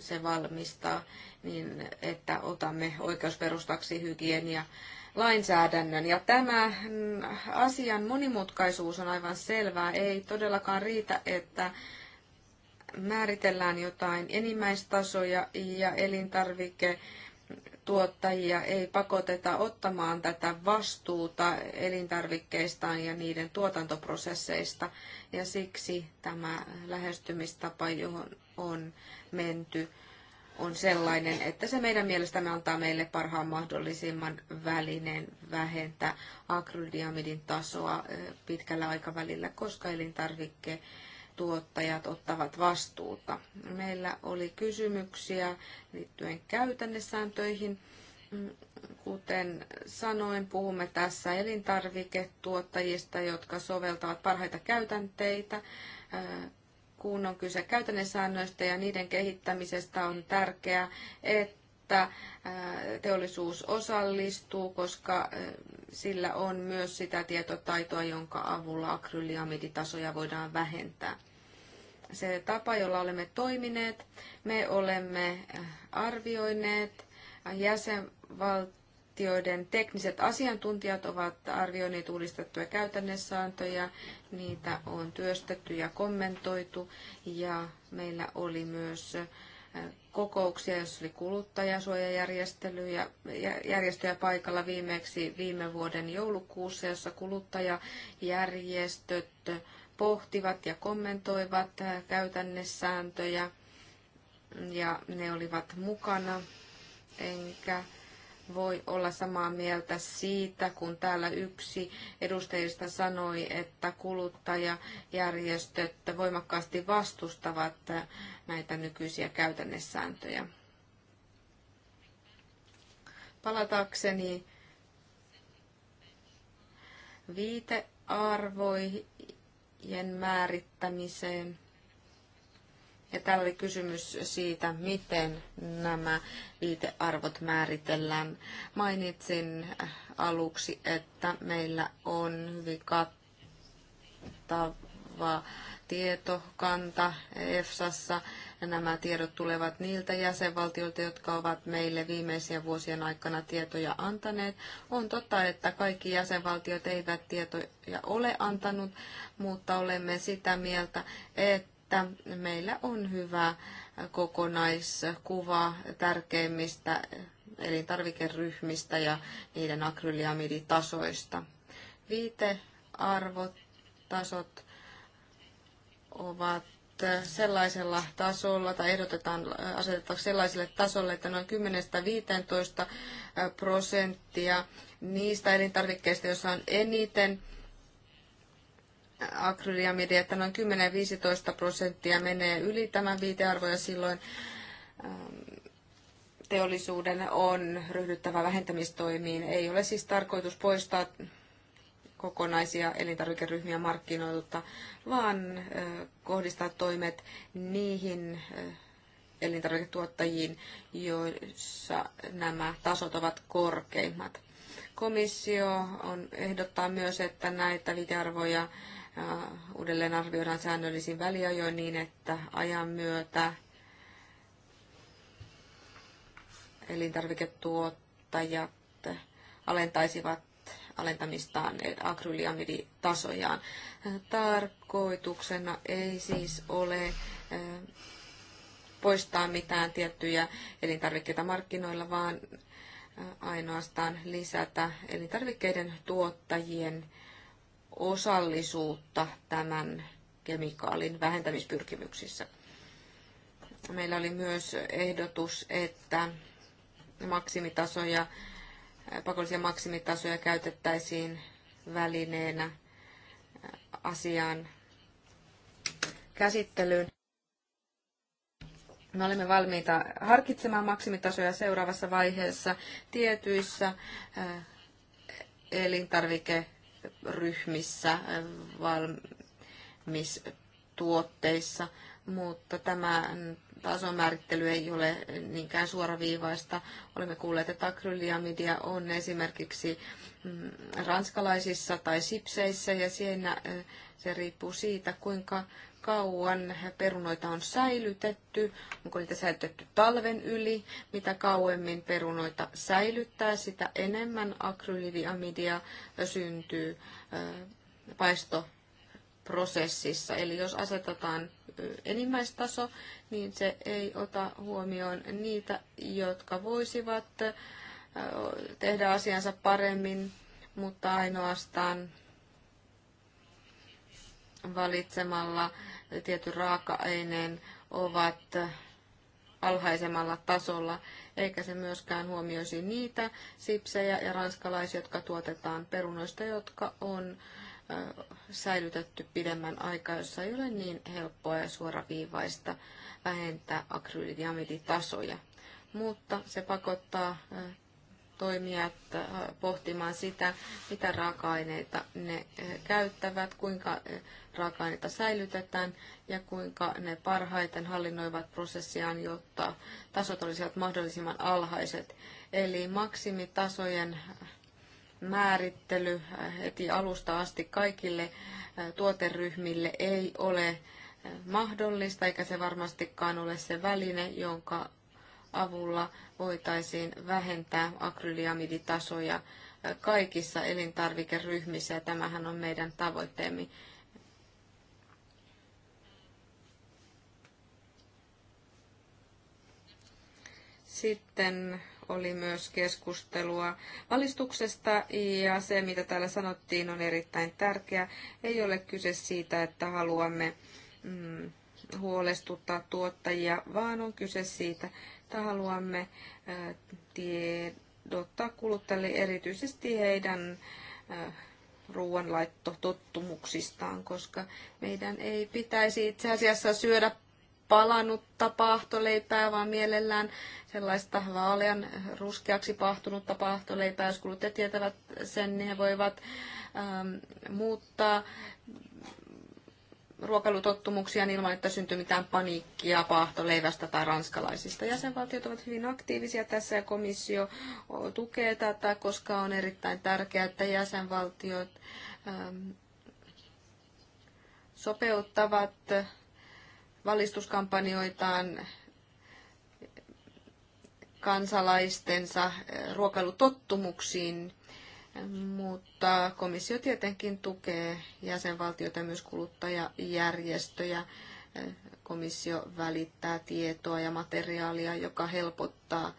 [SPEAKER 2] se valmistaa, niin että otamme oikeusperustaksi hygienia lainsäädännön. Ja tämä mm, asian monimutkaisuus on aivan selvää. Ei todellakaan riitä, että määritellään jotain enimmäistasoja ja elintarvike tuottajia ei pakoteta ottamaan tätä vastuuta elintarvikkeistaan ja niiden tuotantoprosesseista. Ja siksi tämä lähestymistapa, johon on menty, on sellainen, että se meidän mielestämme antaa meille parhaan mahdollisimman välineen vähentää akrylidiamidin tasoa eh, pitkällä aikavälillä, koska elintarvikkeet tuottajat ottavat vastuuta. Meillä oli kysymyksiä liittyen käytännesääntöihin. Mm, kuten sanoin, puhumme tässä elintarviketuottajista, jotka soveltavat parhaita käytänteitä. Kun on kyse käytännössäännöistä ja niiden kehittämisestä, on tärkeää, että että teollisuus osallistuu, koska sillä on myös sitä tietotaitoa, jonka avulla akryliamiditasoja voidaan vähentää. Se tapa, jolla olemme toimineet, me olemme arvioineet jäsenvaltioiden tekniset asiantuntijat ovat arvioineet uudistettuja käytännessääntöjä, niitä on työstetty ja kommentoitu ja meillä oli myös kokouksia, jos oli kuluttajasuojajärjestelyjä järjestöjä paikalla viimeksi viime vuoden joulukuussa, jossa kuluttajajärjestöt pohtivat ja kommentoivat äh, käytännessääntöjä ja ne olivat mukana. Enkä voi olla samaa mieltä siitä, kun täällä yksi edustajista sanoi, että kuluttajajärjestöt voimakkaasti vastustavat näitä nykyisiä käytännessääntöjä. Palatakseni viitearvojen määrittämiseen. Ja täällä oli kysymys siitä, miten nämä viitearvot määritellään. Mainitsin aluksi, että meillä on hyvin kattava tietokanta EFSassa. Nämä tiedot tulevat niiltä jäsenvaltioilta, jotka ovat meille viimeisiä vuosien aikana tietoja antaneet. On totta, että kaikki jäsenvaltiot eivät tietoja ole antanut, mutta olemme sitä mieltä, että että meillä on hyvä kokonaiskuva tärkeimmistä elintarvikeryhmistä ja niiden akrylamiditasoista. Viitearvotasot tasot ovat sellaisella tasolla tai ehdotetaan asetettavaksi sellaiselle tasolle, että noin 10-15 prosenttia niistä elintarvikkeista, joissa on eniten akrylamidi, että noin 10-15 prosenttia menee yli tämän viitearvoja silloin ähm, teollisuuden on ryhdyttävä vähentämistoimiin. Ei ole siis tarkoitus poistaa kokonaisia elintarvikeryhmiä markkinoilta, vaan äh, kohdistaa toimet niihin äh, elintarviketuottajiin, joissa nämä tasot ovat korkeimmat. Komissio on, ehdottaa myös, että näitä viitearvoja Uudelleen arvioidaan säännöllisin väliajoin niin, että ajan myötä elintarviketuottajat alentaisivat alentamistaan akryliamiditasojaan. Tarkoituksena ei siis ole eh, poistaa mitään tiettyjä elintarvikkeita markkinoilla, vaan eh, ainoastaan lisätä elintarvikkeiden tuottajien osallisuutta tämän kemikaalin vähentämispyrkimyksissä. Meillä oli myös ehdotus, että maksimitasoja, pakollisia maksimitasoja käytettäisiin välineenä asian käsittelyyn. Me olemme valmiita harkitsemaan maksimitasoja seuraavassa vaiheessa tietyissä eh, elintarvike- ryhmissä, valmistuotteissa, mutta tämä tason määrittely ei ole niinkään suoraviivaista. Olemme kuulleet, että akryliamidia on esimerkiksi mm, ranskalaisissa tai sipseissä ja siinä se riippuu siitä, kuinka kauan perunoita on säilytetty, onko niitä säilytetty talven yli, mitä kauemmin perunoita säilyttää, sitä enemmän akrylidiamidia syntyy paistoprosessissa. Eli jos asetetaan enimmäistaso, niin se ei ota huomioon niitä, jotka voisivat tehdä asiansa paremmin, mutta ainoastaan valitsemalla tietyn raaka-aineen ovat alhaisemmalla tasolla, eikä se myöskään huomioisi niitä sipsejä ja ranskalaisia, jotka tuotetaan perunoista, jotka on säilytetty pidemmän aikaa, jossa ei ole niin helppoa ja suoraviivaista vähentää akryylidiamiditasoja. Mutta se pakottaa toimijat äh, pohtimaan sitä, mitä raaka-aineita ne äh, käyttävät, kuinka äh, raaka-aineita säilytetään ja kuinka ne parhaiten hallinnoivat prosessiaan, jotta tasot olisivat mahdollisimman alhaiset. Eli maksimitasojen määrittely heti alusta asti kaikille tuoteryhmille ei ole mahdollista, eikä se varmastikaan ole se väline, jonka avulla voitaisiin vähentää akryliamiditasoja kaikissa elintarvikeryhmissä ja tämähän on meidän tavoitteemme. Sitten oli myös keskustelua valistuksesta ja se, mitä täällä sanottiin, on erittäin tärkeää. Ei ole kyse siitä, että haluamme mm, huolestuttaa tuottajia, vaan on kyse siitä, että haluamme tiedottaa kuluttajille erityisesti heidän ruoanlaittotottumuksistaan, koska meidän ei pitäisi itse asiassa syödä palanutta pahtoleipää. vaan mielellään sellaista vaalean ruskeaksi pahtunutta pahtoleipää Jos kuluttajat tietävät sen, niin he voivat ähm, muuttaa ruokailutottumuksiaan ilman, että syntyy mitään paniikkia paahtoleivästä tai ranskalaisista. Jäsenvaltiot ovat hyvin aktiivisia tässä ja komissio tukee tätä, koska on erittäin tärkeää, että jäsenvaltiot ähm, sopeuttavat valistuskampanjoitaan kansalaistensa äh, ruokailutottumuksiin mutta komissio tietenkin tukee jäsenvaltioita myös kuluttajajärjestöjä. Komissio välittää tietoa ja materiaalia, joka helpottaa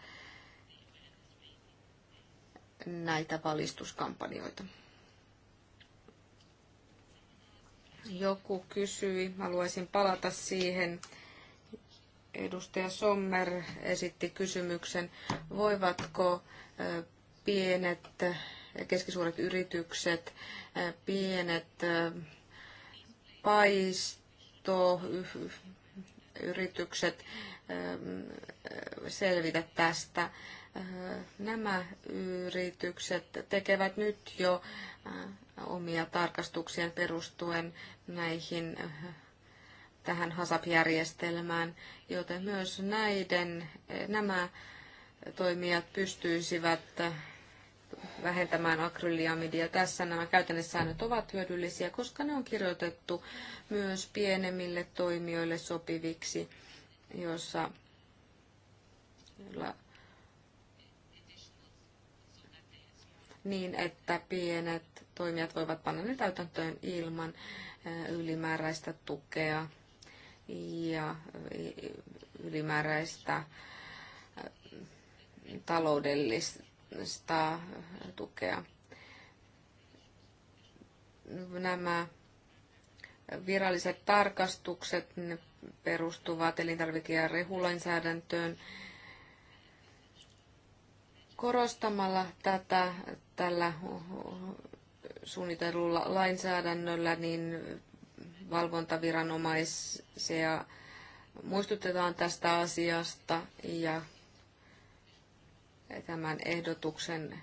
[SPEAKER 2] näitä valistuskampanjoita. Joku kysyi, haluaisin palata siihen. Edustaja Sommer esitti kysymyksen, voivatko pienet keskisuuret yritykset, pienet paistoyritykset selvitä tästä. Nämä yritykset tekevät nyt jo omia tarkastuksien perustuen näihin tähän HASAP-järjestelmään, joten myös näiden, nämä toimijat pystyisivät vähentämään akryyliamidia. Tässä nämä käytännössäännöt ovat hyödyllisiä, koska ne on kirjoitettu myös pienemmille toimijoille sopiviksi, jossa niin, että pienet toimijat voivat panna ne täytäntöön ilman ylimääräistä tukea ja ylimääräistä taloudellista sitä tukea. Nämä viralliset tarkastukset ne perustuvat elintarvike- ja rehulainsäädäntöön. Korostamalla tätä tällä suunnitelulla lainsäädännöllä, niin valvontaviranomaisia muistutetaan tästä asiasta ja tämän ehdotuksen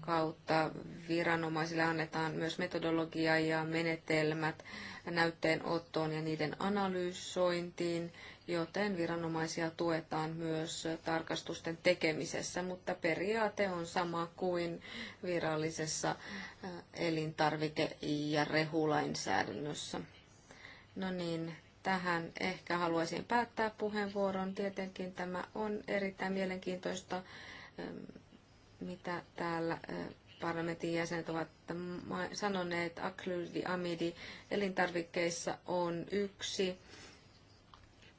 [SPEAKER 2] kautta viranomaisille annetaan myös metodologia ja menetelmät näytteenottoon ja niiden analysointiin, joten viranomaisia tuetaan myös tarkastusten tekemisessä, mutta periaate on sama kuin virallisessa äh, elintarvike- ja rehulainsäädännössä. No niin, tähän ehkä haluaisin päättää puheenvuoron. Tietenkin tämä on erittäin mielenkiintoista Ähm, mitä täällä äh, parlamentin jäsenet ovat sanoneet. Aklyldiamidi elintarvikkeissa on yksi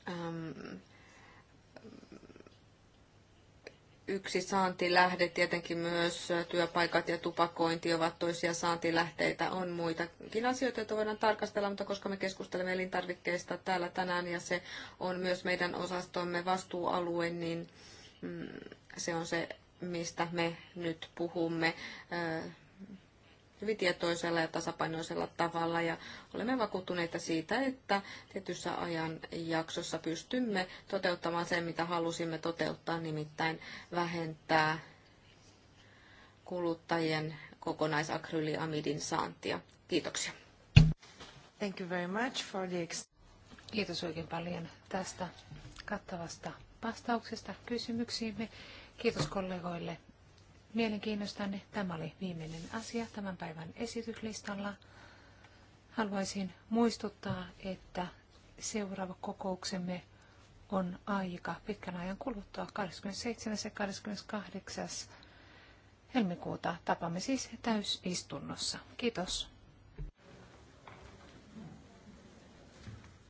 [SPEAKER 2] ähm, yksi saantilähde, tietenkin myös työpaikat ja tupakointi ovat toisia saantilähteitä, on muitakin asioita, joita voidaan tarkastella, mutta koska me keskustelemme elintarvikkeista täällä tänään ja se on myös meidän osastomme vastuualue, niin mm, se on se, mistä me nyt puhumme hyvin tietoisella ja tasapainoisella tavalla ja olemme vakuuttuneita siitä, että tietyssä ajan jaksossa pystymme toteuttamaan sen, mitä halusimme toteuttaa, nimittäin vähentää kuluttajien kokonaisakryliamidin saantia. Kiitoksia. Thank you very much for
[SPEAKER 1] the Kiitos oikein paljon tästä kattavasta vastauksesta kysymyksiimme. Kiitos kollegoille mielenkiinnostanne. Tämä oli viimeinen asia tämän päivän esityslistalla. Haluaisin muistuttaa, että seuraava kokouksemme on aika pitkän ajan kuluttua 27. ja 28. helmikuuta. Tapamme siis täysistunnossa. Kiitos.